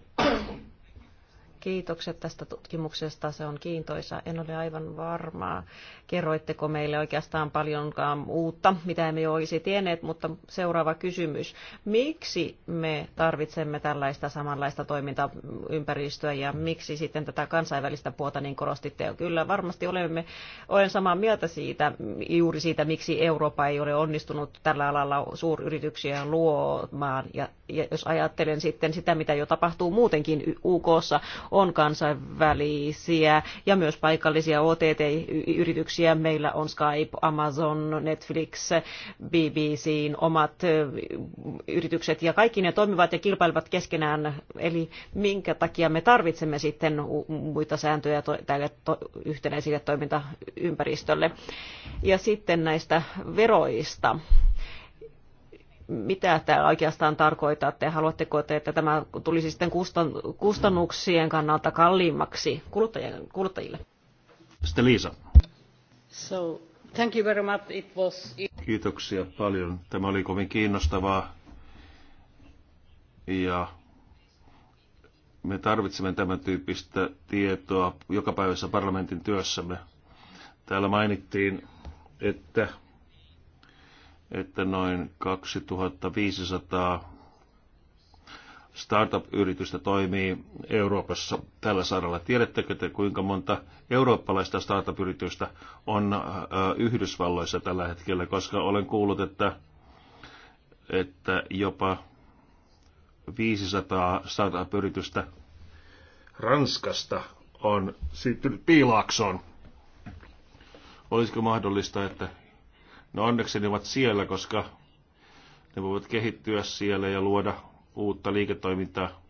[SPEAKER 3] Kiitokset tästä tutkimuksesta, se on kiintoisa. En ole aivan varma, kerroitteko meille oikeastaan paljonkaan uutta, mitä emme jo olisi tienneet, mutta seuraava kysymys. Miksi me tarvitsemme tällaista samanlaista toimintaympäristöä ja miksi sitten tätä kansainvälistä puolta niin korostitte? Kyllä varmasti olemme, olen samaa mieltä siitä, juuri siitä, miksi Eurooppa ei ole onnistunut tällä alalla suuryrityksiä luomaan ja jos ajattelen sitten sitä, mitä jo tapahtuu muutenkin UKssa, on kansainvälisiä ja myös paikallisia OTT-yrityksiä. Meillä on Skype, Amazon, Netflix, BBC, omat yritykset ja kaikki ne toimivat ja kilpailevat keskenään. Eli minkä takia me tarvitsemme sitten muita sääntöjä tälle yhtenäiselle toimintaympäristölle. Ja sitten näistä veroista mitä tämä oikeastaan tarkoitatte? Haluatteko te, että tämä tulisi sitten kustannuksien kannalta kalliimmaksi kuluttajille? Sitten Liisa. So, thank you very much. It was...
[SPEAKER 2] Kiitoksia paljon. Tämä oli kovin kiinnostavaa. Ja me tarvitsemme tämän tyyppistä tietoa jokapäiväisessä parlamentin työssämme. Täällä mainittiin, että että noin 2500 startup-yritystä toimii Euroopassa tällä saralla. Tiedättekö te, kuinka monta eurooppalaista startup-yritystä on Yhdysvalloissa tällä hetkellä, koska olen kuullut, että, että jopa 500 startup-yritystä Ranskasta on siirtynyt piilaaksoon. Olisiko mahdollista, että No onneksi ne ovat siellä, koska ne voivat kehittyä siellä ja luoda uutta liiketoimintaa.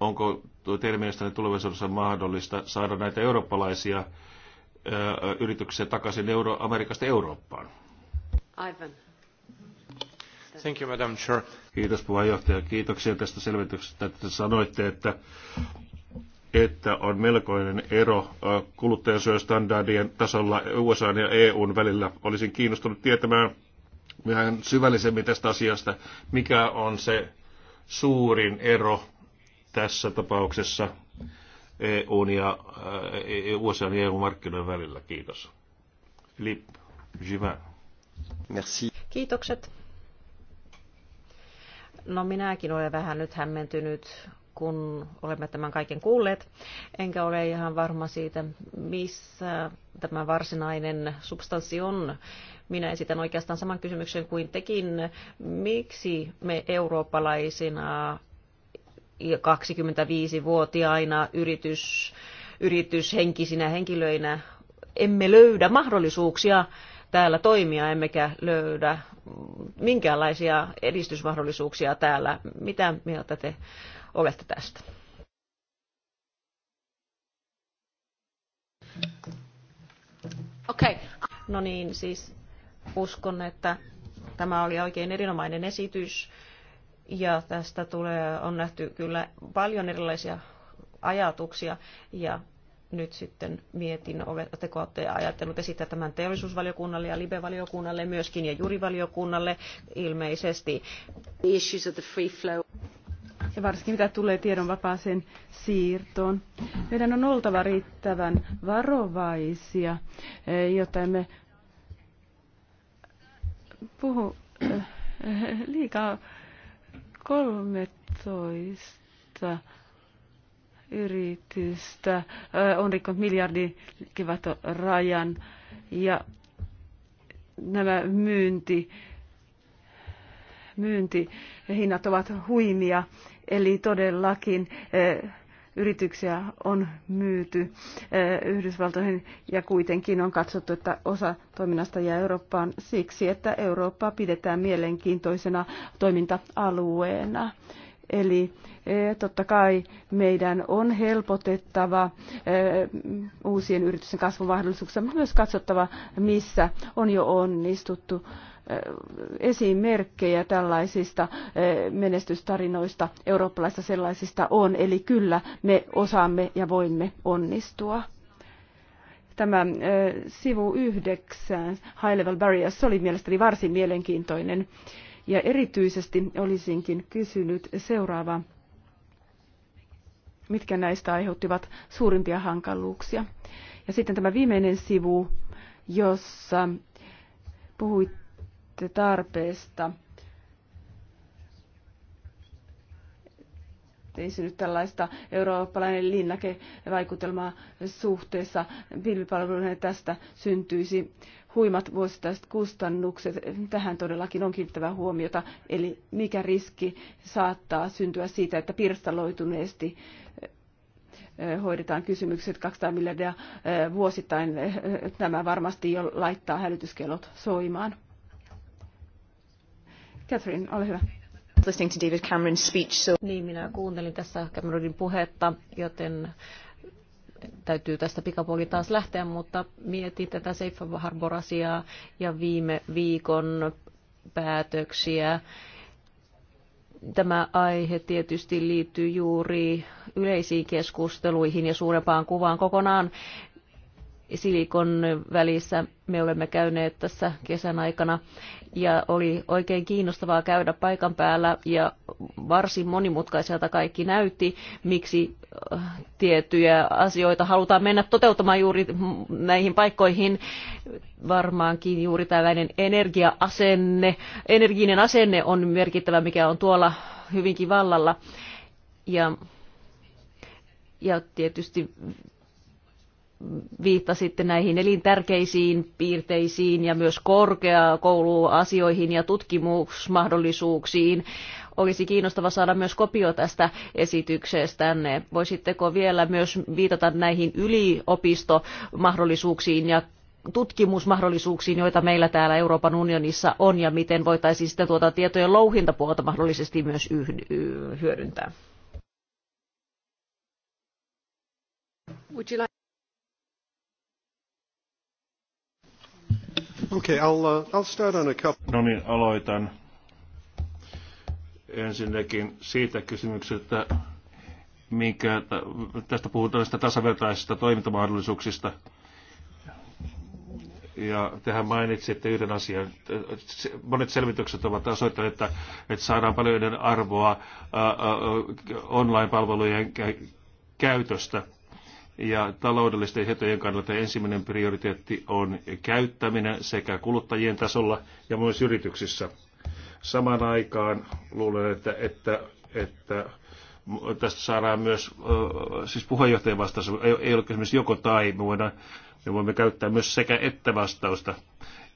[SPEAKER 2] Onko tuo mielestänne tulevaisuudessa mahdollista saada näitä eurooppalaisia yrityksiä takaisin Euro- Amerikasta Eurooppaan? Aivan. Thank you, Madam Chair. Kiitos puheenjohtaja. Kiitoksia tästä selvityksestä, että sanoitte, että että on melkoinen ero äh, kuluttajansuojastandardien tasolla USA ja EUn välillä. Olisin kiinnostunut tietämään vähän syvällisemmin tästä asiasta, mikä on se suurin ero tässä tapauksessa EUn ja äh, e- USA ja EUn markkinoiden välillä. Kiitos. Lip, Merci.
[SPEAKER 3] Kiitokset. No minäkin olen vähän nyt hämmentynyt kun olemme tämän kaiken kuulleet, enkä ole ihan varma siitä, missä tämä varsinainen substanssi on. Minä esitän oikeastaan saman kysymyksen kuin tekin. Miksi me eurooppalaisina 25-vuotiaina yritys, yrityshenkisinä henkilöinä emme löydä mahdollisuuksia täällä toimia, emmekä löydä minkäänlaisia edistysmahdollisuuksia täällä. Mitä mieltä te olette tästä. Okei. Okay. No niin, siis uskon, että tämä oli oikein erinomainen esitys. Ja tästä tulee, on nähty kyllä paljon erilaisia ajatuksia ja nyt sitten mietin, oletteko olette ajatellut esittää tämän teollisuusvaliokunnalle ja libevaliokunnalle valiokunnalle myöskin ja jurivaliokunnalle ilmeisesti. The issues of the free flow
[SPEAKER 1] ja varsinkin mitä tulee tiedon vapaaseen siirtoon. Meidän on oltava riittävän varovaisia, eh, jotta emme puhu eh, liikaa 13 yritystä eh, on rikkonut miljardin rajan ja nämä myynti myyntihinnat ovat huimia Eli todellakin eh, yrityksiä on myyty eh, Yhdysvaltoihin ja kuitenkin on katsottu, että osa toiminnasta jää Eurooppaan siksi, että Eurooppaa pidetään mielenkiintoisena toiminta-alueena. Eli eh, totta kai meidän on helpotettava uusien yritysten kasvumahdollisuuksia, mutta myös katsottava, missä on jo onnistuttu esimerkkejä tällaisista eh, menestystarinoista, eurooppalaista sellaisista on, eli kyllä me osaamme ja voimme onnistua tämä eh, sivu yhdeksän, High Level Barriers, oli mielestäni varsin mielenkiintoinen. Ja erityisesti olisinkin kysynyt seuraava Mitkä näistä aiheuttivat suurimpia hankaluuksia? Ja sitten tämä viimeinen sivu, jossa puhuit puhuitte tarpeesta. ei synny tällaista eurooppalainen linnakevaikutelmaa suhteessa pilvipalveluihin, tästä syntyisi huimat vuosittaiset kustannukset. Tähän todellakin on kiinnittävä huomiota, eli mikä riski saattaa syntyä siitä, että pirstaloituneesti eh, hoidetaan kysymykset 200 miljardia eh, vuosittain. Eh, tämä varmasti jo
[SPEAKER 3] laittaa hälytyskellot soimaan. Catherine, ole hyvä. Listening to David Cameron's speech, so... Niin, minä kuuntelin tässä Cameronin puhetta, joten täytyy tästä pikapuoli taas lähteä, mutta mietin tätä Safe Harbor-asiaa ja viime viikon päätöksiä. Tämä aihe tietysti liittyy juuri yleisiin keskusteluihin ja suurempaan kuvaan kokonaan. Silikon välissä me olemme käyneet tässä kesän aikana ja oli oikein kiinnostavaa käydä paikan päällä ja varsin monimutkaiselta kaikki näytti, miksi äh, tiettyjä asioita halutaan mennä toteuttamaan juuri näihin paikkoihin. Varmaankin juuri tällainen energiaasenne, energinen asenne on merkittävä, mikä on tuolla hyvinkin vallalla. Ja ja tietysti viittasitte näihin elintärkeisiin piirteisiin ja myös korkeakouluasioihin ja tutkimusmahdollisuuksiin. Olisi kiinnostava saada myös kopio tästä esityksestä. Voisitteko vielä myös viitata näihin yliopistomahdollisuuksiin ja tutkimusmahdollisuuksiin, joita meillä täällä Euroopan unionissa on, ja miten voitaisiin sitten tuota tietojen louhintapuolta mahdollisesti myös hyödyntää?
[SPEAKER 2] Okay, I'll, uh, I'll start on a couple. No niin, aloitan ensinnäkin siitä kysymyksestä, minkä tästä puhutaan tästä tasavertaisista toimintamahdollisuuksista. Ja tehän mainitsitte yhden asian. Monet selvitykset ovat osoittaneet, että, että saadaan paljon arvoa online-palvelujen käytöstä ja taloudellisten hetojen kannalta ensimmäinen prioriteetti on käyttäminen sekä kuluttajien tasolla ja myös yrityksissä. Samaan aikaan luulen, että, että, että tästä saadaan myös, siis puheenjohtajan vastaus ei, ei ole kysymys joko tai, me, voidaan, me voimme käyttää myös sekä että vastausta.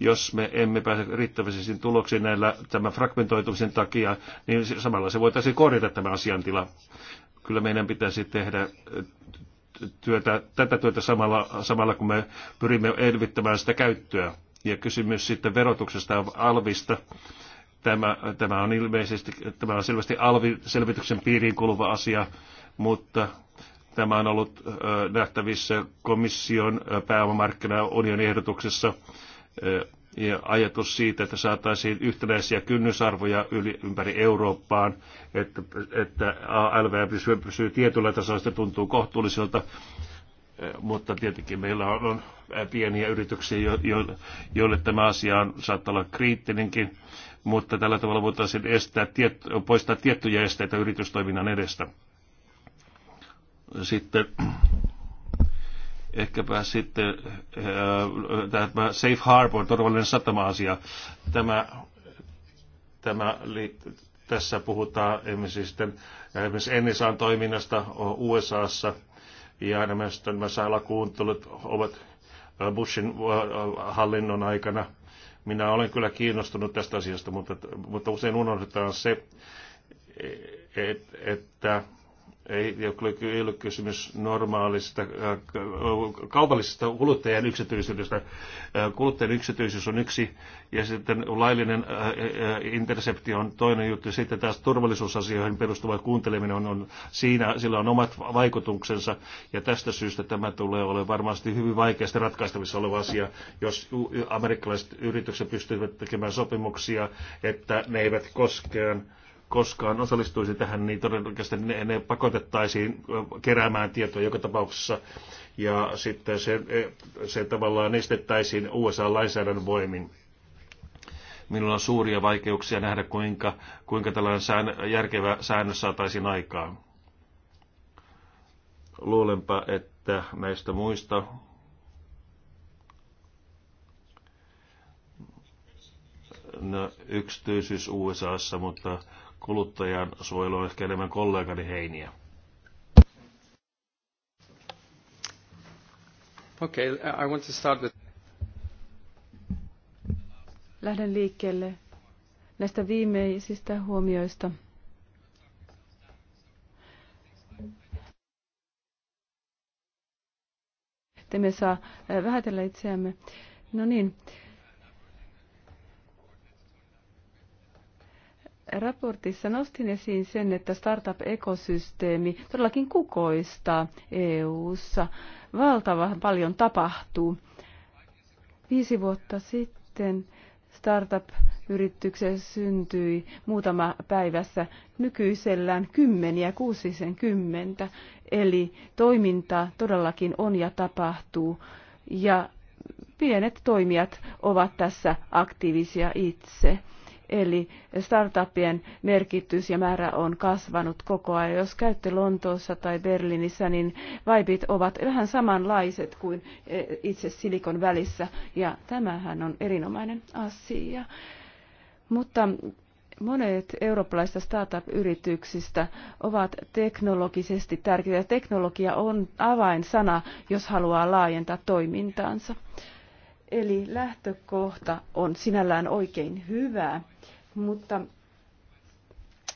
[SPEAKER 2] Jos me emme pääse riittävästi tuloksiin näillä tämän fragmentoitumisen takia, niin samalla se voitaisiin korjata tämä asiantila kyllä meidän pitäisi tehdä työtä, tätä työtä samalla, samalla kun me pyrimme elvyttämään sitä käyttöä. Ja kysymys sitten verotuksesta ja alvista. Tämä, tämä on ilmeisesti, tämä on selvästi alviselvityksen piiriin kuuluva asia, mutta tämä on ollut nähtävissä komission pääomamarkkinaunion ehdotuksessa ja ajatus siitä, että saataisiin yhtenäisiä kynnysarvoja yli, ympäri Eurooppaan, että, että ALV pysyy, pysyy tietyllä tasolla, se tuntuu kohtuulliselta, eh, mutta tietenkin meillä on, on pieniä yrityksiä, jo, jo, joille tämä asia on, saattaa olla kriittinenkin, mutta tällä tavalla voitaisiin estää, tiet, poistaa tiettyjä esteitä yritystoiminnan edestä. Sitten ehkäpä sitten äh, tämä Safe Harbor, turvallinen satama-asia, tämä, tämä liittyy, tässä puhutaan esimerkiksi, sitten, esimerkiksi NSAn toiminnasta USAssa, ja nämä, nämä salakuuntelut ovat äh, Bushin äh, hallinnon aikana. Minä olen kyllä kiinnostunut tästä asiasta, mutta, mutta usein unohdetaan se, e, et, että ei, ei ole kysymys normaalista äh, kaupallisesta kuluttajan yksityisyydestä. Äh, kuluttajan yksityisyys on yksi ja sitten laillinen äh, interseptio on toinen juttu. Sitten taas turvallisuusasioihin perustuva kuunteleminen on, on siinä, sillä on omat vaikutuksensa ja tästä syystä tämä tulee olemaan varmasti hyvin vaikeasti ratkaistavissa oleva asia, jos amerikkalaiset yritykset pystyvät tekemään sopimuksia, että ne eivät koskaan koskaan osallistuisi tähän, niin todennäköisesti ne, ne pakotettaisiin keräämään tietoa joka tapauksessa. Ja sitten se, e, se tavallaan estettäisiin USA-lainsäädännön voimin. Minulla on suuria vaikeuksia nähdä, kuinka, kuinka tällainen sään, järkevä säännös saataisiin aikaan. Luulenpa, että näistä muista no, yksityisyys USAssa, mutta kuluttajan suojelu on ehkä enemmän kollegani heiniä. Okay, I want to start with...
[SPEAKER 1] Lähden liikkeelle näistä viimeisistä huomioista. me saa vähätellä itseämme. No niin, Raportissa nostin esiin sen, että startup-ekosysteemi todellakin kukoistaa EU-ssa. Valtavan paljon tapahtuu. Viisi vuotta sitten startup-yritykseen syntyi muutama päivässä nykyisellään kymmeniä, kuusisen kymmentä. Eli toiminta todellakin on ja tapahtuu. Ja pienet toimijat ovat tässä aktiivisia itse. Eli startupien merkitys ja määrä on kasvanut koko ajan. Jos käytte Lontoossa tai Berliinissä, niin vaipit ovat vähän samanlaiset kuin e, itse Silikon välissä. Ja tämähän on erinomainen asia. Mutta Monet eurooppalaisista startup-yrityksistä ovat teknologisesti tärkeitä. Teknologia on avainsana, jos haluaa laajentaa toimintaansa. Eli lähtökohta on sinällään oikein hyvä, mutta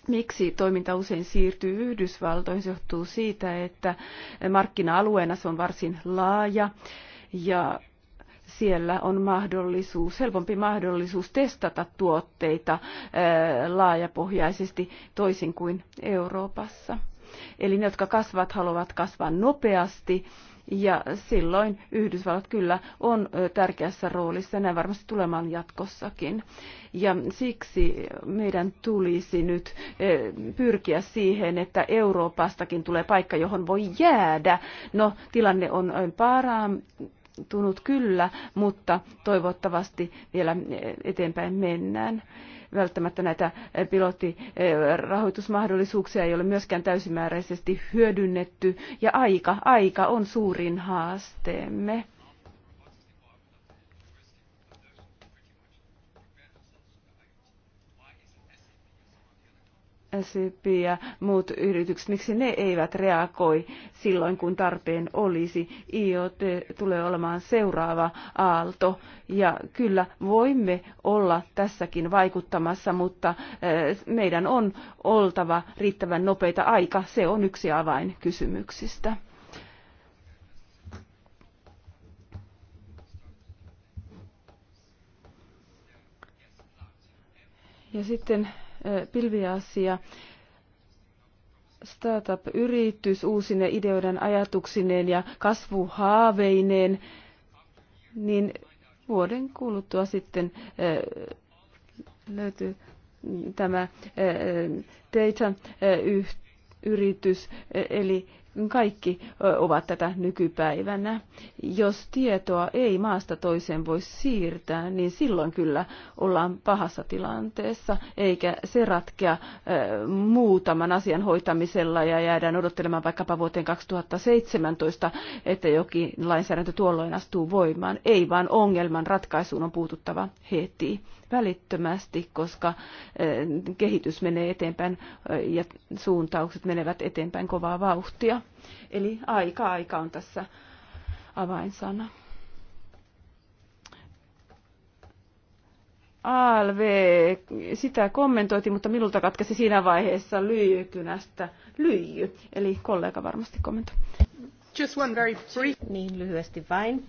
[SPEAKER 1] miksi toiminta usein siirtyy Yhdysvaltoihin, se johtuu siitä, että markkina-alueena se on varsin laaja ja siellä on mahdollisuus, helpompi mahdollisuus testata tuotteita laajapohjaisesti toisin kuin Euroopassa. Eli ne, jotka kasvavat, haluavat kasvaa nopeasti ja silloin Yhdysvallat kyllä on tärkeässä roolissa ja näin varmasti tulemaan jatkossakin. Ja siksi meidän tulisi nyt pyrkiä siihen, että Euroopastakin tulee paikka, johon voi jäädä. No, tilanne on tunut kyllä, mutta toivottavasti vielä eteenpäin mennään välttämättä näitä eh, pilottirahoitusmahdollisuuksia ei ole myöskään täysimääräisesti hyödynnetty ja aika, aika on suurin haasteemme. SAP ja muut yritykset, miksi ne eivät reagoi silloin, kun tarpeen olisi. IoT tulee olemaan seuraava aalto ja kyllä voimme olla tässäkin vaikuttamassa, mutta äh, meidän on oltava riittävän nopeita aika. Se on yksi avainkysymyksistä. Ja sitten pilviasia. Startup-yritys uusine ideoiden ajatuksineen ja kasvuhaaveineen, niin vuoden kuluttua sitten löytyy tämä data-yritys, eli kaikki ovat tätä nykypäivänä. Jos tietoa ei maasta toiseen voi siirtää, niin silloin kyllä ollaan pahassa tilanteessa, eikä se ratkea muutaman asian hoitamisella ja jäädään odottelemaan vaikkapa vuoteen 2017, että jokin lainsäädäntö tuolloin astuu voimaan. Ei, vaan ongelman ratkaisuun on puututtava heti välittömästi, koska kehitys menee eteenpäin ja suuntaukset menevät eteenpäin kovaa vauhtia Eli aika, aika on tässä avainsana. ALV, sitä kommentoitiin, mutta minulta katkesi siinä vaiheessa lyijykynästä lyijy. Eli kollega varmasti kommentoi.
[SPEAKER 3] Just one very brief. Niin lyhyesti vain.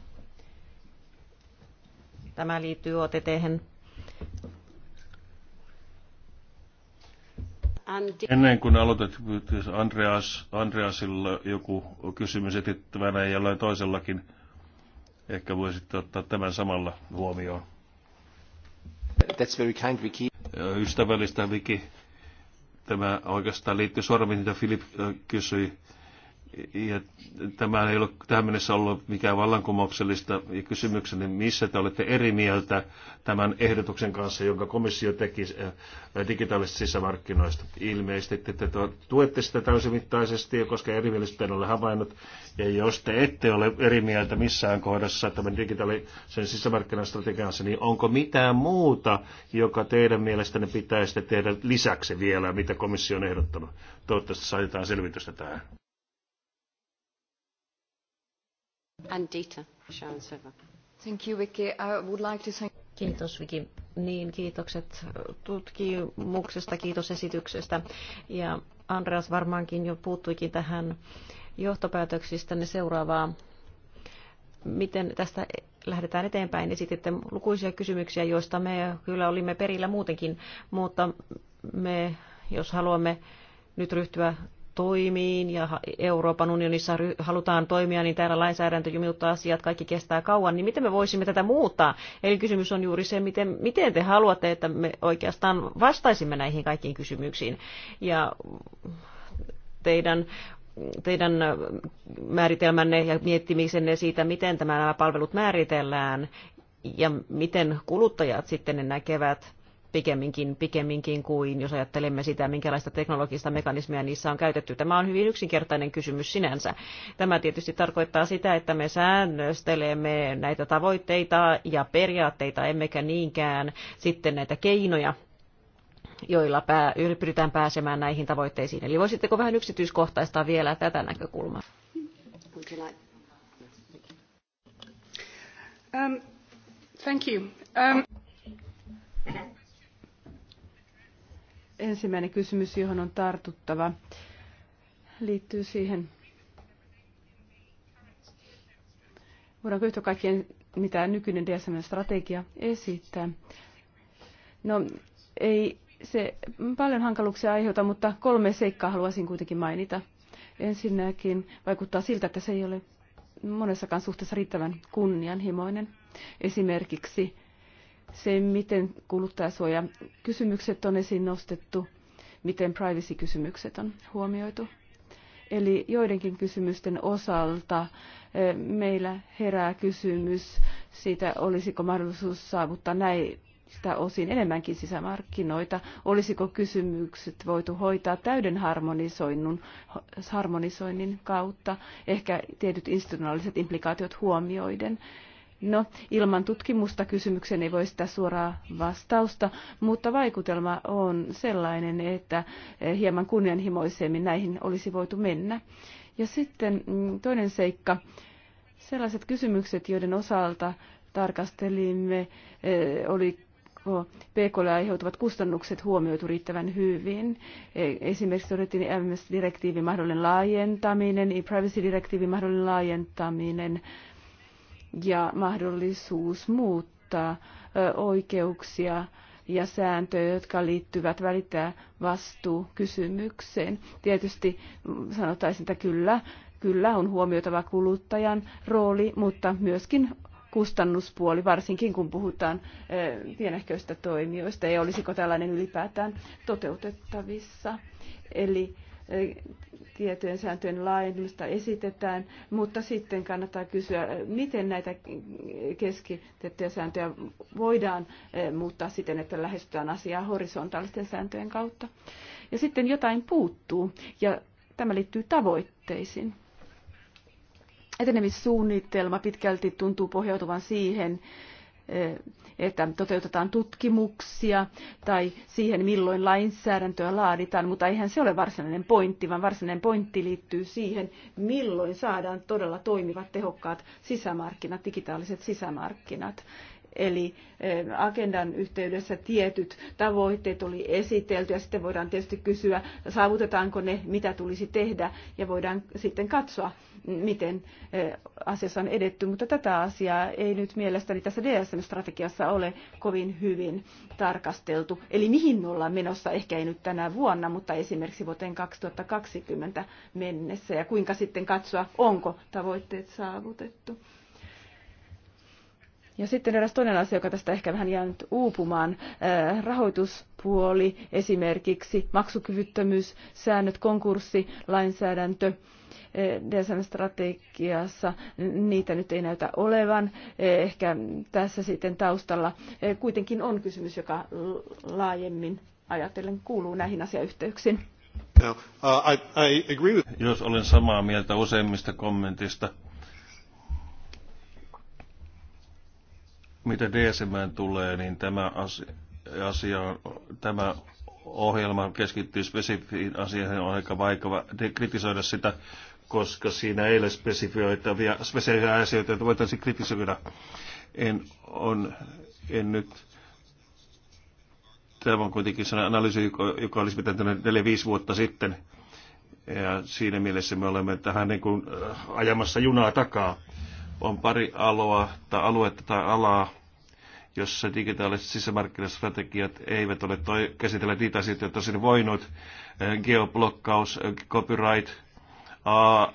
[SPEAKER 3] Tämä liittyy OTT. -hän. Ennen kuin
[SPEAKER 2] aloitat, Andreas, Andreasilla joku kysymys etittävänä ja jollain toisellakin. Ehkä voisitte ottaa tämän samalla huomioon. That's very kind, Vicky. Ystävällistä, Viki. Tämä oikeastaan liittyy suoraan, mitä Filip äh, kysyi ja tämä ei ole tähän mennessä ollut mikään vallankumouksellista ja kysymykseni, missä te olette eri mieltä tämän ehdotuksen kanssa, jonka komissio teki digitaalisista sisämarkkinoista. Ilmeisesti te tuette sitä täysimittaisesti, koska eri en ole havainnut. Ja jos te ette ole eri mieltä missään kohdassa tämän digitaalisen sisämarkkinan kanssa, niin onko mitään muuta, joka teidän mielestänne pitäisi tehdä lisäksi vielä, mitä komissio on ehdottanut? Toivottavasti saadaan selvitystä tähän.
[SPEAKER 3] Sharon Silver. Thank you, Vicky. I would like to thank... Kiitos Viki. Niin, kiitokset tutkimuksesta, kiitos esityksestä. Ja Andreas varmaankin jo puuttuikin tähän johtopäätöksistä ne niin seuraavaa. Miten tästä lähdetään eteenpäin? Esititte lukuisia kysymyksiä, joista me kyllä olimme perillä muutenkin, mutta me, jos haluamme nyt ryhtyä toimiin ja Euroopan unionissa halutaan toimia, niin täällä lainsäädäntö jumiuttaa asiat, kaikki kestää kauan, niin miten me voisimme tätä muuttaa? Eli kysymys on juuri se, miten, miten te haluatte, että me oikeastaan vastaisimme näihin kaikkiin kysymyksiin. Ja teidän teidän määritelmänne ja miettimisenne siitä, miten tämä, nämä palvelut määritellään ja miten kuluttajat sitten ne näkevät pikemminkin, pikemminkin kuin jos ajattelemme sitä, minkälaista teknologista mekanismia niissä on käytetty. Tämä on hyvin yksinkertainen kysymys sinänsä. Tämä tietysti tarkoittaa sitä, että me säännöstelemme näitä tavoitteita ja periaatteita, emmekä niinkään sitten näitä keinoja, joilla pää, pyritään pääsemään näihin tavoitteisiin. Eli voisitteko vähän yksityiskohtaistaa vielä tätä näkökulmaa?
[SPEAKER 1] Um, thank you. Um... Ensimmäinen kysymys, johon on tartuttava, liittyy siihen, voidaanko yhtä kaikkien, mitä nykyinen DSM-strategia esittää. No, ei se paljon hankaluuksia aiheuta, mutta kolme seikkaa haluaisin kuitenkin mainita. Ensinnäkin vaikuttaa siltä, että se ei ole monessakaan suhteessa riittävän kunnianhimoinen. Esimerkiksi se, miten kuluttajasuoja kysymykset on esiin nostettu, miten privacy-kysymykset on huomioitu. Eli joidenkin kysymysten osalta eh, meillä herää kysymys siitä, olisiko mahdollisuus saavuttaa näistä osin enemmänkin sisämarkkinoita, olisiko kysymykset voitu hoitaa täyden harmonisoinnin, harmonisoinnin kautta, ehkä tietyt institutionaaliset implikaatiot huomioiden. No, ilman tutkimusta kysymykseen ei voi sitä suoraa vastausta, mutta vaikutelma on sellainen, että eh, hieman kunnianhimoisemmin näihin olisi voitu mennä. Ja sitten mm, toinen seikka, sellaiset kysymykset, joiden osalta tarkastelimme, eh, oli PKlle aiheutuvat kustannukset huomioitu riittävän hyvin. Eh, esimerkiksi todettiin MS-direktiivin mahdollinen laajentaminen, e-privacy-direktiivin mahdollinen laajentaminen, ja mahdollisuus muuttaa oikeuksia ja sääntöjä, jotka liittyvät välittää vastuukysymykseen. Tietysti sanotaisin, että kyllä, kyllä on huomioitava kuluttajan rooli, mutta myöskin kustannuspuoli, varsinkin kun puhutaan pienehköistä toimijoista, ja olisiko tällainen ylipäätään toteutettavissa. Eli tietojen sääntöjen laajentumista esitetään, mutta sitten kannattaa kysyä, miten näitä keskitettyjä sääntöjä voidaan eh, muuttaa siten, että lähestytään asiaa horisontaalisten sääntöjen kautta. Ja sitten jotain puuttuu, ja tämä liittyy tavoitteisiin. Etenemissuunnitelma pitkälti tuntuu pohjautuvan siihen, Eh, että toteutetaan tutkimuksia tai siihen, milloin lainsäädäntöä laaditaan, mutta eihän se ole varsinainen pointti, vaan varsinainen pointti liittyy siihen, milloin saadaan todella toimivat, tehokkaat sisämarkkinat, digitaaliset sisämarkkinat. Eli eh, agendan yhteydessä tietyt tavoitteet oli esitelty ja sitten voidaan tietysti kysyä, saavutetaanko ne, mitä tulisi tehdä ja voidaan sitten katsoa, miten eh, asiassa on edetty. Mutta tätä asiaa ei nyt mielestäni tässä DSM-strategiassa ole kovin hyvin tarkasteltu. Eli mihin me ollaan menossa, ehkä ei nyt tänä vuonna, mutta esimerkiksi vuoteen 2020 mennessä ja kuinka sitten katsoa, onko tavoitteet saavutettu. Ja sitten eräs toinen asia, joka tästä ehkä vähän jäänyt uupumaan, äh, rahoituspuoli esimerkiksi, maksukyvyttömyys, säännöt, lainsäädäntö, äh, DSM-strategiassa niitä nyt ei näytä olevan. Äh, ehkä tässä sitten taustalla kuitenkin on kysymys, joka laajemmin ajatellen kuuluu näihin asiayhteyksiin. Uh,
[SPEAKER 2] Jos olen samaa mieltä useimmista kommentista, Mitä DSM tulee, niin tämä asia, asia tämä ohjelma keskittyy spesifiin asioihin, on aika vaikea kritisoida sitä, koska siinä ei ole spesifioitavia, spesifioita asioita, joita voitaisiin kritisoida. En, on, en nyt, tämä on kuitenkin sellainen analyysi, joka, joka olisi pitänyt 4-5 vuotta sitten, ja siinä mielessä me olemme tähän niin kuin äh, ajamassa junaa takaa. On pari aloa, tai aluetta tai alaa, jossa digitaaliset sisämarkkinastrategiat eivät ole toi, käsitellä niitä asioita, joita olisin voinut. Äh, geoblokkaus, äh, copyright,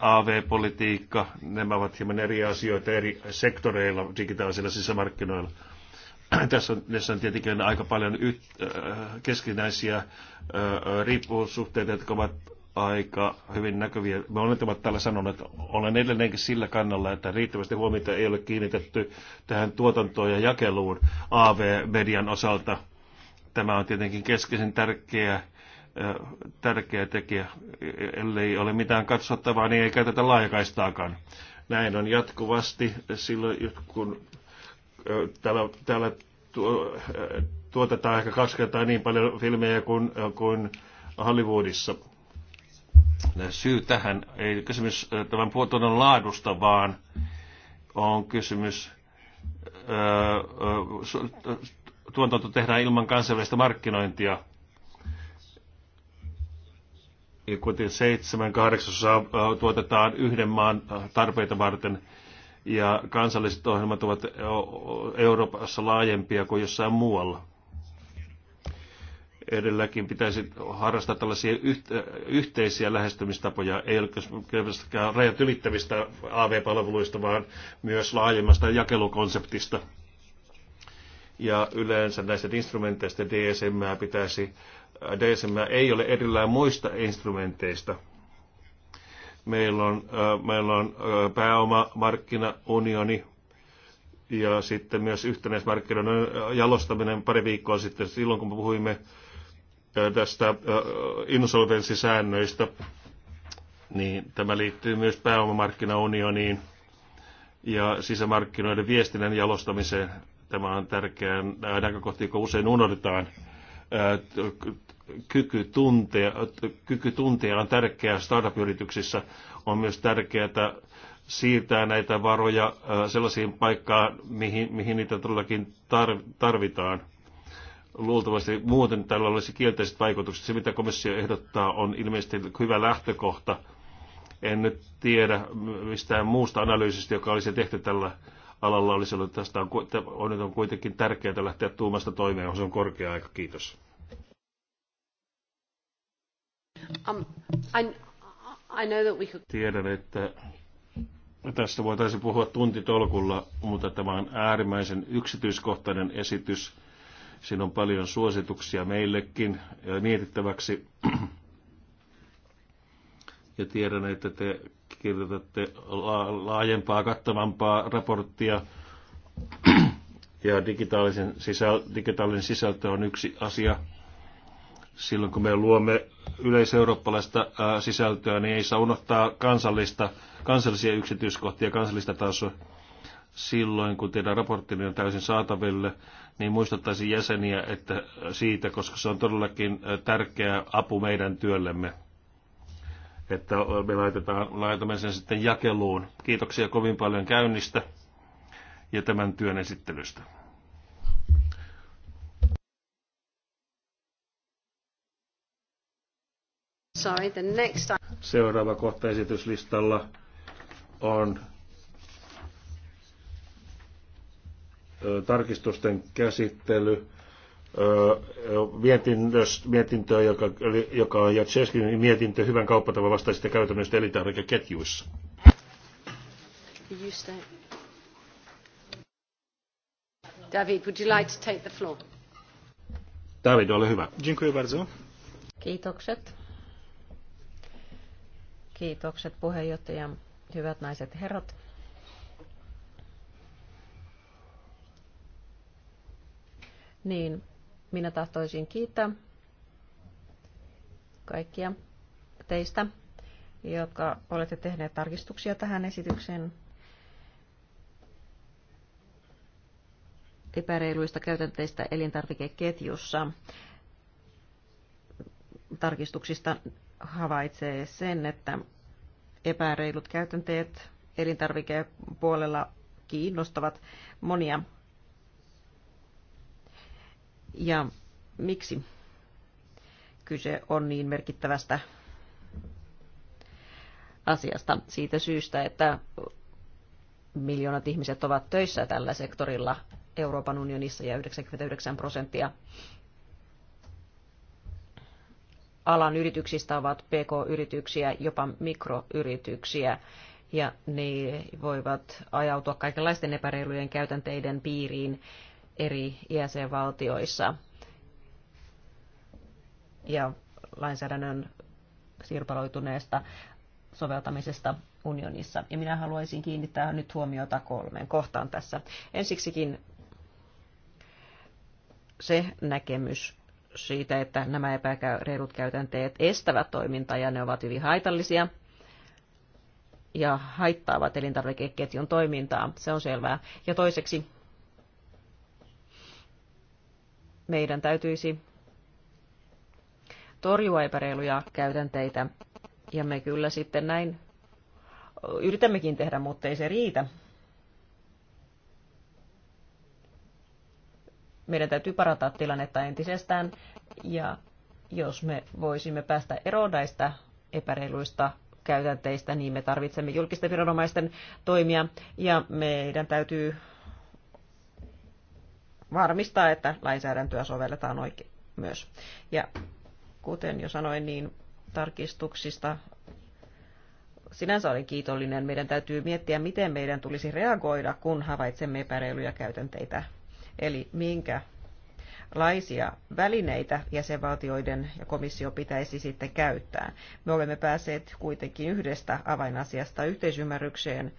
[SPEAKER 2] AV-politiikka, nämä ovat hieman eri asioita eri sektoreilla digitaalisilla sisämarkkinoilla. Tässä on, tässä on tietenkin aika paljon yht, äh, keskinäisiä riippuvuussuhteita, jotka ovat aika hyvin näkyviä. Me olen täällä sanonut, että olen edelleenkin sillä kannalla, että riittävästi huomiota ei ole kiinnitetty tähän tuotantoon ja jakeluun AV-median osalta. Tämä on tietenkin keskeisen tärkeä, tärkeä tekijä. Ellei ole mitään katsottavaa, niin ei käytetä laajakaistaakaan. Näin on jatkuvasti silloin, kun täällä, täällä tuotetaan ehkä kaksi kertaa niin paljon filmejä kuin, kuin Hollywoodissa. Syy tähän ei kysymys äh, tämän tuotannon laadusta, vaan on kysymys äh, äh, tuotanto tehdään ilman kansainvälistä markkinointia. Ja kuten seitsemän kahdeksasosaa tuotetaan yhden maan tarpeita varten, ja kansalliset ohjelmat ovat Euroopassa laajempia kuin jossain muualla edelläkin pitäisi harrastaa tällaisia yhteisiä lähestymistapoja, ei ole pelkästään rajat ylittävistä AV-palveluista, vaan myös laajemmasta jakelukonseptista. Ja yleensä näistä instrumenteista DSM pitäisi, DSM ei ole erillään muista instrumenteista. Meillä on, meillä on pääomamarkkinaunioni, ja sitten myös yhtenäismarkkinoiden jalostaminen pari viikkoa sitten silloin, kun me puhuimme tästä insolvenssisäännöistä, niin tämä liittyy myös pääomamarkkinaunioniin ja sisämarkkinoiden viestinnän jalostamiseen. Tämä on tärkeä näkökohta, joka usein unohdetaan. Kyky tuntea, kyky tuntea on tärkeää startup-yrityksissä. On myös tärkeää siirtää näitä varoja sellaisiin paikkaan, mihin, mihin niitä todellakin tarvitaan luultavasti muuten tällä olisi kielteiset vaikutukset. Se, mitä komissio ehdottaa, on ilmeisesti hyvä lähtökohta. En nyt tiedä mistään muusta analyysistä, joka olisi tehty tällä alalla. Olisi ollut, tästä on, on, nyt on kuitenkin tärkeää lähteä tuumasta toimeen, se on korkea aika. Kiitos.
[SPEAKER 1] Um, I, I know that we could...
[SPEAKER 2] Tiedän, että tästä voitaisiin puhua tuntitolkulla, mutta tämä on äärimmäisen yksityiskohtainen esitys Siinä on paljon suosituksia meillekin äh, mietittäväksi. Ja tiedän, että te kirjoitatte laajempaa, kattavampaa raporttia. Ja digitaalisen sisältö, digitaalinen sisältö on yksi asia. Silloin kun me luomme yleiseurooppalaista äh, sisältöä, niin ei saa unohtaa kansallista, kansallisia yksityiskohtia, kansallista tasoa. Silloin kun teidän raporttinne on täysin saataville, niin muistuttaisin jäseniä että siitä, koska se on todellakin äh, tärkeä apu meidän työllemme, että me laitetaan, laitamme sen sitten jakeluun. Kiitoksia kovin paljon käynnistä ja tämän työn esittelystä.
[SPEAKER 3] Sorry, the next...
[SPEAKER 2] Seuraava kohta esityslistalla on tarkistusten käsittely mietintöä, joka, joka on Jatseskin mietintö hyvän kauppatavan vastaisista käytännöistä elintarvikeketjuissa.
[SPEAKER 3] David, would you like to take the floor?
[SPEAKER 2] David, ole hyvä. Dziękuję bardzo.
[SPEAKER 3] Kiitokset. Kiitokset puheenjohtaja. Hyvät naiset ja herrat. niin minä tahtoisin kiittää kaikkia teistä, jotka olette tehneet tarkistuksia tähän esitykseen. epäreiluista käytänteistä elintarvikeketjussa. Tarkistuksista havaitsee sen, että epäreilut käytänteet elintarvikepuolella kiinnostavat monia ja miksi kyse on niin merkittävästä asiasta? Siitä syystä, että miljoonat ihmiset ovat töissä tällä sektorilla Euroopan unionissa ja 99 prosenttia alan yrityksistä ovat pk-yrityksiä, jopa mikroyrityksiä, ja ne voivat ajautua kaikenlaisten epäreilujen käytänteiden piiriin eri jäsenvaltioissa. Ja lainsäädännön sirpaloituneesta soveltamisesta unionissa. Ja minä haluaisin kiinnittää nyt huomiota kolmeen kohtaan tässä. Ensiksikin se näkemys siitä, että nämä epäreilut käytänteet estävät toimintaa ja ne ovat hyvin haitallisia ja haittaavat elintarvikeketjun toimintaa, se on selvää. Ja toiseksi meidän täytyisi torjua epäreiluja käytänteitä. Ja me kyllä sitten näin yritämmekin tehdä, mutta ei se riitä. Meidän täytyy parantaa tilannetta entisestään ja jos me voisimme päästä eroon näistä epäreiluista käytänteistä, niin me tarvitsemme julkisten viranomaisten toimia ja meidän täytyy varmistaa, että lainsäädäntöä sovelletaan oikein myös. Ja kuten jo sanoin, niin tarkistuksista sinänsä olen kiitollinen. Meidän täytyy miettiä, miten meidän tulisi reagoida, kun havaitsemme epäreiluja käytänteitä. Eli minkä laisia välineitä jäsenvaltioiden ja komissio pitäisi sitten käyttää. Me olemme päässeet kuitenkin yhdestä avainasiasta yhteisymmärrykseen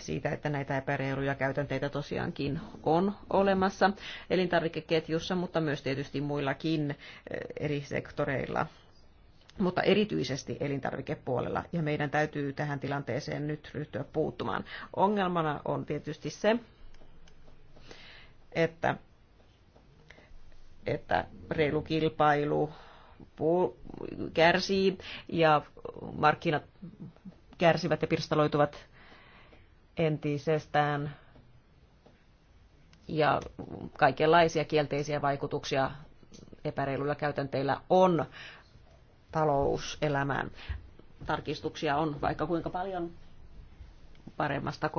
[SPEAKER 3] siitä, että näitä epäreiluja käytänteitä tosiaankin on olemassa elintarvikeketjussa, mutta myös tietysti muillakin eh, eri sektoreilla mutta erityisesti elintarvikepuolella, ja meidän täytyy tähän tilanteeseen nyt ryhtyä puuttumaan. Ongelmana on tietysti se, että, että reilu kilpailu kärsii ja markkinat kärsivät ja pirstaloituvat entisestään ja kaikenlaisia kielteisiä vaikutuksia epäreiluilla käytänteillä on talouselämään. Tarkistuksia on vaikka kuinka paljon paremmasta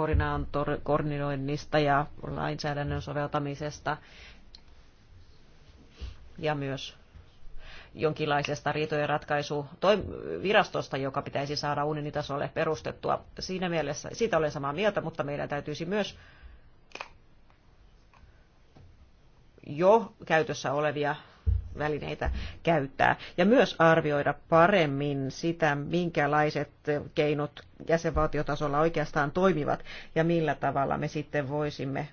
[SPEAKER 3] koordinoinnista ja lainsäädännön soveltamisesta ja myös jonkinlaisesta riitojen ratkaisuvirastosta, joka pitäisi saada unionitasolle perustettua. Siinä mielessä, siitä olen samaa mieltä, mutta meidän täytyisi myös jo käytössä olevia välineitä käyttää. Ja myös arvioida paremmin sitä, minkälaiset keinot jäsenvaltiotasolla oikeastaan toimivat ja millä tavalla me sitten voisimme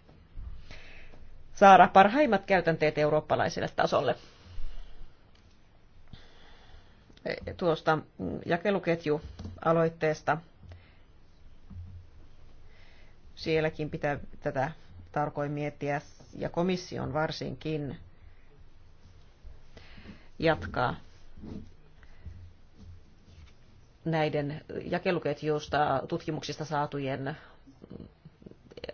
[SPEAKER 3] saada parhaimmat käytänteet eurooppalaiselle tasolle tuosta jakeluketjualoitteesta. Sielläkin pitää tätä tarkoin miettiä, ja komission varsinkin jatkaa näiden jakeluketjuista tutkimuksista saatujen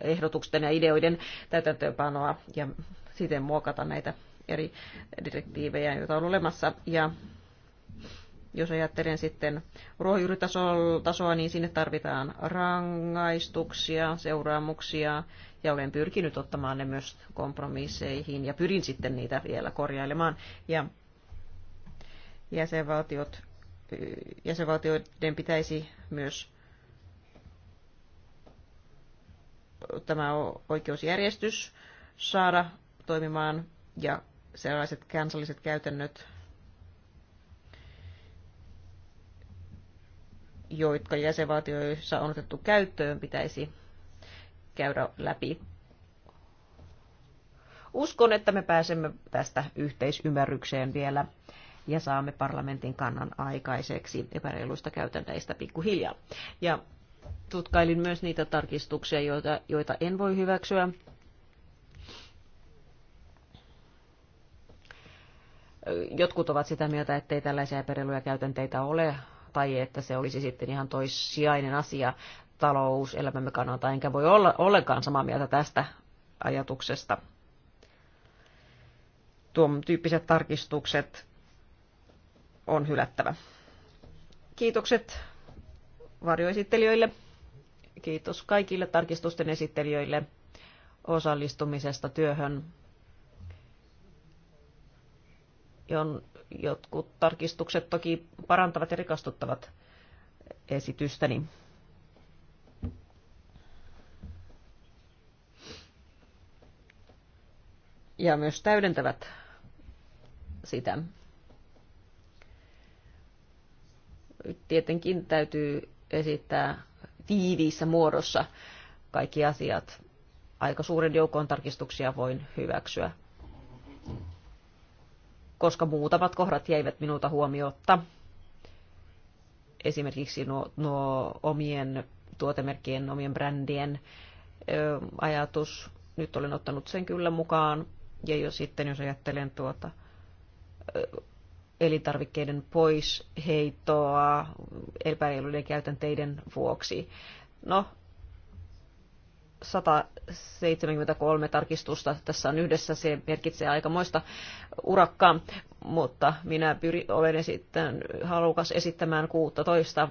[SPEAKER 3] ehdotusten ja ideoiden täytäntöönpanoa ja siten muokata näitä eri direktiivejä, joita on olemassa. Ja jos ajattelen sitten ruohonjuuritasoa, niin sinne tarvitaan rangaistuksia, seuraamuksia, ja olen pyrkinyt ottamaan ne myös kompromisseihin, ja pyrin sitten niitä vielä korjailemaan. Ja jäsenvaltiot, jäsenvaltioiden pitäisi myös tämä oikeusjärjestys saada toimimaan ja sellaiset kansalliset käytännöt jotka jäsenvaltioissa on otettu käyttöön, pitäisi käydä läpi. Uskon, että me pääsemme tästä yhteisymmärrykseen vielä ja saamme parlamentin kannan aikaiseksi epäreiluista käytänteistä pikkuhiljaa. Ja tutkailin myös niitä tarkistuksia, joita, joita en voi hyväksyä. Jotkut ovat sitä mieltä, ettei tällaisia epäreiluja käytänteitä ole tai että se olisi sitten ihan toissijainen asia talouselämämme kannalta, enkä voi olla ollenkaan samaa mieltä tästä ajatuksesta. Tuon tyyppiset tarkistukset on hylättävä. Kiitokset varjoesittelijöille. Kiitos kaikille tarkistusten esittelijöille osallistumisesta työhön. Jotkut tarkistukset toki parantavat ja rikastuttavat esitystäni. Ja myös täydentävät sitä. Tietenkin täytyy esittää tiiviissä muodossa kaikki asiat. Aika suuren joukon tarkistuksia voin hyväksyä koska muutamat kohdat jäivät minulta huomiotta. Esimerkiksi nuo, nuo omien tuotemerkkien, omien brändien ö, ajatus. Nyt olen ottanut sen kyllä mukaan. Ja jo sitten, jos ajattelen tuota ö, elintarvikkeiden poisheittoa epäreiluiden käytänteiden vuoksi. No, 173 tarkistusta. Tässä on yhdessä, se merkitsee aikamoista urakkaa, mutta minä pyri olen sitten halukas esittämään 16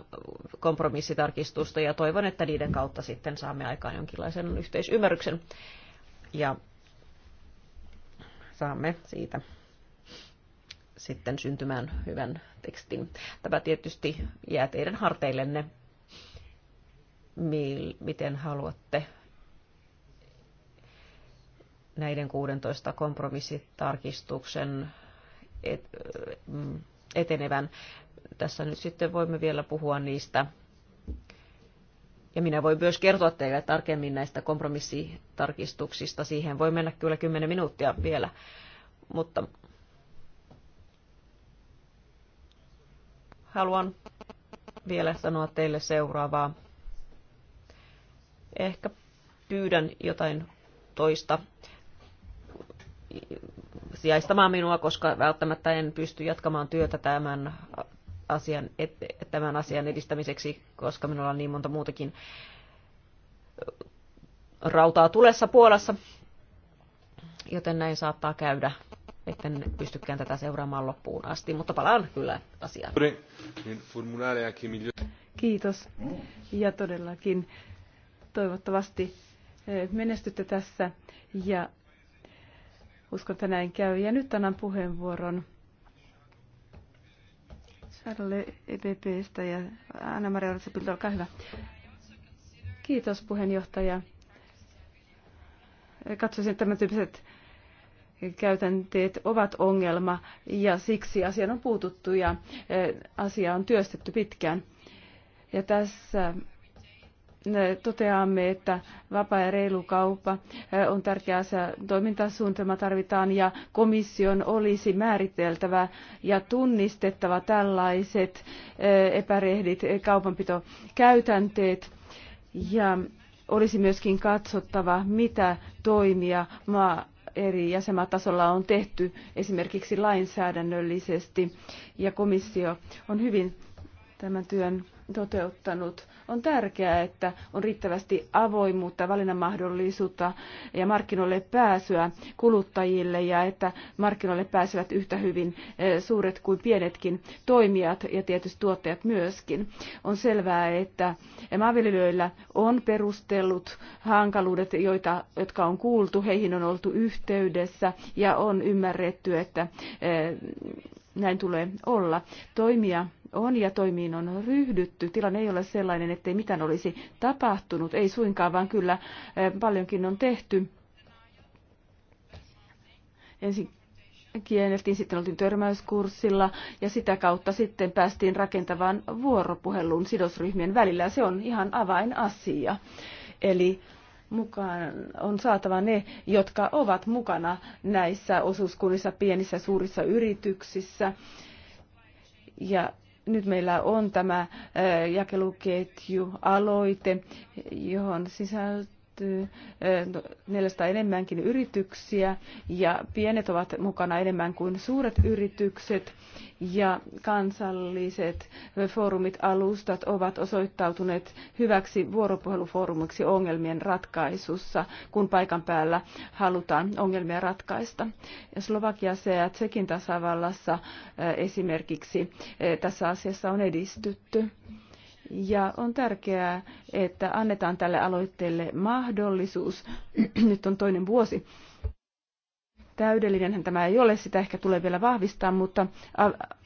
[SPEAKER 3] kompromissitarkistusta ja toivon, että niiden kautta sitten saamme aikaan jonkinlaisen yhteisymmärryksen ja saamme siitä sitten syntymään hyvän tekstin. Tämä tietysti jää teidän harteillenne, miten haluatte näiden 16 kompromissitarkistuksen mm, etenevän. Tässä nyt sitten voimme vielä puhua niistä. Ja minä voin myös kertoa teille tarkemmin näistä kompromissitarkistuksista. Siihen voi mennä kyllä 10 minuuttia vielä. Mutta haluan vielä sanoa teille seuraavaa. Ehkä pyydän jotain toista sijaistamaan minua, koska välttämättä en pysty jatkamaan työtä tämän asian, tämän asian edistämiseksi, koska minulla on niin monta muutakin rautaa tulessa Puolassa. Joten näin saattaa käydä, etten pystykään tätä seuraamaan loppuun asti, mutta palaan kyllä asiaan. Kiitos. Ja todellakin
[SPEAKER 1] toivottavasti menestytte tässä ja Uskon, että näin käy. Ja nyt annan puheenvuoron Charlotte EPPstä ja Anna-Maria Orsipilta, olkaa hyvä. Kiitos puheenjohtaja. Katsoisin, että tämän tyyppiset käytänteet ovat ongelma ja siksi asia on puututtu ja e, asia on työstetty pitkään. Ja tässä toteamme, että vapaa ja reilu kauppa on tärkeä asia, toimintasuunnitelma tarvitaan ja komission olisi määriteltävä ja tunnistettava tällaiset epärehdit kaupanpitokäytänteet ja olisi myöskin katsottava, mitä toimia maa eri jäsenmaatasolla on tehty esimerkiksi lainsäädännöllisesti ja komissio on hyvin tämän työn toteuttanut. On tärkeää, että on riittävästi avoimuutta, valinnanmahdollisuutta ja markkinoille pääsyä kuluttajille ja että markkinoille pääsevät yhtä hyvin eh, suuret kuin pienetkin toimijat ja tietysti tuottajat myöskin. On selvää, että maanviljelijöillä on perustellut hankaluudet, joita, jotka on kuultu, heihin on oltu yhteydessä ja on ymmärretty, että eh, näin tulee olla. Toimia on ja toimiin on ryhdytty. Tilanne ei ole sellainen, ettei mitään olisi tapahtunut. Ei suinkaan, vaan kyllä eh, paljonkin on tehty. Ensin kiellettiin, sitten oltiin törmäyskurssilla ja sitä kautta sitten päästiin rakentavaan vuoropuheluun sidosryhmien välillä. Se on ihan avainasia. Eli mukaan on saatava ne, jotka ovat mukana näissä osuuskunnissa, pienissä suurissa yrityksissä. Ja nyt meillä on tämä jakeluketju aloite, johon sisältyy syntyy 400 eh, enemmänkin yrityksiä ja pienet ovat mukana enemmän kuin suuret yritykset ja kansalliset foorumit, alustat ovat osoittautuneet hyväksi vuoropuhelufoorumiksi ongelmien ratkaisussa, kun paikan päällä halutaan ongelmia ratkaista. Slovakiassa ja Tsekin tasavallassa eh, esimerkiksi eh, tässä asiassa on edistytty. Ja on tärkeää, että annetaan tälle aloitteelle mahdollisuus. Nyt on toinen vuosi. Täydellinenhän tämä ei ole, sitä ehkä tulee vielä vahvistaa, mutta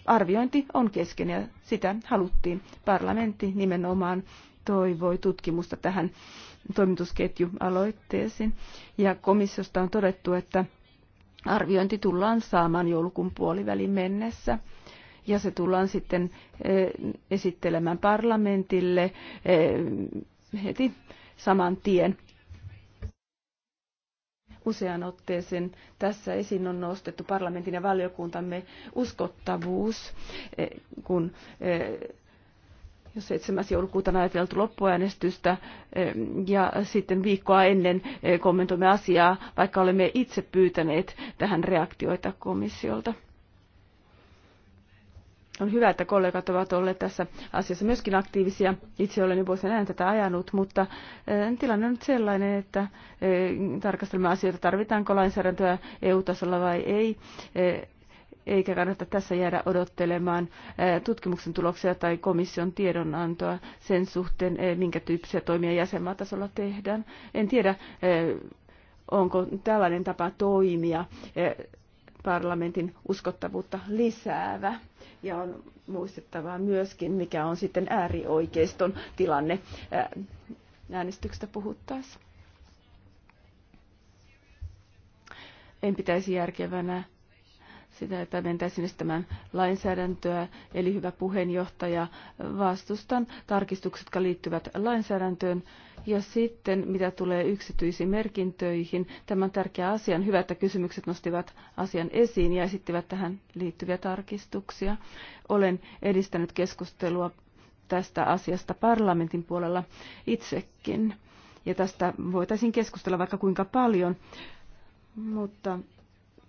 [SPEAKER 1] arviointi on kesken ja sitä haluttiin. Parlamentti nimenomaan toivoi tutkimusta tähän toimitusketjualoitteeseen. Ja komissiosta on todettu, että arviointi tullaan saamaan joulukuun puoliväliin mennessä ja se tullaan sitten eh, esittelemään parlamentille eh, heti saman tien usean otteeseen tässä esiin on nostettu parlamentin ja valiokuntamme uskottavuus, eh, kun jos 7. joulukuuta on ajateltu loppuäänestystä ja sitten viikkoa ennen kommentoimme asiaa, vaikka olemme itse pyytäneet tähän reaktioita komissiolta on hyvä, että kollegat ovat olleet tässä asiassa myöskin aktiivisia. Itse olen jo vuosien ajan tätä ajanut, mutta eh, tilanne on nyt sellainen, että eh, tarkastelemme asioita, tarvitaanko lainsäädäntöä EU-tasolla vai ei. Eh, eikä kannata tässä jäädä odottelemaan tutkimuksen tuloksia tai komission tiedonantoa sen suhteen, minkä tyyppisiä toimia jäsenmaatasolla tehdään. En tiedä, onko tällainen tapa toimia parlamentin uskottavuutta lisäävä ja on muistettava myöskin, mikä on sitten äärioikeiston tilanne äänestyksestä puhuttaessa. En pitäisi järkevänä sitä, että mentäisin tämän lainsäädäntöä. Eli hyvä puheenjohtaja, vastustan tarkistukset, jotka liittyvät lainsäädäntöön ja sitten, mitä tulee yksityisiin merkintöihin, tämän tärkeän asian asia. hyvä, että kysymykset nostivat asian esiin ja esittivät tähän liittyviä tarkistuksia. Olen edistänyt keskustelua tästä asiasta parlamentin puolella itsekin. Ja tästä voitaisiin keskustella vaikka kuinka paljon, mutta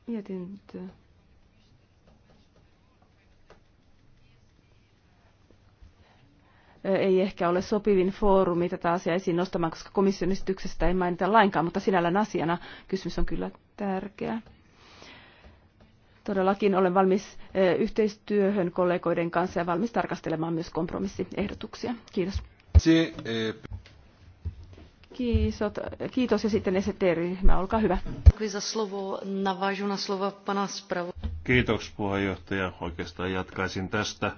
[SPEAKER 1] mietintö ei ehkä ole sopivin foorumi tätä asiaa esiin nostamaan, koska komission esityksestä ei mainita lainkaan, mutta sinällään asiana kysymys on kyllä tärkeä. Todellakin olen valmis e, yhteistyöhön kollegoiden kanssa ja valmis tarkastelemaan myös kompromissiehdotuksia. Kiitos. Kiitos, kiitos ja sitten ST-ryhmä, olkaa hyvä.
[SPEAKER 2] Kiitos puheenjohtaja. Oikeastaan jatkaisin tästä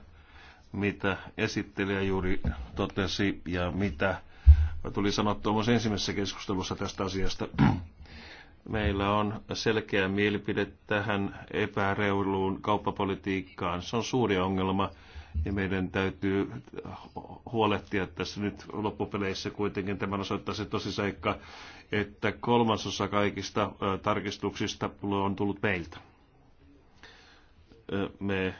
[SPEAKER 2] mitä esittelijä juuri totesi ja mitä tuli sanottua myös ensimmäisessä keskustelussa tästä asiasta. Meillä on selkeä mielipide tähän epäreiluun kauppapolitiikkaan. Se on suuri ongelma ja meidän täytyy huolehtia tässä nyt loppupeleissä kuitenkin tämän osoittaa se tosiseikka, että kolmasosa kaikista tarkistuksista on tullut meiltä. Me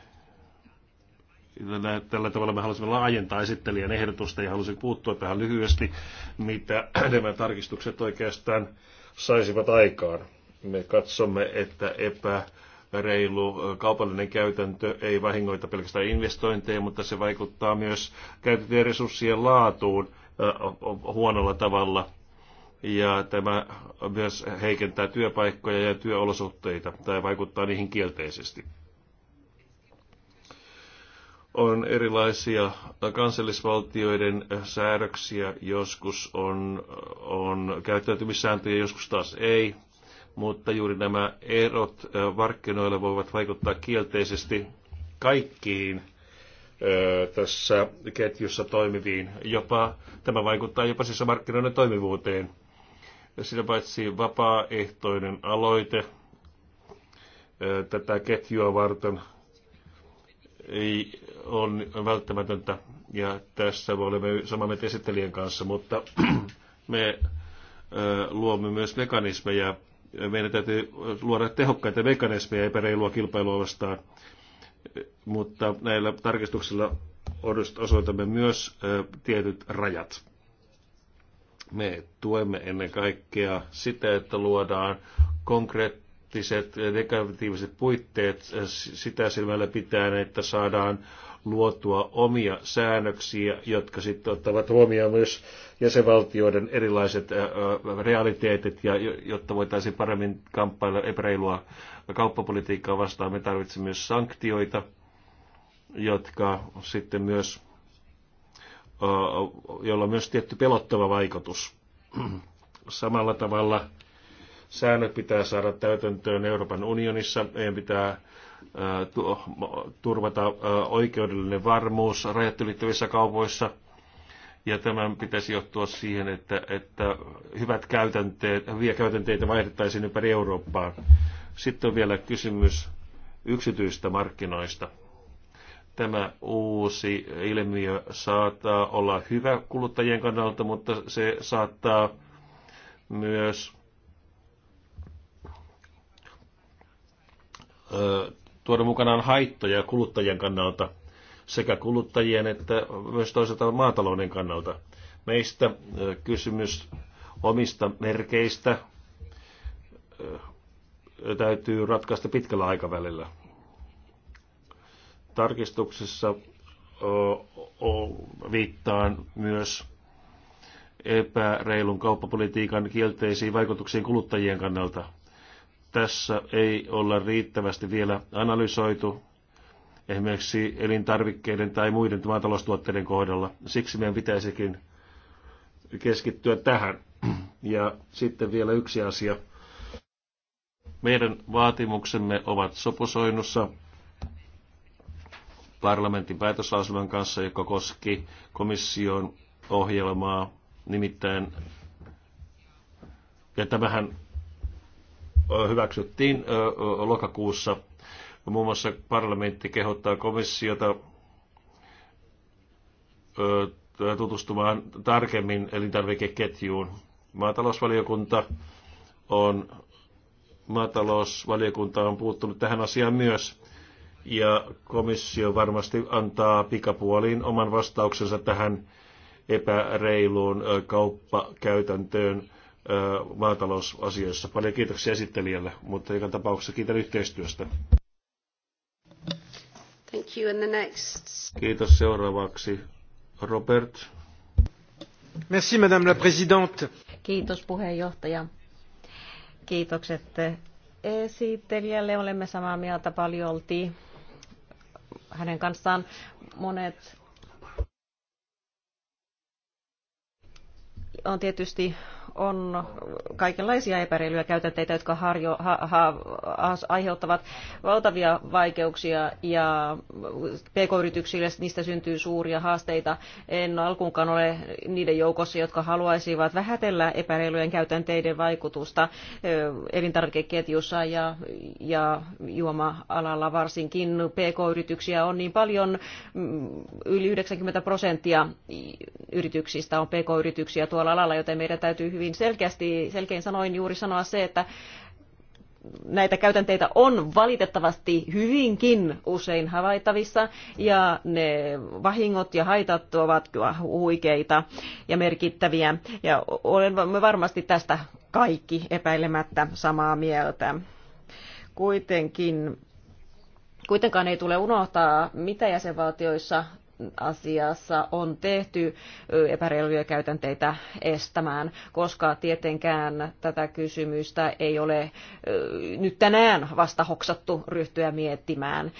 [SPEAKER 2] tällä tavalla me halusimme laajentaa esittelijän ehdotusta ja halusin puuttua tähän lyhyesti, mitä nämä tarkistukset oikeastaan saisivat aikaan. Me katsomme, että epäreilu kaupallinen käytäntö ei vahingoita pelkästään investointeja, mutta se vaikuttaa myös käytettyjen resurssien laatuun huonolla tavalla. Ja tämä myös heikentää työpaikkoja ja työolosuhteita tai vaikuttaa niihin kielteisesti on erilaisia kansallisvaltioiden säädöksiä, joskus on, on käyttäytymissääntöjä, joskus taas ei, mutta juuri nämä erot markkinoilla voivat vaikuttaa kielteisesti kaikkiin tässä ketjussa toimiviin. Jopa, tämä vaikuttaa jopa siis markkinoiden toimivuuteen. Sitä paitsi vapaaehtoinen aloite tätä ketjua varten ei, on välttämätöntä ja tässä olemme samaa mieltä esittelijän kanssa, mutta me luomme myös mekanismeja. Meidän täytyy luoda tehokkaita mekanismeja epäreilua kilpailua vastaan, mutta näillä tarkistuksilla osoitamme myös tietyt rajat. Me tuemme ennen kaikkea sitä, että luodaan konkreettiset negatiiviset puitteet sitä silmällä pitäen, että saadaan luotua omia säännöksiä, jotka sitten ottavat huomioon myös jäsenvaltioiden erilaiset realiteetit, ja jotta voitaisiin paremmin kamppailla epäreilua kauppapolitiikkaa vastaan, me tarvitsemme myös sanktioita, jotka sitten myös, jolla on myös tietty pelottava vaikutus. Samalla tavalla säännöt pitää saada täytäntöön Euroopan unionissa. Meidän pitää turvata oikeudellinen varmuus rajat ylittävissä kaupoissa. Ja tämän pitäisi johtua siihen, että, että hyvät käytänteet, hyviä käytänteitä vaihdettaisiin ympäri Eurooppaa. Sitten on vielä kysymys yksityistä markkinoista. Tämä uusi ilmiö saattaa olla hyvä kuluttajien kannalta, mutta se saattaa myös tuoda mukanaan haittoja kuluttajien kannalta, sekä kuluttajien että myös toisaalta maatalouden kannalta. Meistä kysymys omista merkeistä täytyy ratkaista pitkällä aikavälillä. Tarkistuksessa viittaan myös epäreilun kauppapolitiikan kielteisiin vaikutuksiin kuluttajien kannalta – tässä ei olla riittävästi vielä analysoitu esimerkiksi elintarvikkeiden tai muiden maataloustuotteiden kohdalla. Siksi meidän pitäisikin keskittyä tähän. Ja sitten vielä yksi asia. Meidän vaatimuksemme ovat sopusoinnussa parlamentin päätöslauselman kanssa, joka koski komission ohjelmaa, nimittäin ja tämähän hyväksyttiin lokakuussa. Muun muassa parlamentti kehottaa komissiota tutustumaan tarkemmin elintarvikeketjuun. Maatalousvaliokunta on, maatalousvaliokunta on puuttunut tähän asiaan myös ja komissio varmasti antaa pikapuoliin oman vastauksensa tähän epäreiluun kauppakäytäntöön maatalousasioissa. Paljon kiitoksia esittelijälle, mutta joka tapauksessa kiitän yhteistyöstä.
[SPEAKER 3] Thank you. And the next.
[SPEAKER 2] Kiitos seuraavaksi. Robert.
[SPEAKER 3] Merci, Madame la Présidente. Kiitos puheenjohtaja. Kiitokset esittelijälle. Olemme samaa mieltä paljon oltiin hänen kanssaan. Monet on tietysti on kaikenlaisia epäreilyjä käytänteitä, jotka harjo, ha, ha, aiheuttavat valtavia vaikeuksia ja pk-yrityksille niistä syntyy suuria haasteita. En alkuunkaan ole niiden joukossa, jotka haluaisivat vähätellä epäreilujen käytänteiden vaikutusta elintarvikeketjussa ja, ja juoma-alalla varsinkin. PK-yrityksiä on niin paljon, mm, yli 90 prosenttia yrityksistä on PK-yrityksiä tuolla alalla, joten meidän täytyy hyvin hyvin niin selkeästi, selkein sanoin juuri sanoa se, että näitä käytänteitä on valitettavasti hyvinkin usein havaittavissa ja ne vahingot ja haitat ovat kyllä huikeita ja merkittäviä ja olen varmasti tästä kaikki epäilemättä samaa mieltä. Kuitenkin Kuitenkaan ei tule unohtaa, mitä jäsenvaltioissa asiassa on tehty epäreiluja käytänteitä estämään, koska tietenkään tätä kysymystä ei ole nyt tänään vasta hoksattu ryhtyä miettimään.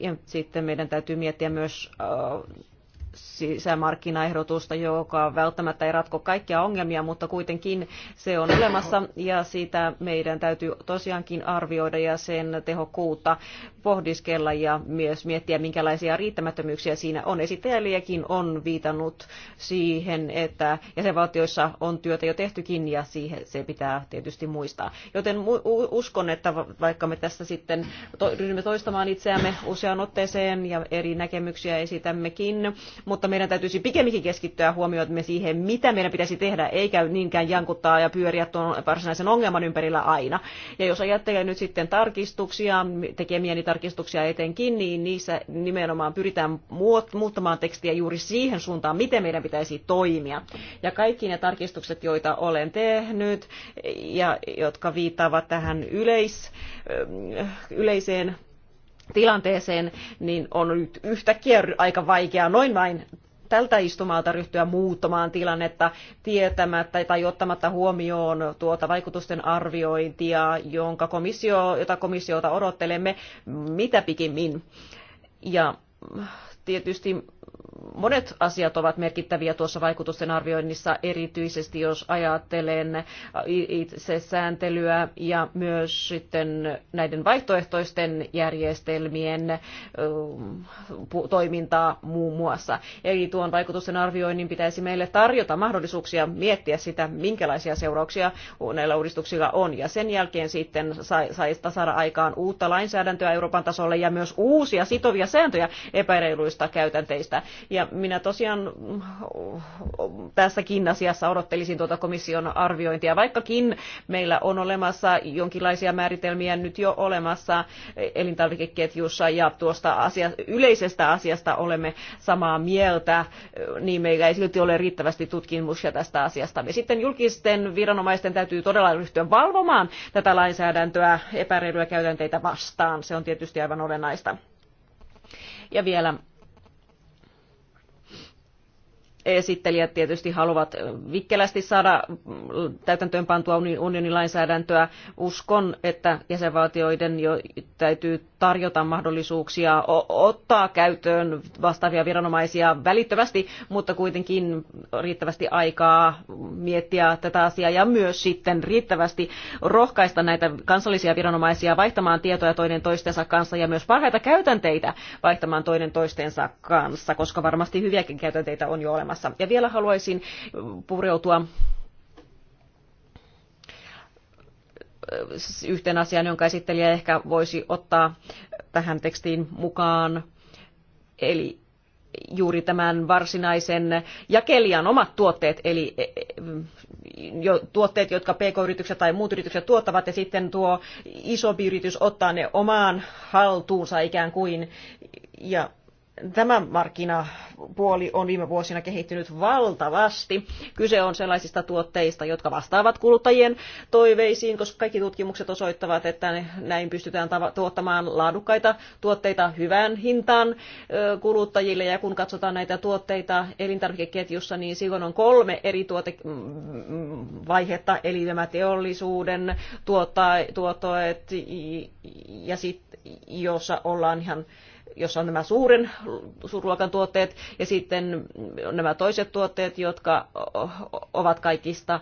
[SPEAKER 3] Ja sitten meidän täytyy miettiä myös sisämarkkinaehdotusta, joka välttämättä ei ratko kaikkia ongelmia, mutta kuitenkin se on olemassa ja sitä meidän täytyy tosiaankin arvioida ja sen tehokkuutta pohdiskella ja myös miettiä, minkälaisia riittämättömyyksiä siinä on. Esittäjäliäkin on viitannut siihen, että jäsenvaltioissa on työtä jo tehtykin ja siihen se pitää tietysti muistaa. Joten uskon, että vaikka me tässä sitten ryhdymme toistamaan itseämme useaan otteeseen ja eri näkemyksiä esitämmekin, mutta meidän täytyisi pikemminkin keskittyä me siihen, mitä meidän pitäisi tehdä, eikä niinkään jankuttaa ja pyöriä tuon varsinaisen ongelman ympärillä aina. Ja jos ajattelee nyt sitten tarkistuksia, tekemiäni tarkistuksia etenkin, niin niissä nimenomaan pyritään muuttamaan tekstiä juuri siihen suuntaan, miten meidän pitäisi toimia. Ja kaikki ne tarkistukset, joita olen tehnyt ja jotka viittaavat tähän yleis, yleiseen tilanteeseen, niin on nyt yhtäkkiä aika vaikea noin vain tältä istumalta ryhtyä muuttamaan tilannetta tietämättä tai ottamatta huomioon tuota vaikutusten arviointia, jonka komissio, jota komissiota odottelemme mitä pikimmin. Ja tietysti monet asiat ovat merkittäviä tuossa vaikutusten arvioinnissa, erityisesti jos ajattelen itse sääntelyä ja myös sitten näiden vaihtoehtoisten järjestelmien toimintaa muun muassa. Eli tuon vaikutusten arvioinnin pitäisi meille tarjota mahdollisuuksia miettiä sitä, minkälaisia seurauksia näillä uudistuksilla on, ja sen jälkeen sitten saista saada aikaan uutta lainsäädäntöä Euroopan tasolle ja myös uusia sitovia sääntöjä epäreiluista käytänteistä. Ja minä tosiaan mm, tässäkin asiassa odottelisin tuota komission arviointia, vaikkakin meillä on olemassa jonkinlaisia määritelmiä nyt jo olemassa elintarvikeketjussa ja tuosta asia, yleisestä asiasta olemme samaa mieltä, niin meillä ei silti ole riittävästi tutkimusta tästä asiasta. Me sitten julkisten viranomaisten täytyy todella ryhtyä valvomaan tätä lainsäädäntöä epäreilyä käytänteitä vastaan. Se on tietysti aivan olennaista. Ja vielä esittelijät tietysti haluavat vikkelästi saada täytäntöön pantua unionin lainsäädäntöä. Uskon, että jäsenvaltioiden jo täytyy tarjota mahdollisuuksia ottaa käyttöön vastaavia viranomaisia välittömästi, mutta kuitenkin riittävästi aikaa miettiä tätä asiaa ja myös sitten riittävästi rohkaista näitä kansallisia viranomaisia vaihtamaan tietoja toinen toistensa kanssa ja myös parhaita käytänteitä vaihtamaan toinen toistensa kanssa, koska varmasti hyviäkin käytänteitä on jo olemassa. Ja vielä haluaisin pureutua yhteen asiaan, jonka esittelijä ehkä voisi ottaa tähän tekstiin mukaan. Eli juuri tämän varsinaisen jakelijan omat tuotteet, eli e, e, jo tuotteet, jotka pk-yritykset tai muut yritykset tuottavat, ja sitten tuo isompi yritys ottaa ne omaan haltuunsa ikään kuin, ja tämä markkinapuoli on viime vuosina kehittynyt valtavasti. Kyse on sellaisista tuotteista, jotka vastaavat kuluttajien toiveisiin, koska kaikki tutkimukset osoittavat, että näin pystytään tuottamaan laadukkaita tuotteita hyvään hintaan kuluttajille. Ja kun katsotaan näitä tuotteita elintarvikeketjussa, niin silloin on kolme eri tuotevaihetta, eli nämä teollisuuden tuotteet ja sitten jossa ollaan ihan jossa on nämä suuren suurluokan tuotteet ja sitten nämä toiset tuotteet, jotka ovat kaikista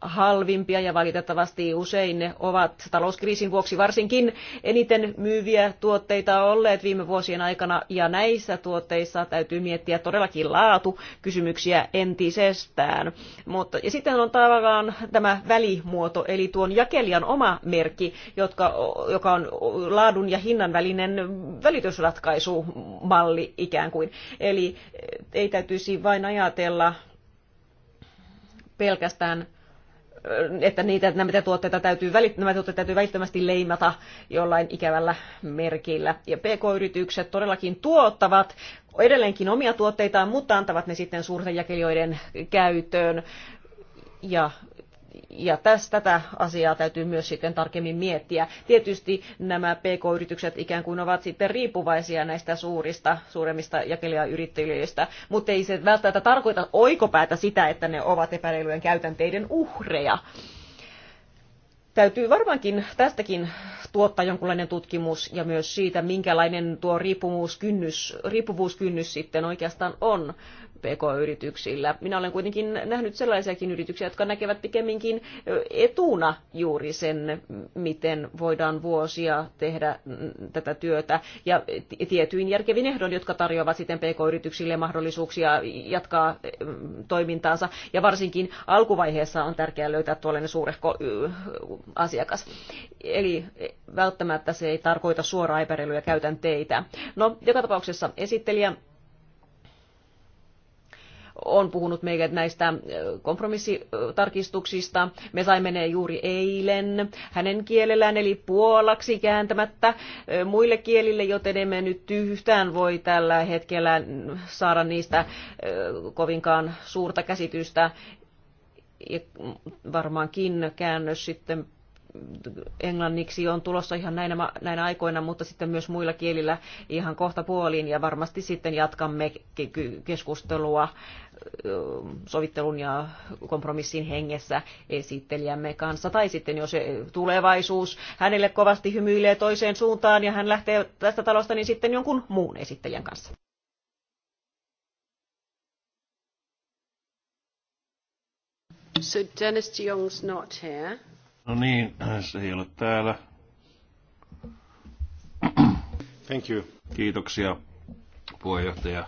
[SPEAKER 3] halvimpia ja valitettavasti usein ne ovat talouskriisin vuoksi varsinkin eniten myyviä tuotteita olleet viime vuosien aikana ja näissä tuotteissa täytyy miettiä todellakin laatukysymyksiä entisestään. Mutta, ja sitten on tavallaan tämä välimuoto eli tuon jakelijan oma merkki, jotka, joka on laadun ja hinnan välinen välitysratkaisumalli ikään kuin. Eli eh, ei täytyisi vain ajatella pelkästään että niitä, nämä, tuotteita täytyy, nämä tuotteet täytyy välittömästi leimata jollain ikävällä merkillä. Ja PK-yritykset todellakin tuottavat edelleenkin omia tuotteitaan, mutta antavat ne sitten suurten jakelijoiden käyttöön. Ja ja tästä tätä asiaa täytyy myös sitten tarkemmin miettiä. Tietysti nämä PK-yritykset ikään kuin ovat sitten riippuvaisia näistä suurista, suuremmista jakelijayrittäjyydestä, mutta ei se välttämättä tarkoita oikopäätä sitä, että ne ovat epäreilujen käytänteiden uhreja täytyy varmaankin tästäkin tuottaa jonkinlainen tutkimus ja myös siitä, minkälainen tuo riippuvuuskynnys, riippuvuuskynnys sitten oikeastaan on. PK-yrityksillä. Minä olen kuitenkin nähnyt sellaisiakin yrityksiä, jotka näkevät pikemminkin etuna juuri sen, miten voidaan vuosia tehdä mm, tätä työtä ja tietyin järkevin ehdon, jotka tarjoavat sitten PK-yrityksille mahdollisuuksia jatkaa toimintaansa. Ja varsinkin alkuvaiheessa on tärkeää löytää tuollainen suurehko asiakas. Eli e, välttämättä se ei tarkoita suoraa epäreilyä käytän teitä. No, joka tapauksessa esittelijä on puhunut meille näistä kompromissitarkistuksista. Me saimme ne juuri eilen hänen kielellään, eli puolaksi kääntämättä muille kielille, joten emme nyt yhtään voi tällä hetkellä saada niistä kovinkaan suurta käsitystä ja varmaankin käännös sitten englanniksi on tulossa ihan näinä, näinä aikoina, mutta sitten myös muilla kielillä ihan kohta puoliin ja varmasti sitten jatkamme keskustelua sovittelun ja kompromissin hengessä esittelijämme kanssa. Tai sitten jos tulevaisuus hänelle kovasti hymyilee toiseen suuntaan ja hän lähtee tästä talosta, niin sitten jonkun muun esittelijän kanssa.
[SPEAKER 1] So Dennis de not here.
[SPEAKER 2] No niin, se ei ole täällä. Thank you. Kiitoksia puheenjohtaja.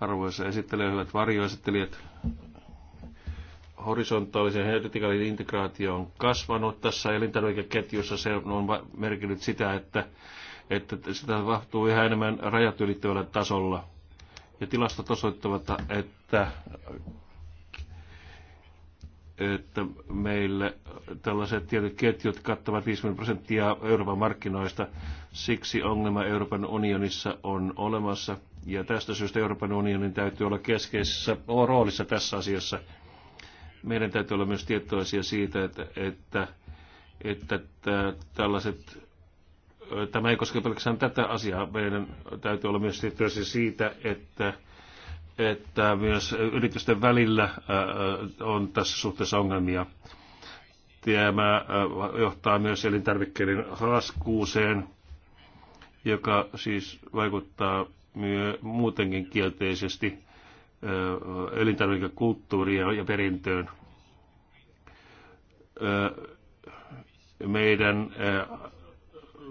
[SPEAKER 2] Arvoisa esittelijä, hyvät varjoesittelijät. Horisontaalisen vertikaalin integraatio on kasvanut tässä elintarvikeketjussa. Se on merkinnyt sitä, että, että sitä tapahtuu yhä enemmän rajat ylittävällä tasolla. Ja tilastot osoittavat, että että meille tällaiset tietyt ketjut kattavat 50 prosenttia Euroopan markkinoista. Siksi ongelma Euroopan unionissa on olemassa. Ja tästä syystä Euroopan unionin täytyy olla keskeisessä roolissa tässä asiassa. Meidän täytyy olla myös tietoisia siitä, että, että, että, että tällaiset Tämä ei koske pelkästään tätä asiaa. Meidän täytyy olla myös tietoisia siitä, että että myös yritysten välillä äh, äh, on tässä suhteessa ongelmia. Tämä äh, johtaa myös elintarvikkeiden raskuuseen, joka siis vaikuttaa myö, muutenkin kielteisesti elintarvikekulttuuriin ja perintöön. Meidän,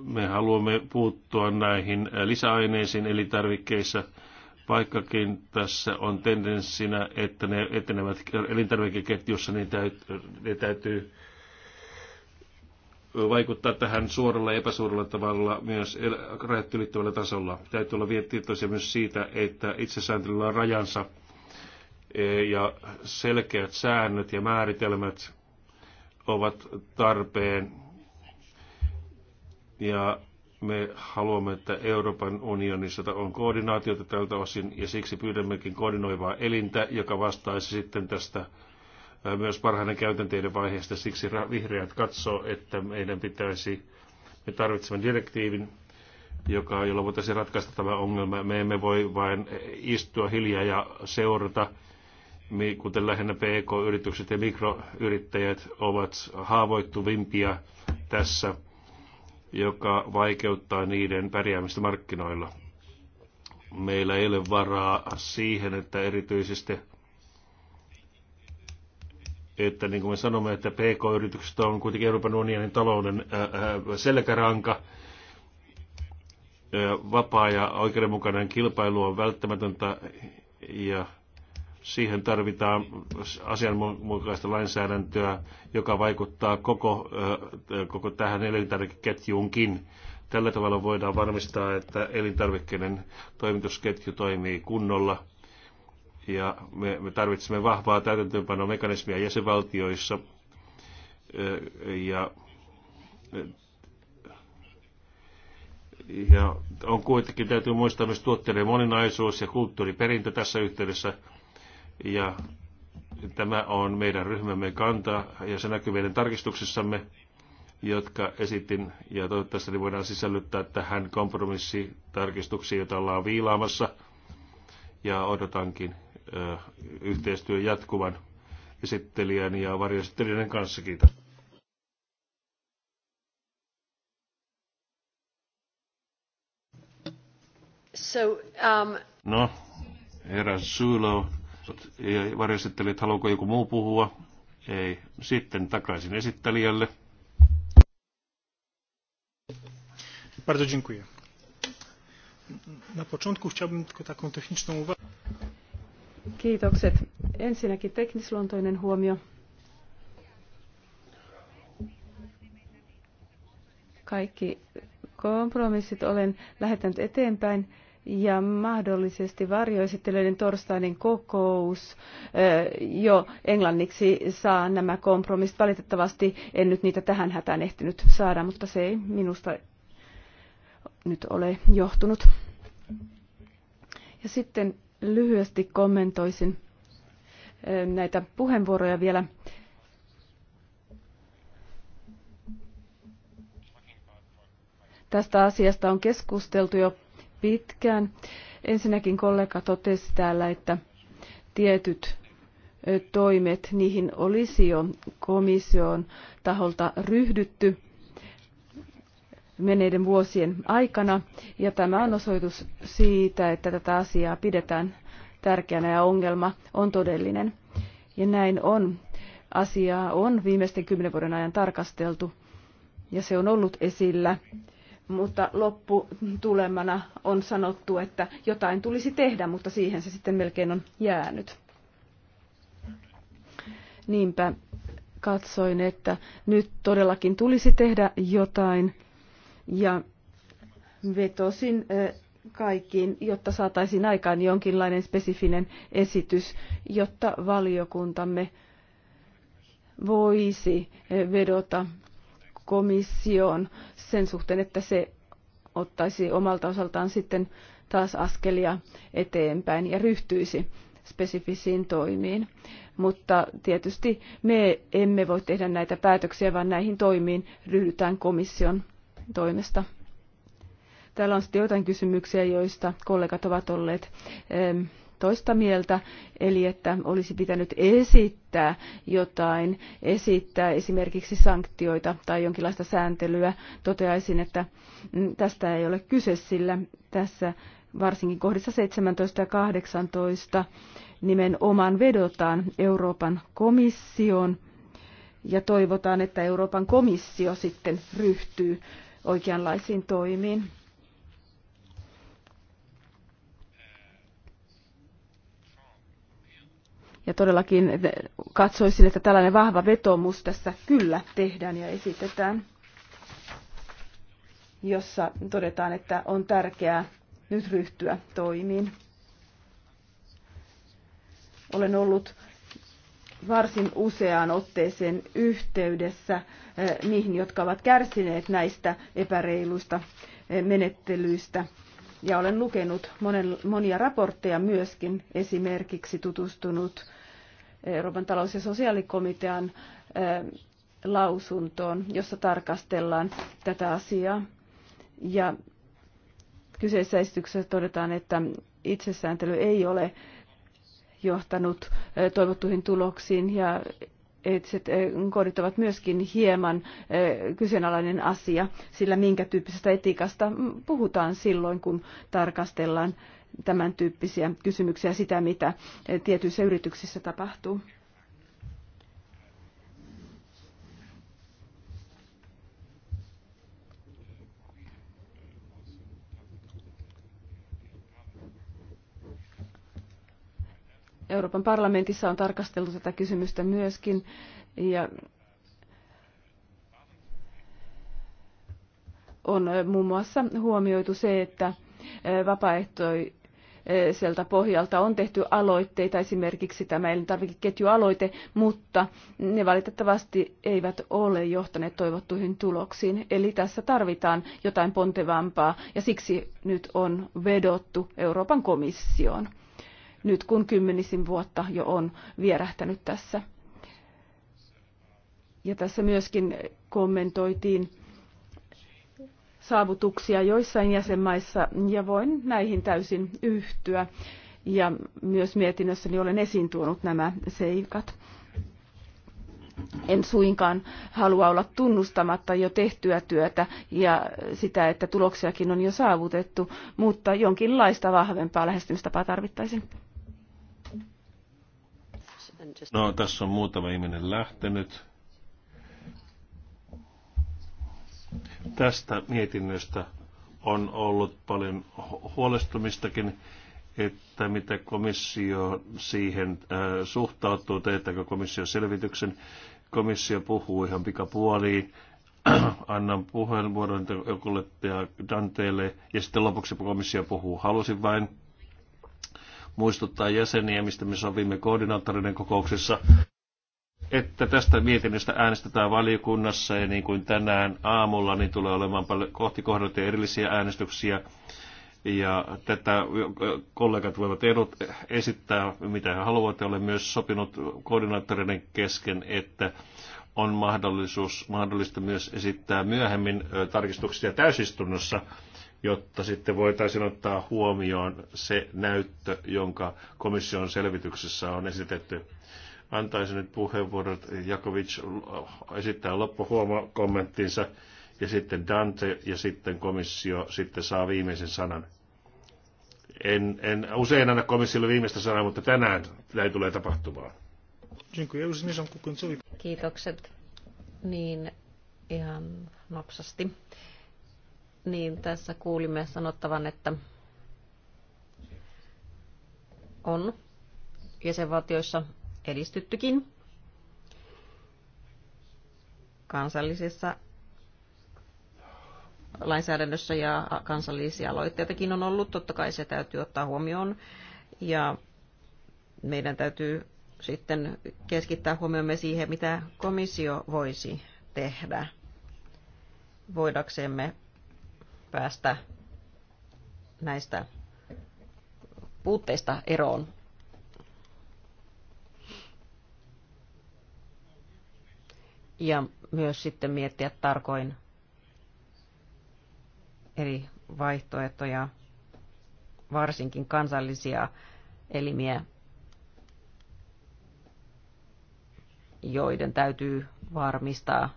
[SPEAKER 2] me haluamme puuttua näihin lisäaineisiin elintarvikkeissa – Vaikkakin tässä on tendenssinä, että ne etenevät elintarvikeketjussa, niin ne täytyy vaikuttaa tähän suoralla ja epäsuoralla tavalla myös rajat ylittävällä tasolla. Täytyy olla tietoisia myös siitä, että itsesääntelyllä on rajansa e, ja selkeät säännöt ja määritelmät ovat tarpeen. Ja me haluamme, että Euroopan unionissa on koordinaatiota tältä osin ja siksi pyydämmekin koordinoivaa elintä, joka vastaisi sitten tästä myös parhaiden käytänteiden vaiheesta. Siksi vihreät katsoo, että meidän pitäisi, me tarvitsemme direktiivin, joka, jolla voitaisiin ratkaista tämä ongelma. Me emme voi vain istua hiljaa ja seurata, kuten lähinnä PK-yritykset ja mikroyrittäjät ovat haavoittuvimpia tässä joka vaikeuttaa niiden pärjäämistä markkinoilla. Meillä ei ole varaa siihen, että erityisesti että niin kuin me sanomme, että PK-yritykset on kuitenkin Euroopan unionin talouden äh, äh, selkäranka, äh, vapaa ja oikeudenmukainen kilpailu on välttämätöntä ja Siihen tarvitaan asianmukaista lainsäädäntöä, joka vaikuttaa koko, koko tähän elintarvikeketjuunkin. Tällä tavalla voidaan varmistaa, että elintarvikkeiden toimitusketju toimii kunnolla. Ja me, me tarvitsemme vahvaa täytäntöönpanomekanismia jäsenvaltioissa. Ja ja on kuitenkin täytyy muistaa myös tuotteiden moninaisuus ja kulttuuriperintö tässä yhteydessä ja tämä on meidän ryhmämme kanta ja se näkyy meidän tarkistuksessamme, jotka esitin ja toivottavasti voidaan sisällyttää tähän kompromissitarkistuksiin, jota ollaan viilaamassa ja odotankin ö, yhteistyön jatkuvan esittelijän ja varjoesittelijän kanssa. Kiitos.
[SPEAKER 1] So, um...
[SPEAKER 2] No, herra Sulo Varjoesittelijät, haluaako joku muu puhua? Ei. Sitten takaisin esittelijälle. Bardzo dziękuję.
[SPEAKER 1] Na początku chciałbym tylko taką techniczną uwagę. Kiitokset. Ensinnäkin teknisluontoinen huomio. Kaikki kompromissit olen lähettänyt eteenpäin ja mahdollisesti varjoesittelyiden torstainen kokous jo englanniksi saa nämä kompromissit. Valitettavasti en nyt niitä tähän hätään ehtinyt saada, mutta se ei minusta nyt ole johtunut. Ja sitten lyhyesti kommentoisin näitä puheenvuoroja vielä. Tästä asiasta on keskusteltu jo pitkään. Ensinnäkin kollega totesi täällä, että tietyt toimet, niihin olisi jo komission taholta ryhdytty meneiden vuosien aikana. Ja tämä on osoitus siitä, että tätä asiaa pidetään tärkeänä ja ongelma on todellinen. Ja näin on. Asiaa on viimeisten kymmenen vuoden ajan tarkasteltu ja se on ollut esillä mutta lopputulemana on sanottu, että jotain tulisi tehdä, mutta siihen se sitten melkein on jäänyt. Niinpä katsoin, että nyt todellakin tulisi tehdä jotain ja vetosin kaikkiin, jotta saataisiin aikaan jonkinlainen spesifinen esitys, jotta valiokuntamme voisi vedota komissioon sen suhteen, että se ottaisi omalta osaltaan sitten taas askelia eteenpäin ja ryhtyisi spesifisiin toimiin. Mutta tietysti me emme voi tehdä näitä päätöksiä, vaan näihin toimiin ryhdytään komission toimesta. Täällä on sitten joitain kysymyksiä, joista kollegat ovat olleet toista mieltä, eli että olisi pitänyt esittää jotain, esittää esimerkiksi sanktioita tai jonkinlaista sääntelyä. Toteaisin, että mm, tästä ei ole kyse, sillä tässä varsinkin kohdissa 17 ja 18 nimenomaan vedotaan Euroopan komission ja toivotaan, että Euroopan komissio sitten ryhtyy oikeanlaisiin toimiin. Ja todellakin katsoisin, että tällainen vahva vetomus tässä kyllä tehdään ja esitetään, jossa todetaan, että on tärkeää nyt ryhtyä toimiin. Olen ollut varsin useaan otteeseen yhteydessä eh, niihin, jotka ovat kärsineet näistä epäreiluista eh, menettelyistä ja olen lukenut monen, monia raportteja myöskin, esimerkiksi tutustunut eh, Euroopan talous- ja sosiaalikomitean eh, lausuntoon, jossa tarkastellaan tätä asiaa. Ja kyseisessä esityksessä todetaan, että itsesääntely ei ole johtanut eh, toivottuihin tuloksiin ja eettiset eh, koodit ovat myöskin hieman eh, kyseenalainen asia, sillä minkä tyyppisestä etiikasta puhutaan silloin, kun tarkastellaan tämän tyyppisiä kysymyksiä sitä, mitä eh, tietyissä yrityksissä tapahtuu. Euroopan parlamentissa on tarkasteltu tätä kysymystä myöskin. Ja on muun muassa huomioitu se, että vapaaehtoiselta pohjalta on tehty aloitteita, esimerkiksi tämä elintarvikeketjualoite, mutta ne valitettavasti eivät ole johtaneet toivottuihin tuloksiin. Eli tässä tarvitaan jotain pontevampaa ja siksi nyt on vedottu Euroopan komissioon nyt kun kymmenisin vuotta jo on vierähtänyt tässä. Ja tässä myöskin kommentoitiin saavutuksia joissain jäsenmaissa ja voin näihin täysin yhtyä. Ja myös mietinnössäni olen esiin tuonut nämä seikat. En suinkaan halua olla tunnustamatta jo tehtyä työtä ja sitä, että tuloksiakin on jo saavutettu, mutta jonkinlaista vahvempaa lähestymistapaa tarvittaisiin.
[SPEAKER 3] No,
[SPEAKER 2] tässä on muutama ihminen lähtenyt. Tästä mietinnöstä on ollut paljon huolestumistakin, että mitä komissio siihen äh, suhtautuu, teettäkö komissio selvityksen. Komissio puhuu ihan pikapuoliin. Annan puheenvuoron jokulle ja Danteelle ja sitten lopuksi komissio puhuu. Halusin vain muistuttaa jäseniä, mistä me sovimme koordinaattoreiden kokouksessa, että tästä mietinnöstä äänestetään valiokunnassa ja niin kuin tänään aamulla, niin tulee olemaan paljon kohti kohdalta erillisiä äänestyksiä. Ja tätä kollegat voivat edut, esittää, mitä he haluavat. Olen myös sopinut koordinaattoreiden kesken, että on mahdollisuus, mahdollista myös esittää myöhemmin tarkistuksia täysistunnossa jotta sitten voitaisiin ottaa huomioon se näyttö, jonka komission selvityksessä on esitetty. Antaisin nyt puheenvuorot, Jakovic esittää loppuhuomakommenttinsa ja sitten Dante ja sitten komissio sitten saa viimeisen sanan. En, en usein anna komissiolle viimeistä sanaa, mutta tänään näin tulee tapahtumaan.
[SPEAKER 3] Kiitokset. Niin ihan napsasti niin, tässä kuulimme sanottavan, että on jäsenvaltioissa edistyttykin kansallisessa lainsäädännössä ja kansallisia aloitteitakin on ollut. Totta kai se täytyy ottaa huomioon ja meidän täytyy sitten keskittää huomiomme siihen, mitä komissio voisi tehdä voidaksemme päästä näistä puutteista eroon. Ja myös sitten miettiä tarkoin eri vaihtoehtoja, varsinkin kansallisia elimiä, joiden täytyy varmistaa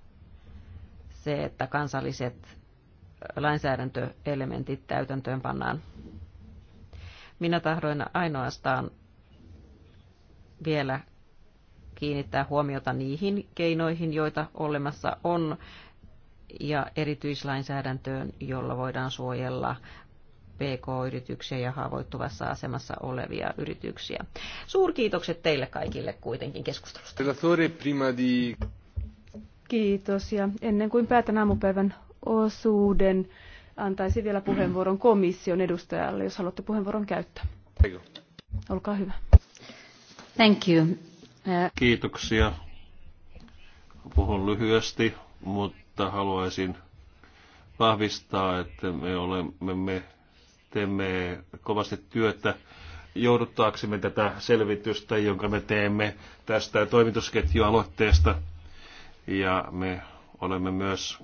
[SPEAKER 3] se, että kansalliset lainsäädäntöelementit täytäntöön pannaan. Minä tahdoin ainoastaan vielä kiinnittää huomiota niihin keinoihin, joita olemassa on, ja erityislainsäädäntöön, jolla voidaan suojella PK-yrityksiä ja haavoittuvassa asemassa olevia yrityksiä. Suurkiitokset teille kaikille kuitenkin keskustelusta.
[SPEAKER 1] Kiitos ja ennen kuin päätän aamupäivän osuuden antaisin vielä puheenvuoron komission edustajalle, jos haluatte puheenvuoron käyttää. Olkaa hyvä. Thank you. Uh,
[SPEAKER 2] Kiitoksia. Puhun lyhyesti, mutta haluaisin vahvistaa, että me, olemme, me teemme kovasti työtä jouduttaaksemme tätä selvitystä, jonka me teemme tästä toimitusketjualoitteesta. Ja me olemme myös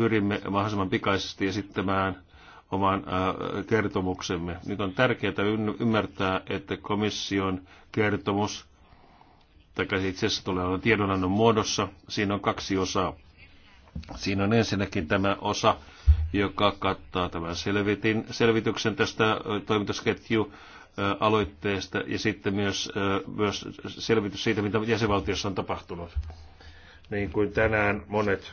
[SPEAKER 2] pyrimme mahdollisimman pikaisesti esittämään oman äh, kertomuksemme. Nyt on tärkeää ymmärtää, että komission kertomus, tai itse asiassa tulee olla tiedonannon muodossa, siinä on kaksi osaa. Siinä on ensinnäkin tämä osa, joka kattaa tämän selvitin, selvityksen tästä äh, toimitusketju äh, aloitteesta ja sitten myös, myös selvitys siitä, mitä jäsenvaltiossa on tapahtunut. Niin kuin tänään monet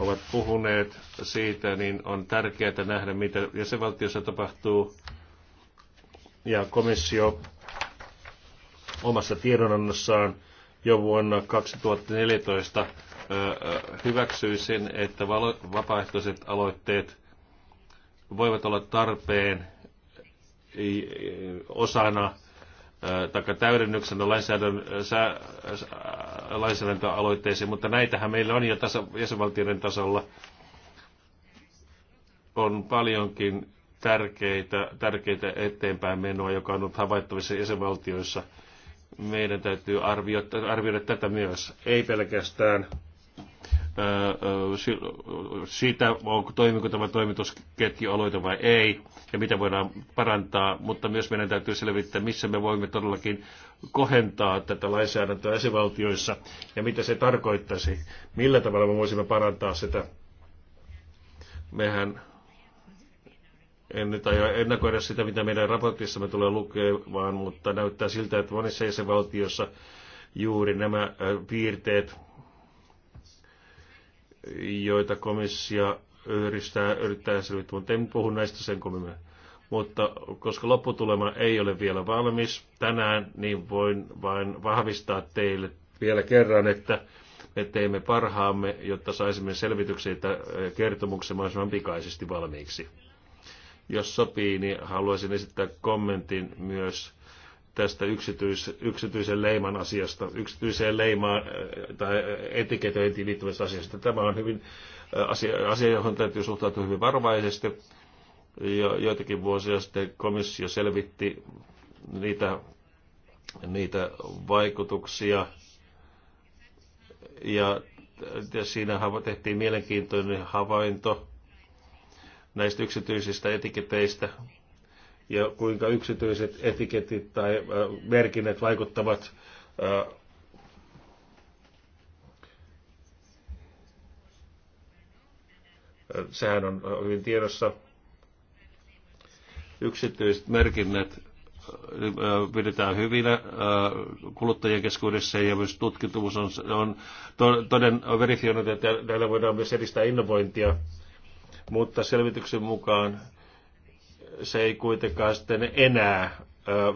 [SPEAKER 2] ovat puhuneet siitä, niin on tärkeää nähdä, mitä jäsenvaltiossa tapahtuu. Ja komissio omassa tiedonannossaan jo vuonna 2014 hyväksyi sen, että vapaaehtoiset aloitteet voivat olla tarpeen osana taikka täydennyksenä lainsäädäntöaloitteisiin, mutta näitähän meillä on jo tasa, jäsenvaltioiden tasolla. On paljonkin tärkeitä, tärkeitä eteenpäin menoa, joka on ollut havaittavissa jäsenvaltioissa. Meidän täytyy arvioida, arvioida tätä myös, ei pelkästään siitä, onko toimiko tämä toimitusketju aloita vai ei, ja mitä voidaan parantaa, mutta myös meidän täytyy selvittää, missä me voimme todellakin kohentaa tätä lainsäädäntöä esivaltioissa, ja mitä se tarkoittaisi, millä tavalla me voisimme parantaa sitä. Mehän en nyt aio ennakoida sitä, mitä meidän raportissamme tulee lukemaan, mutta näyttää siltä, että monissa jäsenvaltioissa juuri nämä piirteet joita komissio yhdistää, yrittää selvittää, mutta en puhu näistä sen kummemmin. Mutta koska lopputulema ei ole vielä valmis tänään, niin voin vain vahvistaa teille vielä kerran, että me teemme parhaamme, jotta saisimme selvityksen kertomuksen mahdollisimman pikaisesti valmiiksi. Jos sopii, niin haluaisin esittää kommentin myös tästä yksityis, yksityisen leiman asiasta, yksityiseen leimaan äh, tai äh, etiketöintiin liittyvästä asiasta. Tämä on hyvin äh, asia, asia johon täytyy suhtautua hyvin varovaisesti. Jo, joitakin vuosia sitten komissio selvitti niitä, niitä vaikutuksia ja, ja siinä tehtiin mielenkiintoinen havainto näistä yksityisistä etiketeistä, ja kuinka yksityiset etiketit tai merkinnät vaikuttavat Sehän on hyvin tiedossa. Yksityiset merkinnät pidetään hyvinä kuluttajien keskuudessa ja myös tutkitus on, on toden verifioinut, että näillä voidaan myös edistää innovointia, mutta selvityksen mukaan se ei kuitenkaan sitten enää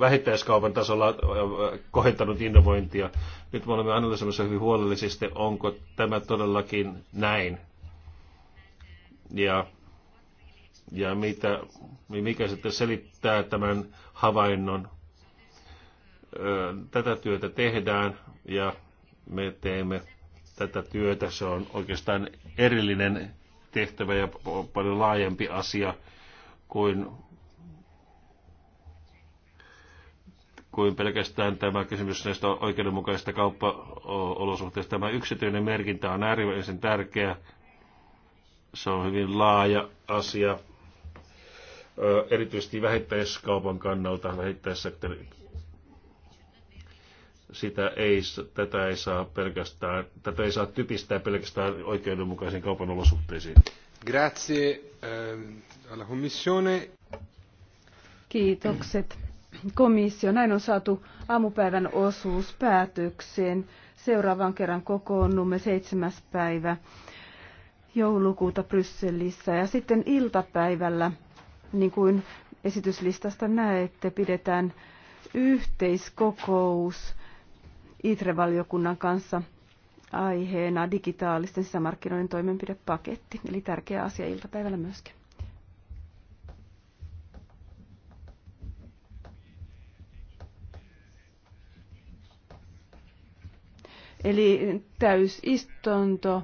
[SPEAKER 2] vähittäiskaupan tasolla kohentanut innovointia. Nyt me olemme analysoimassa hyvin huolellisesti, onko tämä todellakin näin. Ja, ja mitä, mikä sitten selittää tämän havainnon. Tätä työtä tehdään ja me teemme tätä työtä. Se on oikeastaan erillinen tehtävä ja paljon laajempi asia kuin kuin pelkästään tämä kysymys näistä oikeudenmukaisista kauppaolosuhteista. Tämä yksityinen merkintä on äärimmäisen tärkeä. Se on hyvin laaja asia, erityisesti vähittäiskaupan kannalta, vähittäissektori. Sitä ei, tätä, ei saa pelkästään, tätä ei saa typistää pelkästään oikeudenmukaisiin kaupan olosuhteisiin. Grazie ehm, alla Commissione.
[SPEAKER 1] Kiitokset komissio. Näin on saatu aamupäivän osuus päätökseen. Seuraavan kerran kokoonnumme 7. päivä joulukuuta Brysselissä ja sitten iltapäivällä, niin kuin esityslistasta näette, pidetään yhteiskokous ITRE-valiokunnan kanssa aiheena digitaalisten sisämarkkinoiden toimenpidepaketti, eli tärkeä asia iltapäivällä myöskin. Eli täysistunto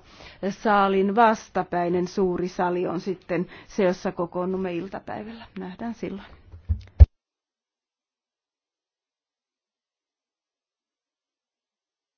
[SPEAKER 1] saalin vastapäinen suuri sali on sitten se, jossa kokoonnumme iltapäivällä. Nähdään silloin.